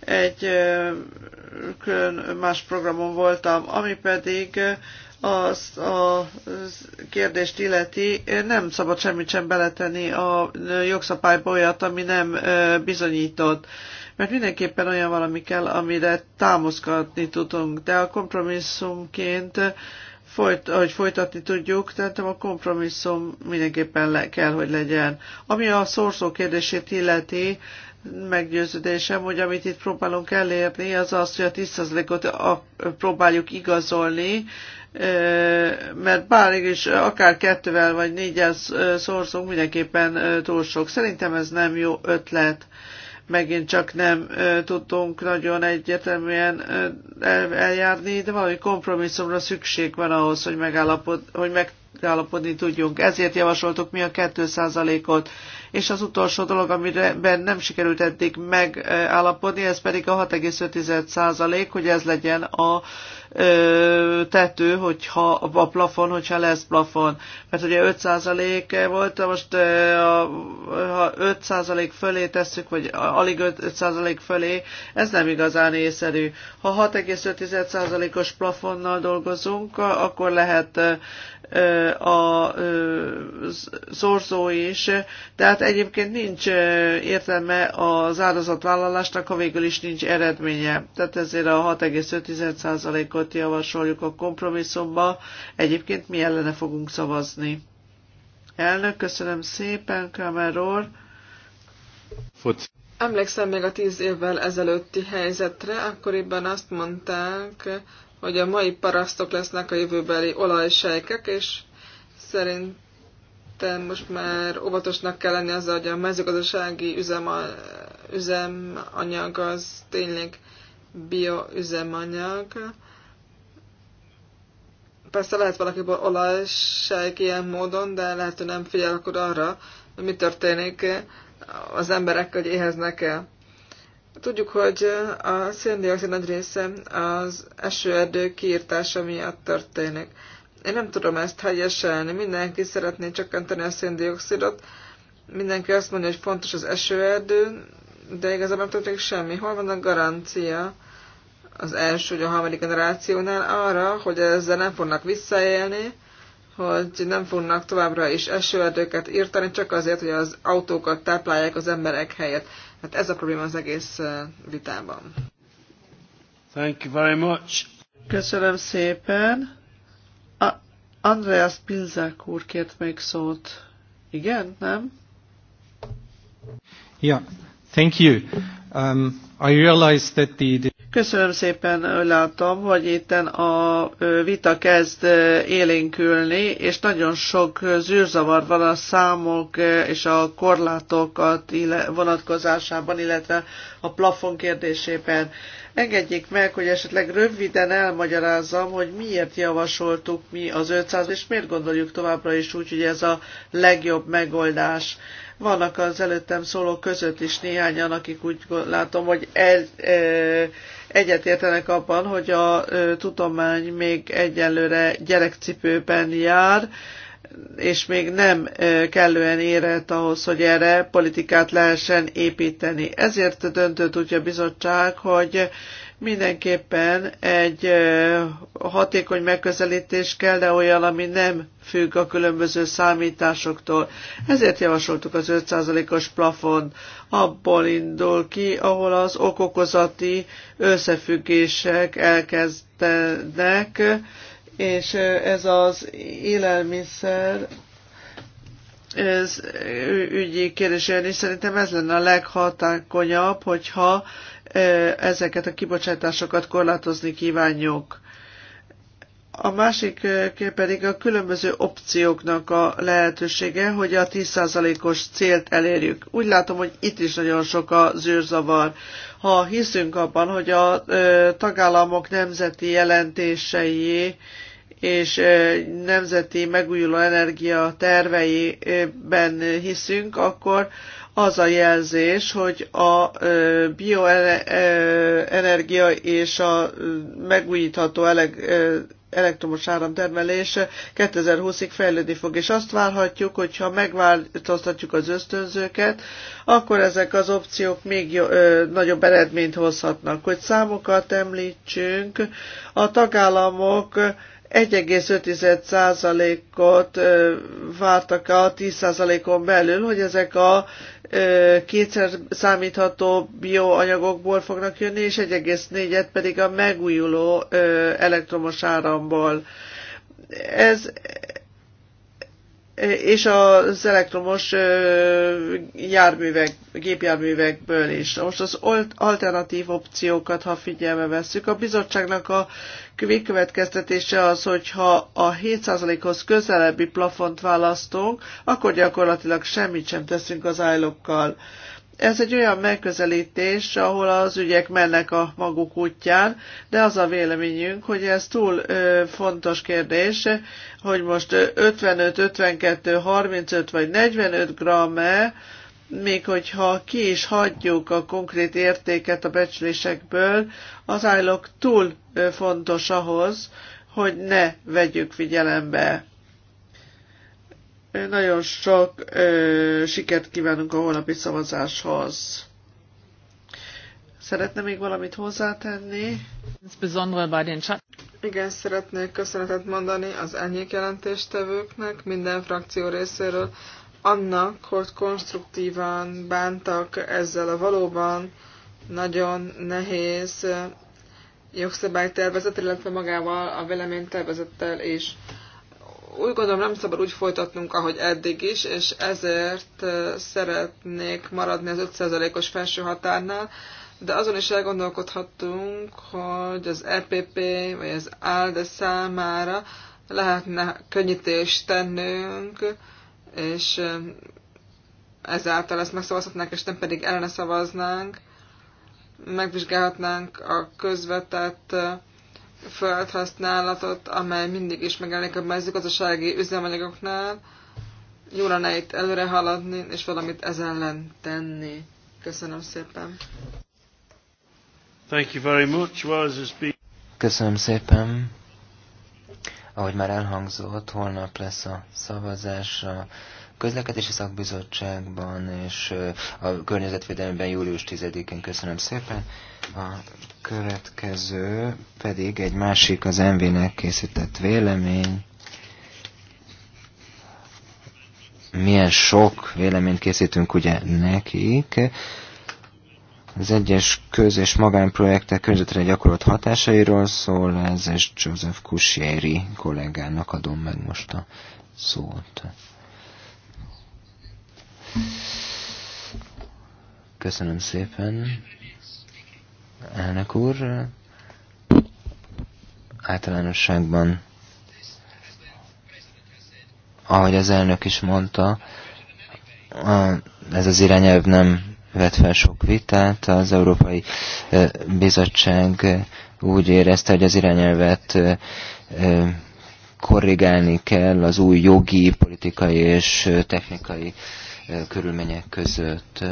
egy külön más programon voltam, ami pedig az a kérdést illeti, nem szabad semmit sem beletenni a jogszabályba olyat, ami nem bizonyított mert mindenképpen olyan valami kell, amire támaszkodni tudunk, de a kompromisszumként folyt, hogy folytatni tudjuk, tehát a kompromisszum mindenképpen le kell, hogy legyen. Ami a szorszó kérdését illeti, meggyőződésem, hogy amit itt próbálunk elérni, az az, hogy a 10%-ot próbáljuk igazolni, mert bár is akár kettővel vagy négyel szorzunk, mindenképpen túl sok. Szerintem ez nem jó ötlet megint csak nem tudtunk nagyon egyértelműen eljárni, de valami kompromisszumra szükség van ahhoz, hogy, megállapod, hogy megállapodni tudjunk. Ezért javasoltuk mi a 2%-ot és az utolsó dolog, amiben nem sikerült eddig megállapodni, ez pedig a 6,5 hogy ez legyen a ö, tető, hogyha a plafon, hogyha lesz plafon. Mert ugye 5 volt, most ö, ha 5 fölé tesszük, vagy alig 5 fölé, ez nem igazán észszerű. Ha 6,5 os plafonnal dolgozunk, akkor lehet a szorzó is, tehát egyébként nincs értelme az áldozatvállalásnak, ha végül is nincs eredménye. Tehát ezért a 6,5%-ot javasoljuk a kompromisszumba, egyébként mi ellene fogunk szavazni. Elnök, köszönöm szépen, Kameror. Emlékszem még a tíz évvel ezelőtti helyzetre, akkoriban azt mondták, hogy a mai parasztok lesznek a jövőbeli olajsejkek, és szerintem most már óvatosnak kell lenni azzal, hogy a mezőgazdasági üzem, üzemanyag az tényleg bioüzemanyag. Persze lehet valakiból olajsejk ilyen módon, de lehet, hogy nem figyel akkor arra, hogy mi történik az emberek, hogy éheznek el. Tudjuk, hogy a széndiokszid nagy része az esőerdő kiirtása miatt történik. Én nem tudom ezt helyeselni. Mindenki szeretné csökkenteni a széndiokszidot. Mindenki azt mondja, hogy fontos az esőerdő, de igazából nem történik semmi. Hol van a garancia az első vagy a harmadik generációnál arra, hogy ezzel nem fognak visszaélni, hogy nem fognak továbbra is esőerdőket írtani, csak azért, hogy az autókat táplálják az emberek helyett. Hát ez a probléma az egész vitában. Thank you very much. Köszönöm szépen. A Andreas Pinzák úr kért még szót. Igen, nem? Yeah, thank you. Um, I realized that the, the Köszönöm szépen, láttam, hogy itt a vita kezd élénkülni, és nagyon sok zűrzavar van a számok és a korlátokat vonatkozásában, illetve a plafon kérdésében. Engedjék meg, hogy esetleg röviden elmagyarázzam, hogy miért javasoltuk mi az 500, és miért gondoljuk továbbra is úgy, hogy ez a legjobb megoldás. Vannak az előttem szóló között is néhányan, akik úgy látom, hogy el, e, egyetértenek abban, hogy a tudomány még egyelőre gyerekcipőben jár, és még nem kellően érett ahhoz, hogy erre politikát lehessen építeni. Ezért döntött úgy a bizottság, hogy Mindenképpen egy hatékony megközelítés kell, de olyan, ami nem függ a különböző számításoktól. Ezért javasoltuk az 5%-os plafon. Abból indul ki, ahol az okokozati összefüggések elkezdenek, és ez az élelmiszer ez ügyi kérdésén és szerintem ez lenne a leghatákonyabb, hogyha ezeket a kibocsátásokat korlátozni kívánjuk. A másik pedig a különböző opcióknak a lehetősége, hogy a 10%-os célt elérjük. Úgy látom, hogy itt is nagyon sok a zűrzavar. Ha hiszünk abban, hogy a tagállamok nemzeti jelentései és nemzeti megújuló energia terveiben hiszünk, akkor az a jelzés, hogy a bioenergia és a megújítható elektromos áramtermelés 2020-ig fejlődni fog, és azt várhatjuk, hogy ha megváltoztatjuk az ösztönzőket, akkor ezek az opciók még nagyobb eredményt hozhatnak. Hogy számokat említsünk, a tagállamok 1,5%-ot vártak a 10%-on belül, hogy ezek a kétszer számítható bioanyagokból fognak jönni, és 1,4-et pedig a megújuló elektromos áramból. Ez és az elektromos járművek, gépjárművekből is. Most az alternatív opciókat, ha figyelme vesszük, a bizottságnak a végkövetkeztetése az, hogyha a 7%-hoz közelebbi plafont választunk, akkor gyakorlatilag semmit sem teszünk az ájlokkal. Ez egy olyan megközelítés, ahol az ügyek mennek a maguk útján, de az a véleményünk, hogy ez túl ö, fontos kérdés, hogy most 55, 52, 35 vagy 45 gramme, még hogyha ki is hagyjuk a konkrét értéket a becslésekből, az állok túl fontos ahhoz, hogy ne vegyük figyelembe. Nagyon sok ö, sikert kívánunk a holnapi szavazáshoz. Szeretne még valamit hozzátenni? Igen, szeretnék köszönetet mondani az enyék jelentéstevőknek minden frakció részéről, annak, hogy konstruktívan bántak ezzel a valóban nagyon nehéz jogszabálytervezet, illetve magával a véleménytervezettel is úgy gondolom nem szabad úgy folytatnunk, ahogy eddig is, és ezért szeretnék maradni az 5%-os felső határnál, de azon is elgondolkodhatunk, hogy az EPP vagy az ALDE számára lehetne könnyítést tennünk, és ezáltal ezt megszavazhatnánk, és nem pedig ellene szavaznánk. Megvizsgálhatnánk a közvetett földhasználatot, amely mindig is megjelenik a mezőgazdasági üzemanyagoknál. Jó lenne itt előre haladni, és valamit ezen ellen tenni. Köszönöm szépen. Thank you very much. Well, been... Köszönöm szépen. Ahogy már elhangzott, holnap lesz a szavazás a közlekedési szakbizottságban, és a környezetvédelemben július 10-én. Köszönöm szépen. A következő pedig egy másik az MV-nek készített vélemény. Milyen sok véleményt készítünk ugye nekik. Az egyes köz- és magánprojektek környezetre gyakorolt hatásairól szól, ez és Joseph Kusieri kollégának adom meg most a szót. Köszönöm szépen elnök úr. Általánosságban, ahogy az elnök is mondta, ez az irányelv nem vett fel sok vitát. Az Európai Bizottság úgy érezte, hogy az irányelvet korrigálni kell az új jogi, politikai és technikai körülmények között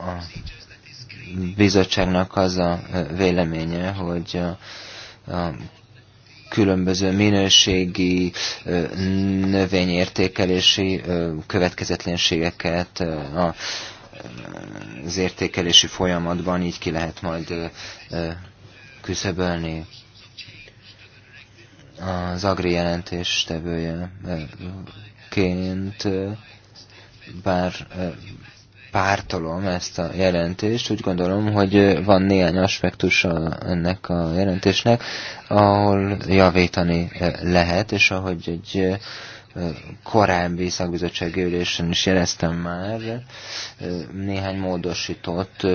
a bizottságnak az a véleménye, hogy a, a különböző minőségi, növényértékelési következetlenségeket a, az értékelési folyamatban így ki lehet majd küszöbölni. Az agri ként, bár pártolom ezt a jelentést. Úgy gondolom, hogy van néhány aspektusa ennek a jelentésnek, ahol javítani lehet, és ahogy egy korábbi szakbizottsági ülésen is jeleztem már, néhány módosított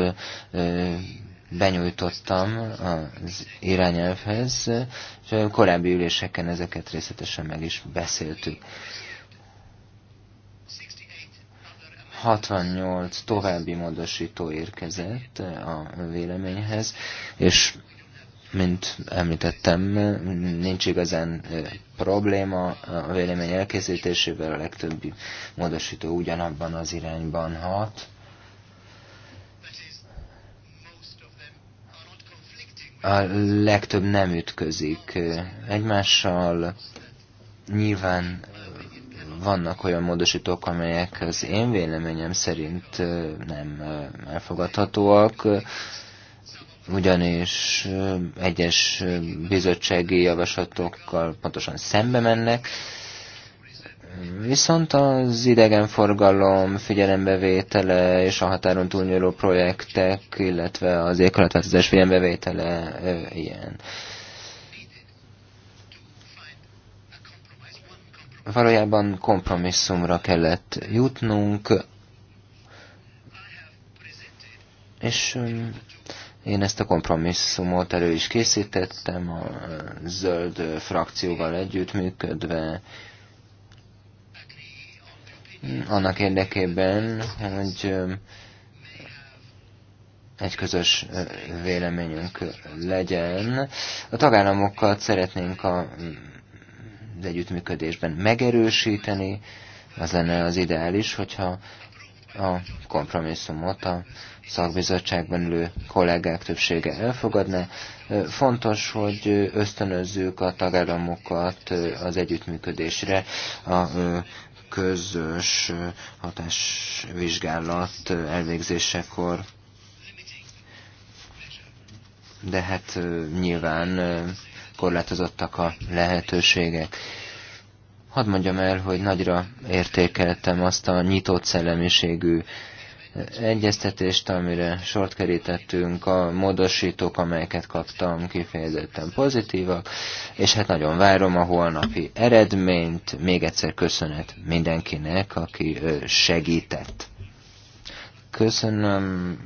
benyújtottam az irányelvhez, és a korábbi üléseken ezeket részletesen meg is beszéltük. 68 további módosító érkezett eh, a véleményhez, és mint említettem, nincs igazán eh, probléma a vélemény elkészítésével, a legtöbbi módosító ugyanabban az irányban hat. A legtöbb nem ütközik eh, egymással, nyilván vannak olyan módosítók, amelyek az én véleményem szerint nem elfogadhatóak, ugyanis egyes bizottsági javaslatokkal pontosan szembe mennek, Viszont az idegenforgalom figyelembevétele és a határon túlnyúló projektek, illetve az éghajlatváltozás figyelembevétele ilyen valójában kompromisszumra kellett jutnunk, és um, én ezt a kompromisszumot elő is készítettem a zöld frakcióval együttműködve, annak érdekében, hogy um, egy közös véleményünk legyen. A tagállamokat szeretnénk a az együttműködésben megerősíteni. Az lenne az ideális, hogyha a kompromisszumot a szakbizottságban ülő kollégák többsége elfogadná. Fontos, hogy ösztönözzük a tagállamokat az együttműködésre a közös hatásvizsgálat elvégzésekor. De hát nyilván korlátozottak a lehetőségek. Hadd mondjam el, hogy nagyra értékeltem azt a nyitott szellemiségű egyeztetést, amire sort kerítettünk, a módosítók, amelyeket kaptam, kifejezetten pozitívak, és hát nagyon várom a holnapi eredményt. Még egyszer köszönet mindenkinek, aki segített. Köszönöm,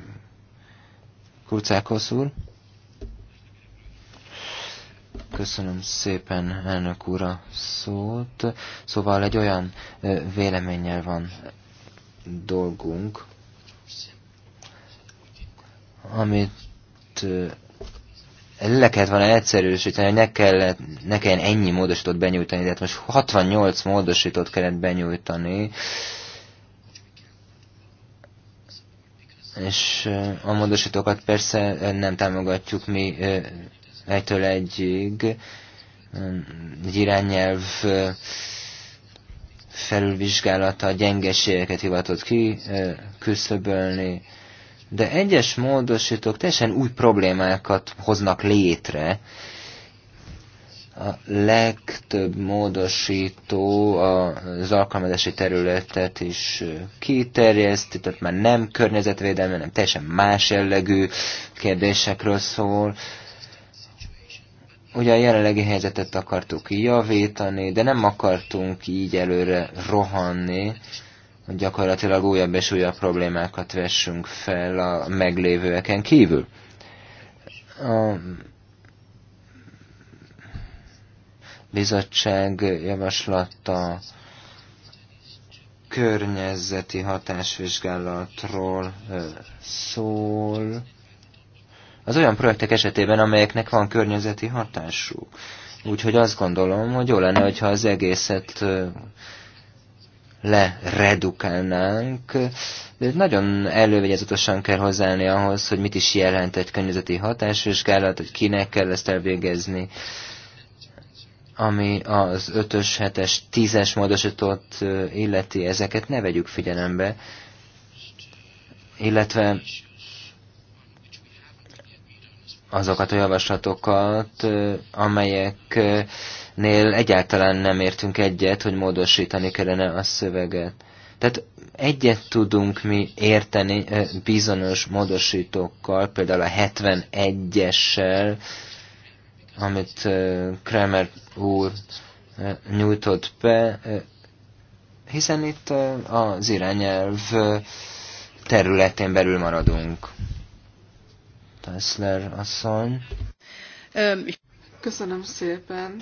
Kurcákos úr. Köszönöm szépen elnök úr a szót. Szóval egy olyan véleménnyel van dolgunk, amit le kellett volna egyszerűsíteni, hogy ne, kellett, ne kelljen ennyi módosítót benyújtani, hát most 68 módosítót kellett benyújtani, és a módosítókat persze nem támogatjuk mi egytől egyig mm, egy irányelv felülvizsgálata a gyengeségeket hivatott ki küszöbölni, de egyes módosítók teljesen új problémákat hoznak létre. A legtöbb módosító az alkalmazási területet is kiterjeszt, tehát már nem környezetvédelmi, hanem teljesen más jellegű kérdésekről szól. Ugye a jelenlegi helyzetet akartuk javítani, de nem akartunk így előre rohanni, hogy gyakorlatilag újabb és újabb problémákat vessünk fel a meglévőeken kívül. A bizottság javaslata környezeti hatásvizsgálatról szól, az olyan projektek esetében, amelyeknek van környezeti hatású. Úgyhogy azt gondolom, hogy jó lenne, hogyha az egészet leredukálnánk, de nagyon elővegyezetosan kell hozzáállni ahhoz, hogy mit is jelent egy környezeti hatásvizsgálat, hogy kinek kell ezt elvégezni, ami az 5-ös, 7-es, 10-es módosítót illeti, ezeket ne vegyük figyelembe, illetve azokat a javaslatokat, amelyeknél egyáltalán nem értünk egyet, hogy módosítani kellene a szöveget. Tehát egyet tudunk mi érteni bizonyos módosítókkal, például a 71-essel, amit Kramer úr nyújtott be, hiszen itt az irányelv területén belül maradunk. Tessler asszony. Köszönöm szépen.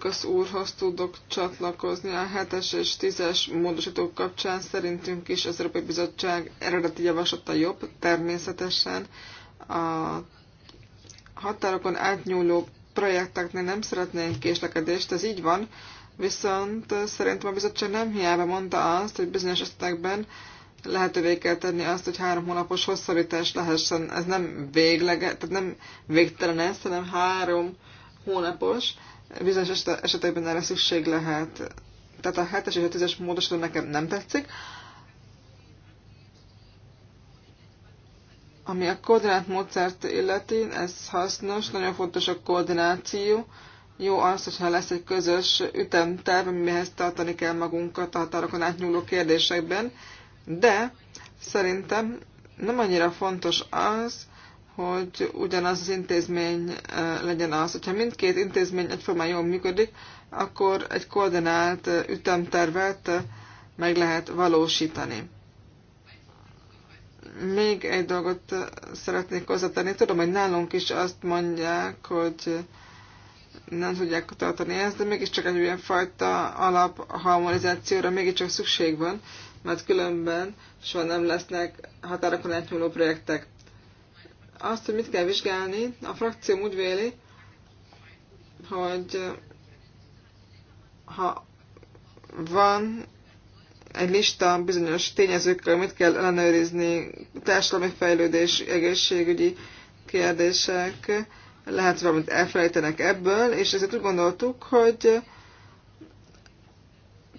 az úrhoz tudok csatlakozni a 7-es és 10-es módosítók kapcsán. Szerintünk is az Európai Bizottság eredeti javaslata jobb, természetesen. A határokon átnyúló projekteknél nem szeretnénk késlekedést, ez így van, viszont szerintem a bizottság nem hiába mondta azt, hogy bizonyos esetekben lehetővé kell tenni azt, hogy három hónapos hosszabbítás lehessen. Ez nem végleg, tehát nem végtelen ez, hanem három hónapos. Bizonyos esetekben erre szükség lehet. Tehát a 7-es és a 10-es módosító nekem nem tetszik. Ami a koordinált módszert illeti, ez hasznos, nagyon fontos a koordináció. Jó az, hogyha lesz egy közös ütemterv, amihez tartani kell magunkat a határokon átnyúló kérdésekben de szerintem nem annyira fontos az, hogy ugyanaz az intézmény legyen az. Hogyha mindkét intézmény egyformán jól működik, akkor egy koordinált ütemtervet meg lehet valósítani. Még egy dolgot szeretnék hozzátenni. Tudom, hogy nálunk is azt mondják, hogy nem tudják tartani ezt, de mégiscsak egy olyan fajta alapharmonizációra mégiscsak szükség van, mert különben soha nem lesznek határokon átnyúló projektek. Azt, hogy mit kell vizsgálni, a frakció úgy véli, hogy eh, ha van egy lista bizonyos tényezőkkel, mit kell ellenőrizni, társadalmi fejlődés, egészségügyi kérdések, lehet, hogy valamit elfelejtenek ebből, és ezért úgy gondoltuk, hogy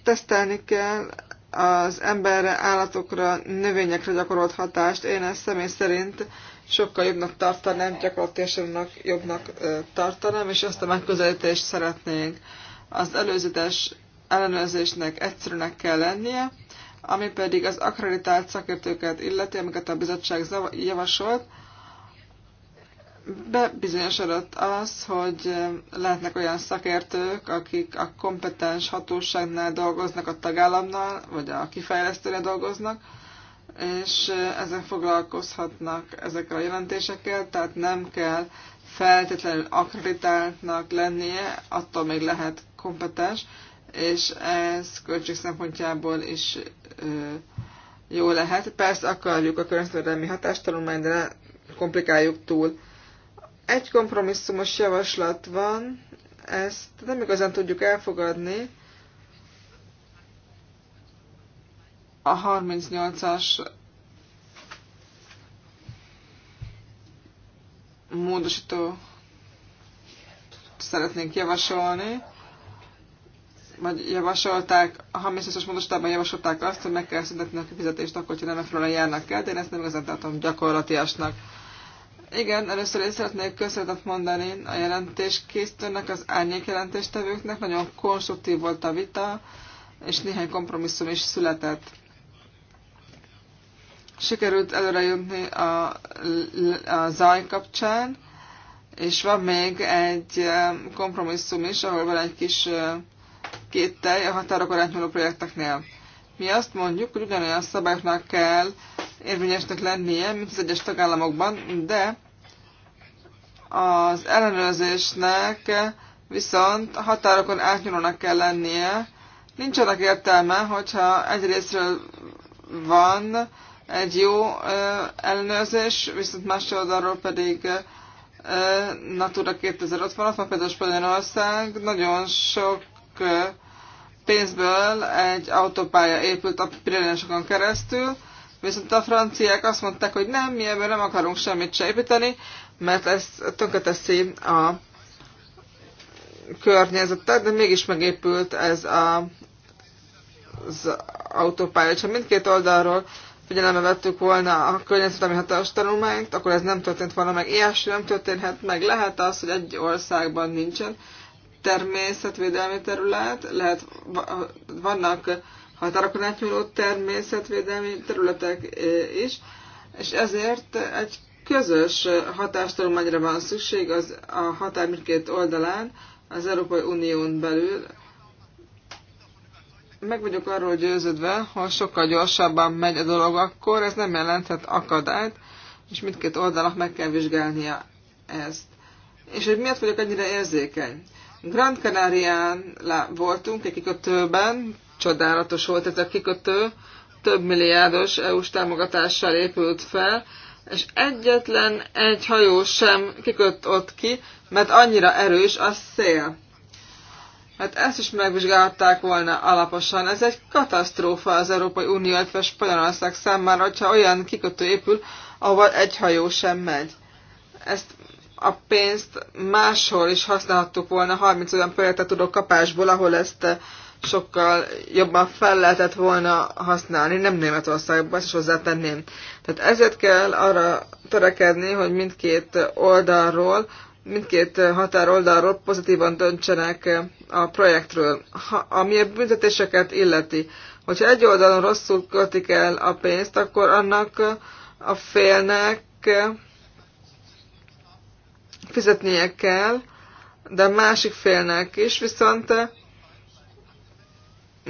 tesztelni kell az emberre, állatokra, növényekre gyakorolt hatást. Én ezt személy szerint sokkal jobbnak tartanám, gyakorlatilag jobbnak tartanám, és azt a megközelítést szeretnénk. Az előzetes ellenőrzésnek egyszerűnek kell lennie, ami pedig az akreditált szakértőket illeti, amiket a bizottság javasolt, bebizonyosodott az, hogy lehetnek olyan szakértők, akik a kompetens hatóságnál dolgoznak, a tagállamnál, vagy a kifejlesztőre dolgoznak, és ezek foglalkozhatnak ezekkel a jelentésekkel, tehát nem kell feltétlenül akreditáltnak lennie, attól még lehet kompetens, és ez költség szempontjából is ö, jó lehet. Persze akarjuk a környezetvédelmi hatástanulmányt, de ne komplikáljuk túl egy kompromisszumos javaslat van, ezt nem igazán tudjuk elfogadni. A 38-as módosító szeretnénk javasolni, vagy javasolták, a 38-as módosítában javasolták azt, hogy meg kell szüntetni a kifizetést akkor, hogyha nem megfelelően járnak el, de én ezt nem igazán tartom gyakorlatiasnak igen, először is szeretnék köszönetet mondani a jelentéskészítőnek, az árnyék jelentéstevőknek. Nagyon konstruktív volt a vita, és néhány kompromisszum is született. Sikerült előrejutni a, a zaj kapcsán, és van még egy kompromisszum is, ahol van egy kis kéttel a határokon átnyúló projekteknél. Mi azt mondjuk, hogy ugyanolyan szabályoknak kell érvényesnek lennie, mint az egyes tagállamokban, de az ellenőrzésnek viszont határokon átnyúlónak kell lennie. Nincs annak értelme, hogyha egyrésztről van egy jó ellenőrzés, viszont más oldalról pedig Natura 2000 ott van, ott például Spanyolország, nagyon sok pénzből egy autópálya épült a pirányosokon keresztül, Viszont a franciák azt mondták, hogy nem, mi ebben nem akarunk semmit se építeni, mert ez tönkreteszi a környezetet, de mégis megépült ez a, az autópálya. ha mindkét oldalról figyelembe vettük volna a környezetemi hatás tanulmányt, akkor ez nem történt volna meg. Ilyesmi nem történhet meg. Lehet az, hogy egy országban nincsen természetvédelmi terület, lehet vannak határokon átnyúló természetvédelmi területek is, és ezért egy közös hatástanulmányra van szükség az, a határ mindkét oldalán, az Európai Unión belül. Meg vagyok arról győződve, ha sokkal gyorsabban megy a dolog, akkor ez nem jelenthet akadályt, és mindkét oldalak meg kell vizsgálnia ezt. És hogy miért vagyok ennyire érzékeny? Grand Canarián voltunk egy kikötőben, csodálatos volt ez a kikötő, több milliárdos EU-s támogatással épült fel, és egyetlen egy hajó sem kikött ott ki, mert annyira erős a szél. Hát ezt is megvizsgálták volna alaposan. Ez egy katasztrófa az Európai Unió, illetve Spanyolország számára, hogyha olyan kikötő épül, ahol egy hajó sem megy. Ezt a pénzt máshol is használhattuk volna, 30 olyan projektet tudok kapásból, ahol ezt sokkal jobban fel lehetett volna használni, nem Németországban, ezt is hozzátenném. Tehát ezért kell arra törekedni, hogy mindkét oldalról, mindkét határ oldalról pozitívan döntsenek a projektről, ha, ami a büntetéseket illeti. Hogyha egy oldalon rosszul költik el a pénzt, akkor annak a félnek fizetnie kell, de a másik félnek is, viszont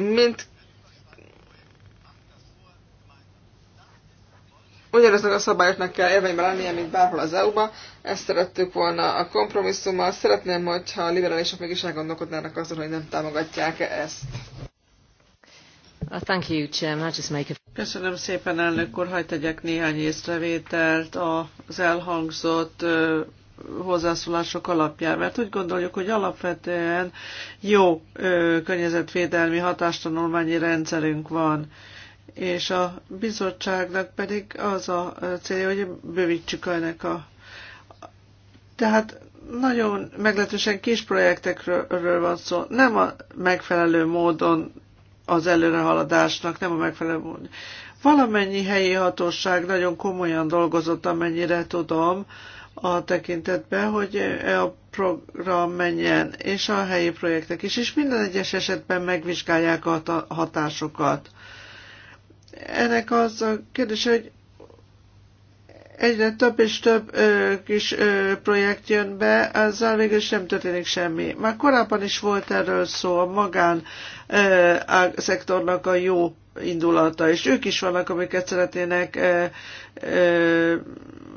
mint ugyanazok a szabályoknak kell érvényben lennie, mint bárhol az EU-ba. Ezt szerettük volna a kompromisszummal. Szeretném, hogyha a liberálisok mégis elgondolkodnának azon, hogy nem támogatják -e ezt. Uh, thank you, Chairman. just make a... Köszönöm szépen, elnök úr, hagyd tegyek néhány észrevételt az elhangzott uh, hozzászólások alapján, mert úgy gondoljuk, hogy alapvetően jó ö, környezetvédelmi hatástanulmányi rendszerünk van, és a bizottságnak pedig az a célja, hogy bővítsük ennek a... Tehát nagyon meglehetősen kis projektekről van szó, nem a megfelelő módon az előrehaladásnak, nem a megfelelő módon. Valamennyi helyi hatóság nagyon komolyan dolgozott, amennyire tudom, a tekintetbe, hogy e a program menjen, és a helyi projektek is, és minden egyes esetben megvizsgálják a hatásokat. Ennek az a kérdés, hogy egyre több és több ö, kis ö, projekt jön be, azzal végül is nem történik semmi. Már korábban is volt erről szó a magán ö, a szektornak a jó indulata, és ők is vannak, amiket szeretnének ö, ö,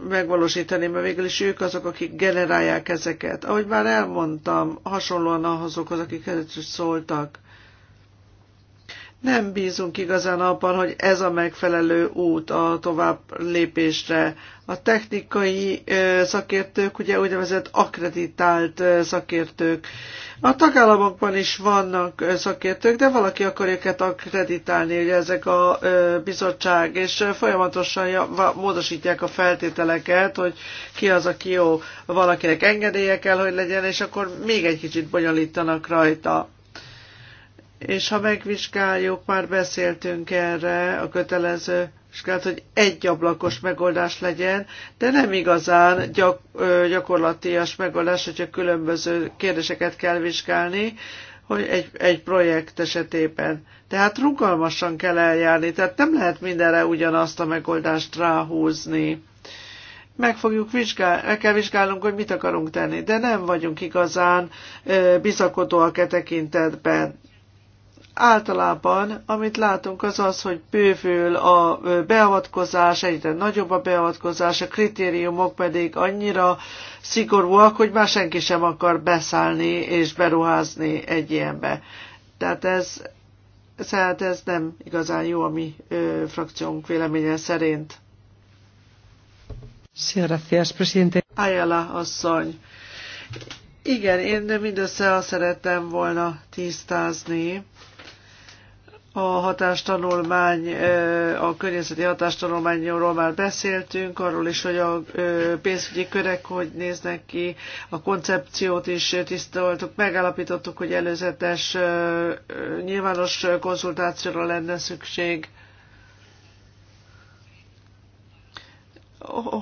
megvalósítani, mert végül is ők azok, akik generálják ezeket. Ahogy már elmondtam, hasonlóan ahhozokhoz, akik először szóltak nem bízunk igazán abban, hogy ez a megfelelő út a tovább lépésre. A technikai szakértők, ugye úgynevezett akreditált szakértők. A tagállamokban is vannak szakértők, de valaki akar őket akreditálni, ugye ezek a bizottság, és folyamatosan módosítják a feltételeket, hogy ki az, aki jó, valakinek engedélye kell, hogy legyen, és akkor még egy kicsit bonyolítanak rajta és ha megvizsgáljuk, már beszéltünk erre a kötelező vizsgálat, hogy egy ablakos megoldás legyen, de nem igazán gyak, gyakorlatias megoldás, hogyha különböző kérdéseket kell vizsgálni, hogy egy, egy projekt esetében. Tehát rugalmasan kell eljárni, tehát nem lehet mindenre ugyanazt a megoldást ráhúzni. Meg fogjuk vizsgálni, meg kell vizsgálnunk, hogy mit akarunk tenni, de nem vagyunk igazán ö, bizakodóak e tekintetben Általában, amit látunk, az az, hogy bővül a beavatkozás, egyre nagyobb a beavatkozás, a kritériumok pedig annyira szigorúak, hogy már senki sem akar beszállni és beruházni egy ilyenbe. Tehát ez, tehát ez nem igazán jó a mi ö, frakciónk véleménye szerint. Ayala asszony. Igen, én mindössze azt szerettem volna tisztázni, a hatástanulmány, a környezeti hatástanulmányról már beszéltünk, arról is, hogy a pénzügyi körek hogy néznek ki, a koncepciót is tisztoltuk, megállapítottuk, hogy előzetes nyilvános konzultációra lenne szükség.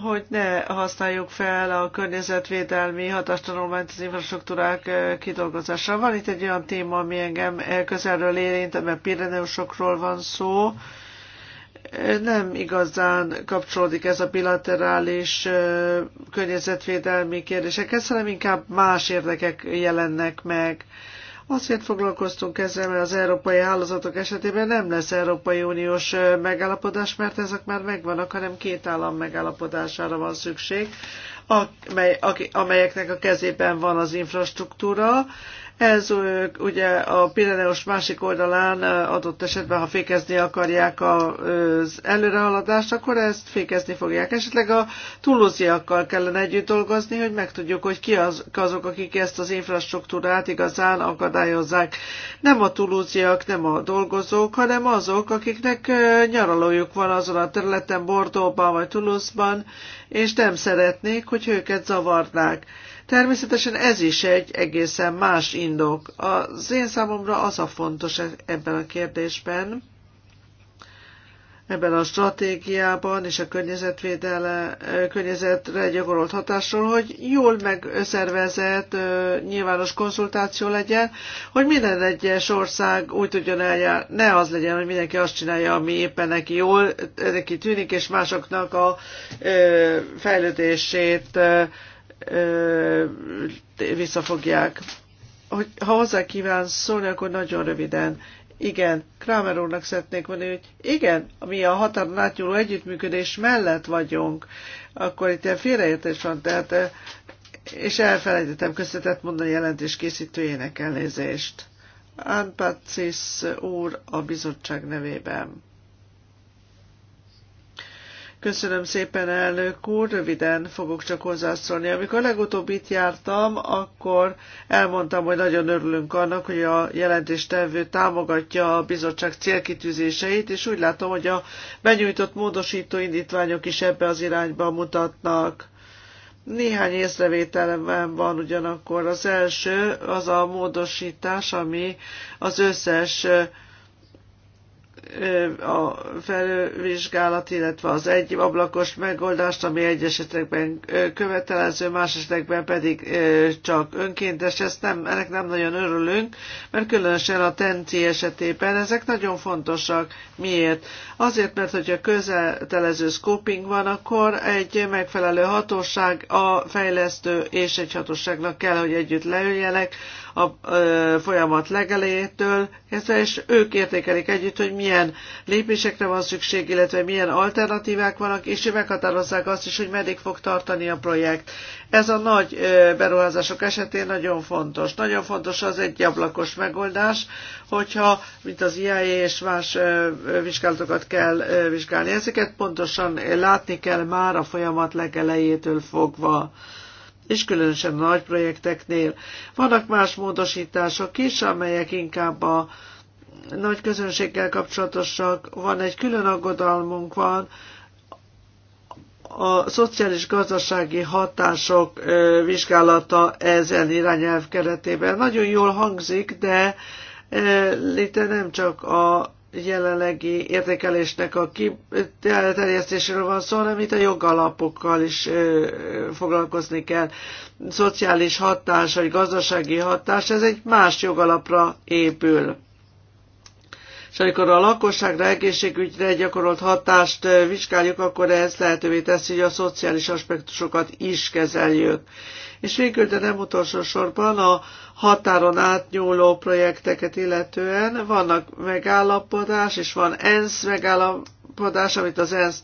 hogy ne használjuk fel a környezetvédelmi hatástanulmányt az infrastruktúrák kidolgozására. Van itt egy olyan téma, ami engem közelről érint, mert Pireneusokról van szó. Nem igazán kapcsolódik ez a bilaterális környezetvédelmi kérdésekhez, hanem inkább más érdekek jelennek meg. Azért foglalkoztunk ezzel, mert az európai hálózatok esetében nem lesz Európai Uniós megállapodás, mert ezek már megvannak, hanem két állam megállapodására van szükség, amely, amelyeknek a kezében van az infrastruktúra, ez ugye a Pireneus másik oldalán adott esetben, ha fékezni akarják az előrehaladást, akkor ezt fékezni fogják. Esetleg a túlóziakkal kellene együtt dolgozni, hogy megtudjuk, hogy ki az, azok, akik ezt az infrastruktúrát igazán akadályozzák. Nem a túlóziak, nem a dolgozók, hanem azok, akiknek nyaralójuk van azon a területen, Bordóban vagy Toulouse-ban, és nem szeretnék, hogy őket zavarnák Természetesen ez is egy egészen más indok. Az én számomra az a fontos e- ebben a kérdésben, ebben a stratégiában és a környezetvédele, környezetre gyakorolt hatásról, hogy jól megszervezett nyilvános konzultáció legyen, hogy minden egyes ország úgy tudjon eljárni, ne az legyen, hogy mindenki azt csinálja, ami éppen neki jól, neki tűnik, és másoknak a fejlődését ö, visszafogják. Hogy, ha hozzá kíván szólni, akkor nagyon röviden. Igen, Kramer úrnak szeretnék mondani, hogy igen, mi a határon átnyúló együttműködés mellett vagyunk, akkor itt ilyen félreértés van, tehát és elfelejtettem köszönetet mondani a jelentés készítőjének elnézést. Anpacis úr a bizottság nevében. Köszönöm szépen, elnök úr, röviden fogok csak hozzászólni. Amikor legutóbb itt jártam, akkor elmondtam, hogy nagyon örülünk annak, hogy a jelentéstevő támogatja a bizottság célkitűzéseit, és úgy látom, hogy a benyújtott módosító indítványok is ebbe az irányba mutatnak. Néhány észrevételem van ugyanakkor. Az első az a módosítás, ami az összes a felvizsgálat, illetve az egy ablakos megoldást, ami egy esetekben követelező, más esetekben pedig csak önkéntes. Ezt nem, ennek nem nagyon örülünk, mert különösen a TENTI esetében ezek nagyon fontosak. Miért? Azért, mert hogyha közeltelező scoping van, akkor egy megfelelő hatóság, a fejlesztő és egy hatóságnak kell, hogy együtt leüljenek, a folyamat legelejétől kezdve, és ők értékelik együtt, hogy milyen lépésekre van szükség, illetve milyen alternatívák vannak, és meghatározzák azt is, hogy meddig fog tartani a projekt. Ez a nagy beruházások esetén nagyon fontos. Nagyon fontos az egy ablakos megoldás, hogyha, mint az IA e és más vizsgálatokat kell vizsgálni. Ezeket pontosan látni kell már a folyamat legelejétől fogva és különösen nagy projekteknél. Vannak más módosítások is, amelyek inkább a nagy közönséggel kapcsolatosak. Van egy külön aggodalmunk van, a szociális-gazdasági hatások vizsgálata ezen irányelv keretében. Nagyon jól hangzik, de léte nem csak a jelenlegi értékelésnek a kiterjesztéséről van szó, hanem itt a jogalapokkal is foglalkozni kell. Szociális hatás, vagy gazdasági hatás, ez egy más jogalapra épül. És amikor a lakosságra, egészségügyre gyakorolt hatást vizsgáljuk, akkor ez lehetővé teszi, hogy a szociális aspektusokat is kezeljük. És végül, de nem utolsó sorban a határon átnyúló projekteket illetően vannak megállapodás, és van ENSZ megállapodás, megállapodás, amit az ENSZ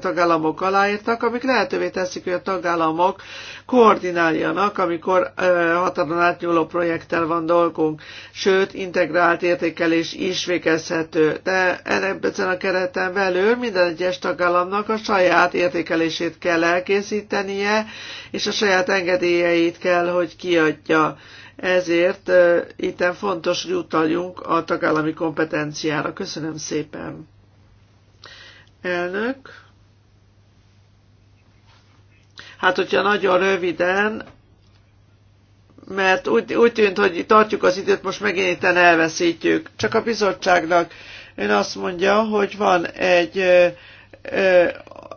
tagállamok aláírtak, amik lehetővé teszik, hogy a tagállamok koordináljanak, amikor határon átnyúló projekttel van dolgunk, sőt, integrált értékelés is végezhető. De ezen a kereten belül minden egyes tagállamnak a saját értékelését kell elkészítenie, és a saját engedélyeit kell, hogy kiadja. Ezért uh, itten fontos, hogy utaljunk a tagállami kompetenciára. Köszönöm szépen! Elnök. Hát, hogyha nagyon röviden, mert úgy, úgy tűnt, hogy tartjuk az időt, most megint elveszítjük. Csak a bizottságnak ön azt mondja, hogy van egy ö, ö,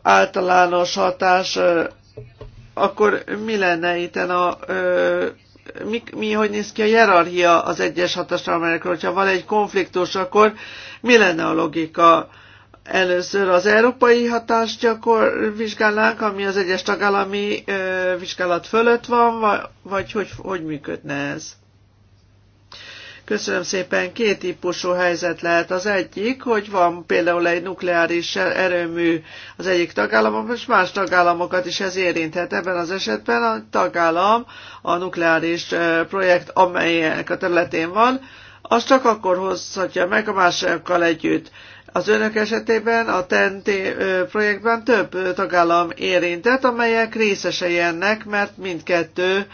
általános hatás, ö, akkor mi lenne itt a ö, mi, mi, hogy néz ki a hierarchia az egyes amelyekről, hogyha van egy konfliktus, akkor mi lenne a logika? Először az európai hatást gyakor vizsgálnánk, ami az egyes tagállami ö, vizsgálat fölött van, vagy hogy, hogy működne ez? Köszönöm szépen. Két típusú helyzet lehet. Az egyik, hogy van például egy nukleáris erőmű az egyik tagállamon, és más tagállamokat is ez érinthet. Ebben az esetben a tagállam, a nukleáris projekt, amelyek a területén van, az csak akkor hozhatja meg a másokkal együtt. Az önök esetében a TNT projektben több tagállam érintett, amelyek részesei ennek, mert mindkettő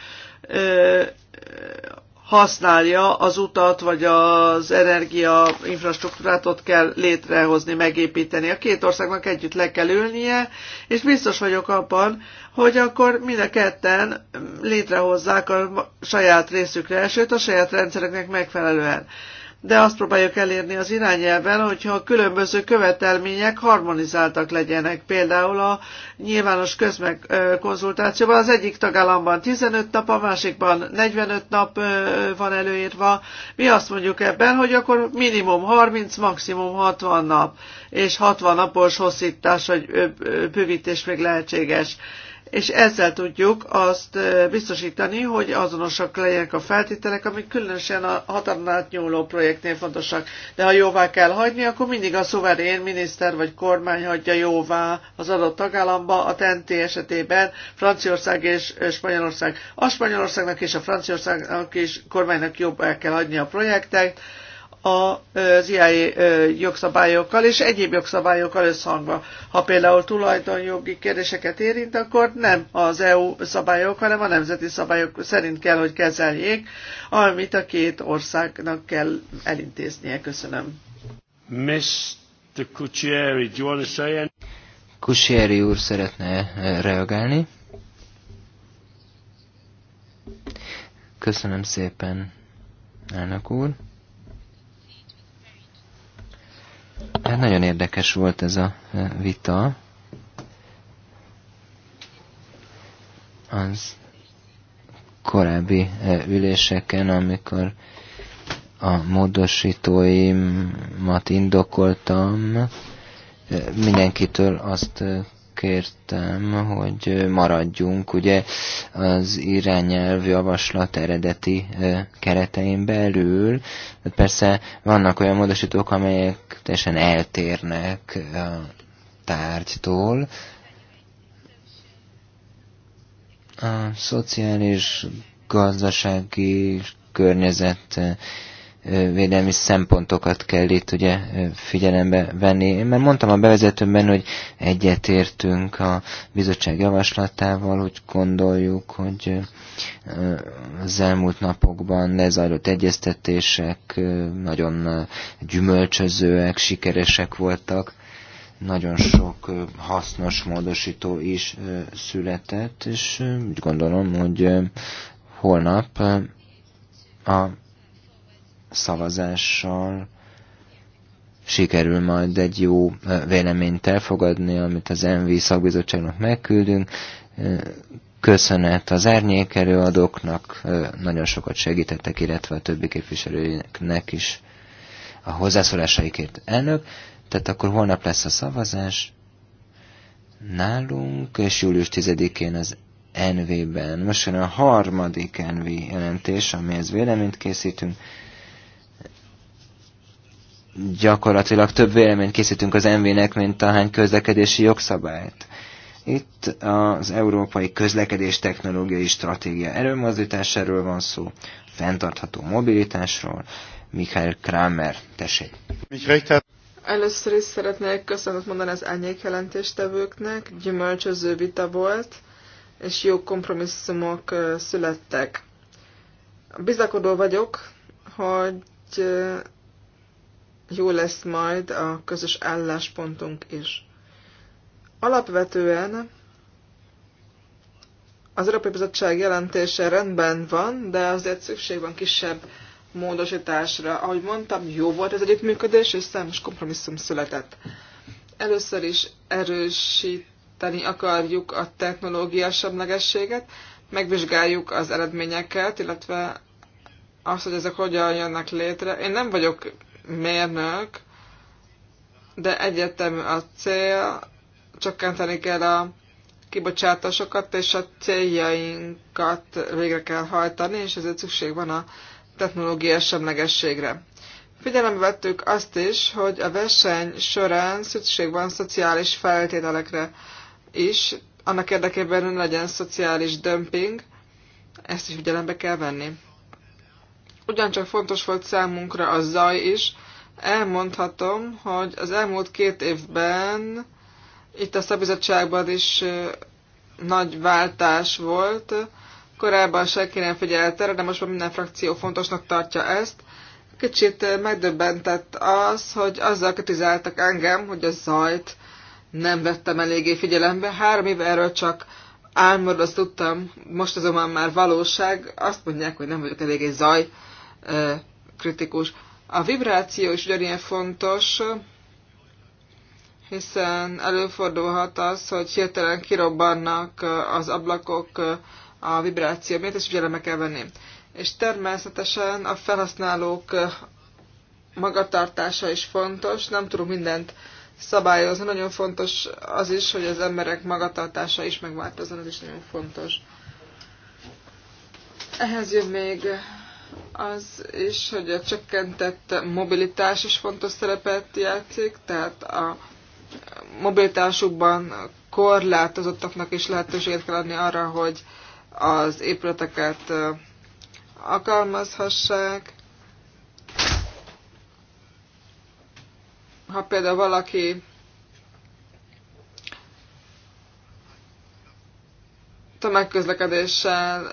használja az utat, vagy az energia infrastruktúrát ott kell létrehozni, megépíteni. A két országnak együtt le kell ülnie, és biztos vagyok abban, hogy akkor mind a ketten létrehozzák a saját részükre, sőt a saját rendszereknek megfelelően de azt próbáljuk elérni az irányelven, hogyha a különböző követelmények harmonizáltak legyenek. Például a nyilvános közmegkonzultációban az egyik tagállamban 15 nap, a másikban 45 nap van előírva. Mi azt mondjuk ebben, hogy akkor minimum 30, maximum 60 nap, és 60 napos hosszítás vagy bővítés még lehetséges és ezzel tudjuk azt biztosítani, hogy azonosak legyenek a feltételek, amik különösen a határon átnyúló projektnél fontosak. De ha jóvá kell hagyni, akkor mindig a szuverén miniszter vagy kormány hagyja jóvá az adott tagállamba, a TNT esetében Franciaország és Spanyolország. A Spanyolországnak és a Franciaországnak is kormánynak jobb el kell hagyni a projektet, az IA e, jogszabályokkal és egyéb jogszabályokkal összhangban. Ha például tulajdonjogi kérdéseket érint, akkor nem az EU szabályok, hanem a nemzeti szabályok szerint kell, hogy kezeljék, amit a két országnak kell elintéznie. Köszönöm. Mr. Kucsieri, do you want to say anything? úr szeretne eh, reagálni. Köszönöm szépen, elnök úr. Hát nagyon érdekes volt ez a e, vita. Az korábbi e, üléseken, amikor a módosítóimat indokoltam, e, mindenkitől azt kértem, hogy maradjunk ugye az irányelv javaslat eredeti keretein belül. Hát persze vannak olyan módosítók, amelyek teljesen eltérnek a tárgytól. A szociális, gazdasági környezet védelmi szempontokat kell itt ugye figyelembe venni. Én már mondtam a bevezetőben, hogy egyetértünk a bizottság javaslatával, úgy gondoljuk, hogy az elmúlt napokban lezajlott egyeztetések nagyon gyümölcsözőek, sikeresek voltak nagyon sok hasznos módosító is született, és úgy gondolom, hogy holnap a szavazással sikerül majd egy jó véleményt elfogadni, amit az MV szakbizottságnak megküldünk. Köszönet az árnyék előadóknak, nagyon sokat segítettek, illetve a többi képviselőnek is a hozzászólásaikért elnök. Tehát akkor holnap lesz a szavazás nálunk, és július 10-én az NV-ben. Most jön a harmadik NV jelentés, amihez véleményt készítünk gyakorlatilag több véleményt készítünk az MV-nek, mint ahány közlekedési jogszabályt. Itt az Európai Közlekedés Technológiai Stratégia erőmozdításáról van szó, fenntartható mobilitásról. Michael Kramer, tessék. Először is szeretnék köszönet mondani az árnyék jelentéstevőknek, gyümölcsöző vita volt, és jó kompromisszumok születtek. Bizakodó vagyok, hogy jó lesz majd a közös álláspontunk is. Alapvetően az Európai Bizottság jelentése rendben van, de azért szükség van kisebb módosításra. Ahogy mondtam, jó volt az együttműködés, és számos kompromisszum született. Először is erősíteni akarjuk a technológia semlegességet, megvizsgáljuk az eredményeket, illetve azt, hogy ezek hogyan jönnek létre. Én nem vagyok mérnök, de egyértelmű a cél, csökkenteni kell a kibocsátásokat, és a céljainkat végre kell hajtani, és ezért szükség van a technológia semlegességre. Figyelembe vettük azt is, hogy a verseny során szükség van szociális feltételekre is, annak érdekében, hogy legyen szociális dömping, ezt is figyelembe kell venni ugyancsak fontos volt számunkra a zaj is. Elmondhatom, hogy az elmúlt két évben itt a szabizottságban is nagy váltás volt. Korábban senki nem figyelt erre, de most már minden frakció fontosnak tartja ezt. Kicsit megdöbbentett az, hogy azzal kritizáltak engem, hogy a zajt nem vettem eléggé figyelembe. Három éve erről csak álmodva tudtam, most azonban már valóság. Azt mondják, hogy nem vagyok eléggé zaj kritikus. A vibráció is ugyanilyen fontos, hiszen előfordulhat az, hogy hirtelen kirobbannak az ablakok a vibráció miatt, és figyelembe kell venni. És természetesen a felhasználók magatartása is fontos, nem tudunk mindent szabályozni. Nagyon fontos az is, hogy az emberek magatartása is megváltozzon, az is nagyon fontos. Ehhez jön még az is, hogy a csökkentett mobilitás is fontos szerepet játszik, tehát a mobilitásukban korlátozottaknak is lehetőséget kell adni arra, hogy az épületeket alkalmazhassák. Ha például valaki tömegközlekedéssel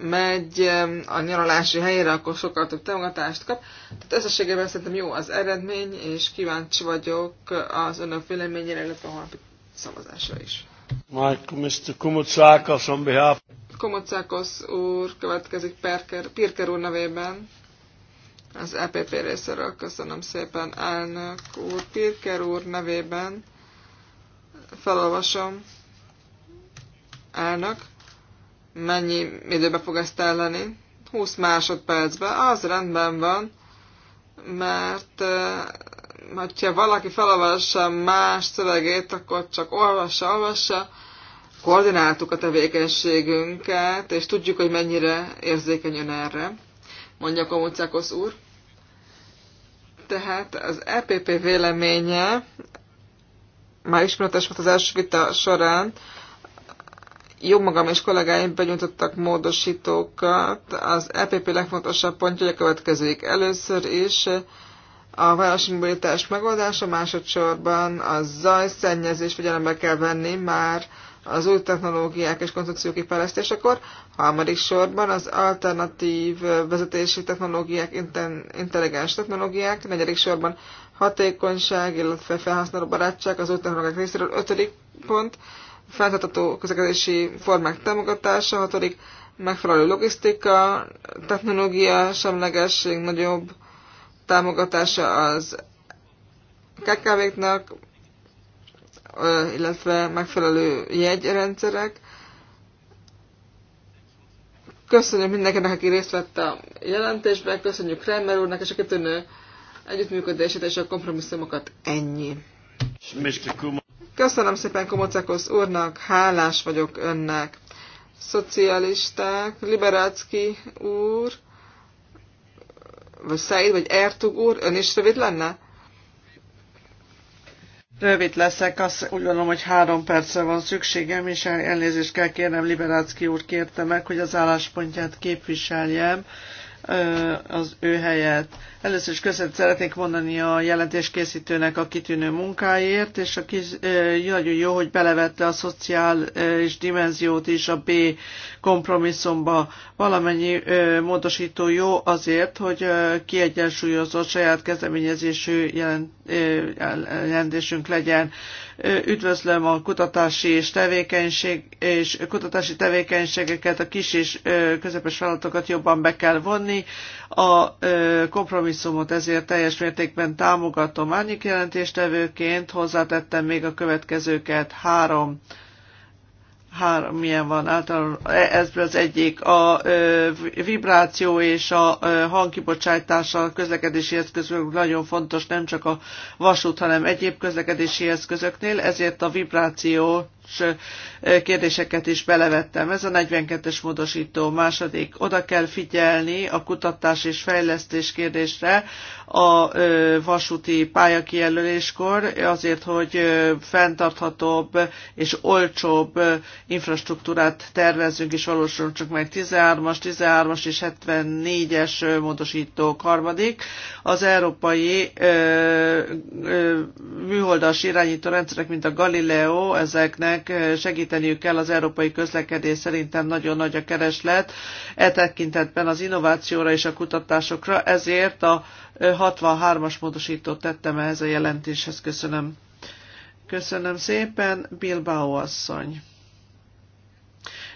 megy a nyaralási helyre, akkor sokkal több támogatást kap. Tehát összességében szerintem jó az eredmény, és kíváncsi vagyok az önök véleményére, illetve a holnapi szavazásra is. Mike, Mr. Kumocákos on behalf. Kumocákos úr következik Perker, Pirker úr nevében. Az EPP részéről köszönöm szépen elnök úr. Pirker úr nevében felolvasom elnök. Mennyi időbe fog ezt elleni? 20 másodpercbe, az rendben van, mert ha valaki felolvassa más szövegét, akkor csak olvassa, olvassa, koordináltuk a tevékenységünket, és tudjuk, hogy mennyire érzékeny ön erre, mondja Komucákos úr. Tehát az EPP véleménye már ismeretes volt az első vita során, jó magam és kollégáim benyújtottak módosítókat. Az EPP legfontosabb pontja a következőik. Először is a mobilitás megoldása, másodszorban a zajszennyezés figyelembe kell venni már az új technológiák és konstrukciók kifejlesztésekor, harmadik sorban az alternatív vezetési technológiák, intelligens technológiák, negyedik sorban hatékonyság, illetve felhasználó barátság az új technológiák részéről, ötödik pont, feltartató közlekedési formák támogatása, hatodik megfelelő logisztika, technológia, semlegesség, nagyobb támogatása az KKV-knak, illetve megfelelő jegyrendszerek. Köszönjük mindenkinek, aki részt vett a jelentésben, köszönjük Kramer úrnak és a kitűnő együttműködését és a kompromisszumokat. Ennyi. Mr. Köszönöm szépen Komocekosz úrnak, hálás vagyok önnek. Szocialisták, Liberácki úr, vagy Szeid, vagy Ertug úr, ön is rövid lenne? Rövid leszek, azt úgy gondolom, hogy három percre van szükségem, és elnézést kell kérnem, Liberácki úr kérte meg, hogy az álláspontját képviseljem az ő helyet. Először is köszönet szeretnék mondani a jelentéskészítőnek a kitűnő munkáért, és a kis, nagyon jó, hogy belevette a szociális dimenziót is a B kompromisszumba. Valamennyi módosító jó azért, hogy kiegyensúlyozott saját kezdeményezésű jelentésünk legyen. Üdvözlöm a kutatási és tevékenység és kutatási tevékenységeket, a kis és közepes vállalatokat jobban be kell vonni. A kompromisszumot ezért teljes mértékben támogatom. Árnyék jelentéstevőként hozzátettem még a következőket. Három három milyen van általában, e, ez az egyik, a ö, vibráció és a ö, hangkibocsátása a közlekedési eszközök nagyon fontos, nem csak a vasút, hanem egyéb közlekedési eszközöknél, ezért a vibráció kérdéseket is belevettem. Ez a 42-es módosító második. Oda kell figyelni a kutatás és fejlesztés kérdésre a vasúti pályakijelöléskor, azért, hogy fenntarthatóbb és olcsóbb infrastruktúrát tervezzünk és valósulunk csak meg 13-as, 13-as és 74-es módosító harmadik. Az európai műholdas irányító rendszerek, mint a Galileo, ezeknek ezeknek segíteniük kell az európai közlekedés, szerintem nagyon nagy a kereslet e tekintetben az innovációra és a kutatásokra, ezért a 63-as módosítót tettem ehhez a jelentéshez. Köszönöm. Köszönöm szépen, Bilbao asszony.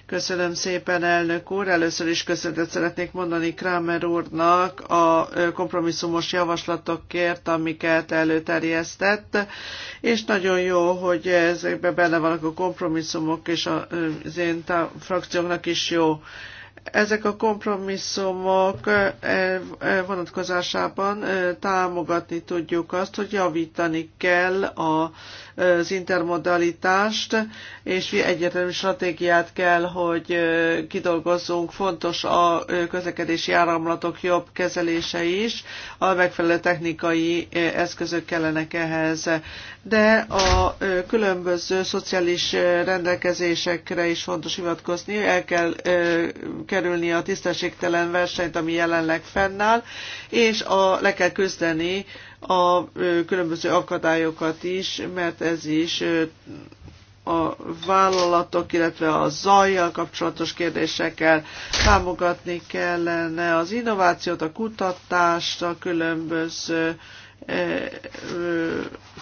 Köszönöm szépen, elnök úr. Először is köszöntet szeretnék mondani Kramer úrnak a kompromisszumos javaslatokért, amiket előterjesztett, és nagyon jó, hogy ezekben benne vannak a kompromisszumok, és az én frakcióknak is jó ezek a kompromisszumok vonatkozásában támogatni tudjuk azt, hogy javítani kell a az intermodalitást, és egyértelmű stratégiát kell, hogy kidolgozzunk. Fontos a közlekedési áramlatok jobb kezelése is, a megfelelő technikai eszközök kellenek ehhez. De a különböző szociális rendelkezésekre is fontos hivatkozni, el kell kerülni a tisztességtelen versenyt, ami jelenleg fennáll, és a, le kell küzdeni a különböző akadályokat is, mert ez is a vállalatok, illetve a zajjal kapcsolatos kérdésekkel támogatni kellene az innovációt, a kutatást, a különböző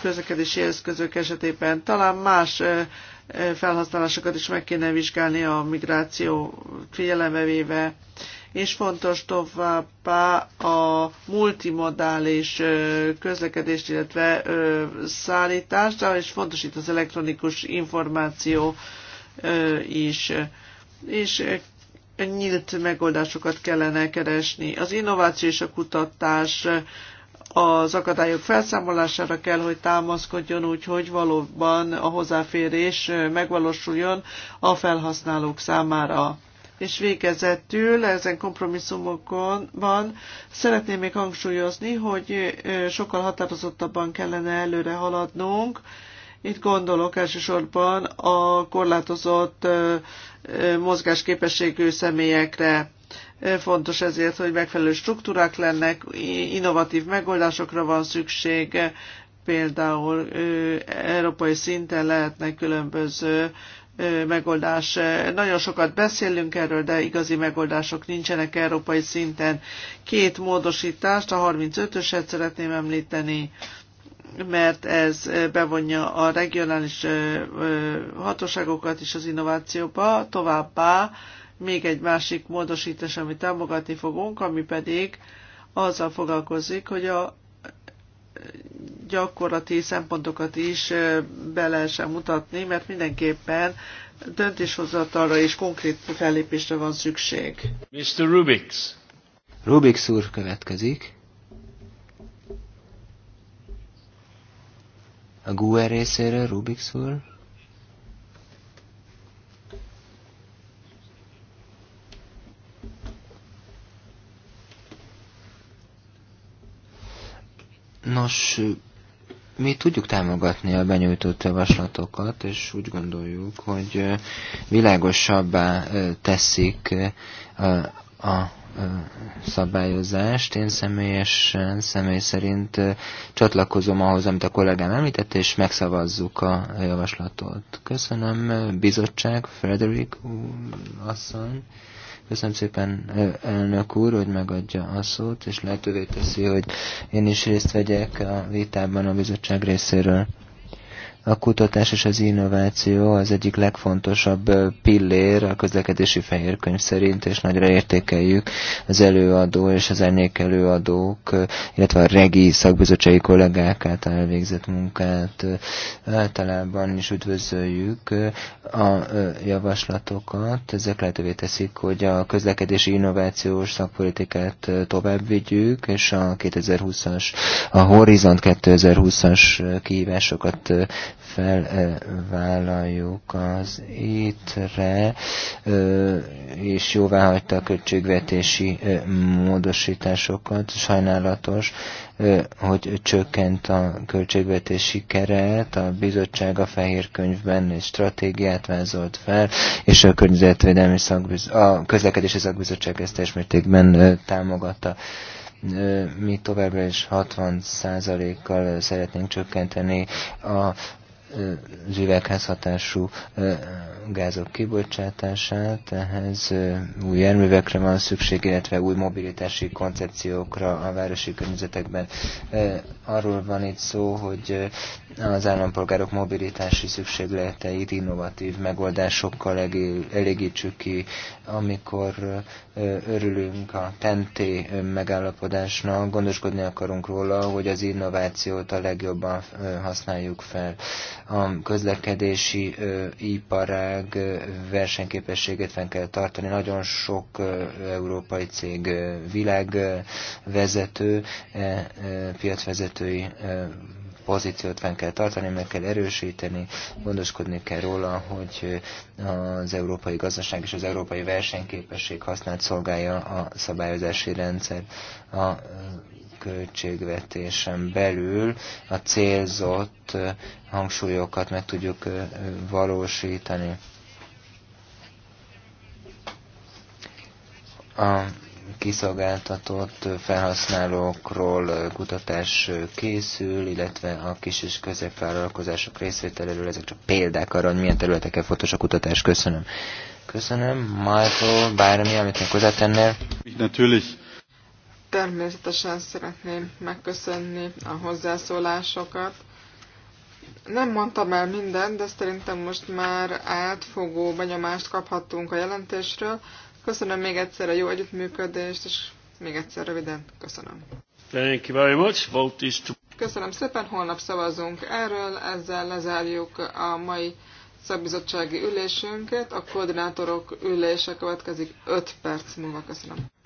közlekedési eszközök esetében talán más felhasználásokat is meg kéne vizsgálni a migráció figyelembe véve és fontos továbbá a multimodális közlekedést, illetve szállítást, és fontos itt az elektronikus információ is. És nyílt megoldásokat kellene keresni. Az innováció és a kutatás az akadályok felszámolására kell, hogy támaszkodjon úgy, hogy valóban a hozzáférés megvalósuljon a felhasználók számára. És végezetül ezen kompromisszumokon van szeretném még hangsúlyozni, hogy sokkal határozottabban kellene előre haladnunk, itt gondolok elsősorban a korlátozott mozgásképességű személyekre. Fontos ezért, hogy megfelelő struktúrák lennek, innovatív megoldásokra van szükség, például európai szinten lehetnek különböző megoldás. Nagyon sokat beszélünk erről, de igazi megoldások nincsenek európai szinten. Két módosítást, a 35-öset szeretném említeni, mert ez bevonja a regionális hatóságokat is az innovációba, továbbá még egy másik módosítás, amit támogatni fogunk, ami pedig azzal foglalkozik, hogy a gyakorlati szempontokat is be lehessen mutatni, mert mindenképpen döntéshozatalra és konkrét fellépésre van szükség. Mr. Rubix. Rubix úr következik. A GUE részéről Rubix úr. Nos, mi tudjuk támogatni a benyújtott javaslatokat, és úgy gondoljuk, hogy világosabbá teszik a szabályozást. Én személyesen, személy szerint csatlakozom ahhoz, amit a kollégám említett, és megszavazzuk a javaslatot. Köszönöm, bizottság, Frederick, asszony. Köszönöm szépen elnök úr, hogy megadja a szót, és lehetővé teszi, hogy én is részt vegyek a vitában a bizottság részéről. A kutatás és az innováció az egyik legfontosabb pillér a közlekedési fehérkönyv szerint, és nagyra értékeljük az előadó és az ennék előadók, illetve a regi szakbizottsági kollégák által elvégzett munkát általában is üdvözöljük a javaslatokat. Ezek lehetővé teszik, hogy a közlekedési innovációs szakpolitikát tovább vigyük, és a 2020-as, a Horizont 2020-as kihívásokat felvállaljuk az étre, és jóvá hagyta a költségvetési módosításokat. Sajnálatos, hogy csökkent a költségvetési keret, a bizottság a fehér könyvben egy stratégiát vázolt fel, és a környezetvédelmi szakbiz a közlekedési szakbizottság ezt testmértékben támogatta mi továbbra is 60%-kal szeretnénk csökkenteni a az hatású gázok kibocsátását, ehhez új járművekre van szükség, illetve új mobilitási koncepciókra a városi környezetekben. Arról van itt szó, hogy az állampolgárok mobilitási szükségleteit innovatív megoldásokkal elégítsük ki, amikor örülünk a tenté megállapodásnak, gondoskodni akarunk róla, hogy az innovációt a legjobban használjuk fel. A közlekedési iparág gazdaság versenyképességét fenn kell tartani. Nagyon sok európai cég világvezető, piacvezetői pozíciót fenn kell tartani, meg kell erősíteni, gondoskodni kell róla, hogy az európai gazdaság és az európai versenyképesség használt szolgálja a szabályozási rendszer. A költségvetésen belül a célzott hangsúlyokat meg tudjuk valósítani. A kiszolgáltatott felhasználókról kutatás készül, illetve a kis és középvállalkozások részvételéről. Ezek csak példák arra, hogy milyen területeken fontos a kutatás. Köszönöm. Köszönöm. Marco, bármi, amit még hozzátennél? Természetesen szeretném megköszönni a hozzászólásokat. Nem mondtam el mindent, de szerintem most már átfogó benyomást kaphattunk a jelentésről. Köszönöm még egyszer a jó együttműködést, és még egyszer röviden köszönöm. Thank you very much. Vote is to... Köszönöm szépen, holnap szavazunk erről, ezzel lezárjuk a mai szakbizottsági ülésünket, a koordinátorok ülése következik 5 perc múlva. Köszönöm.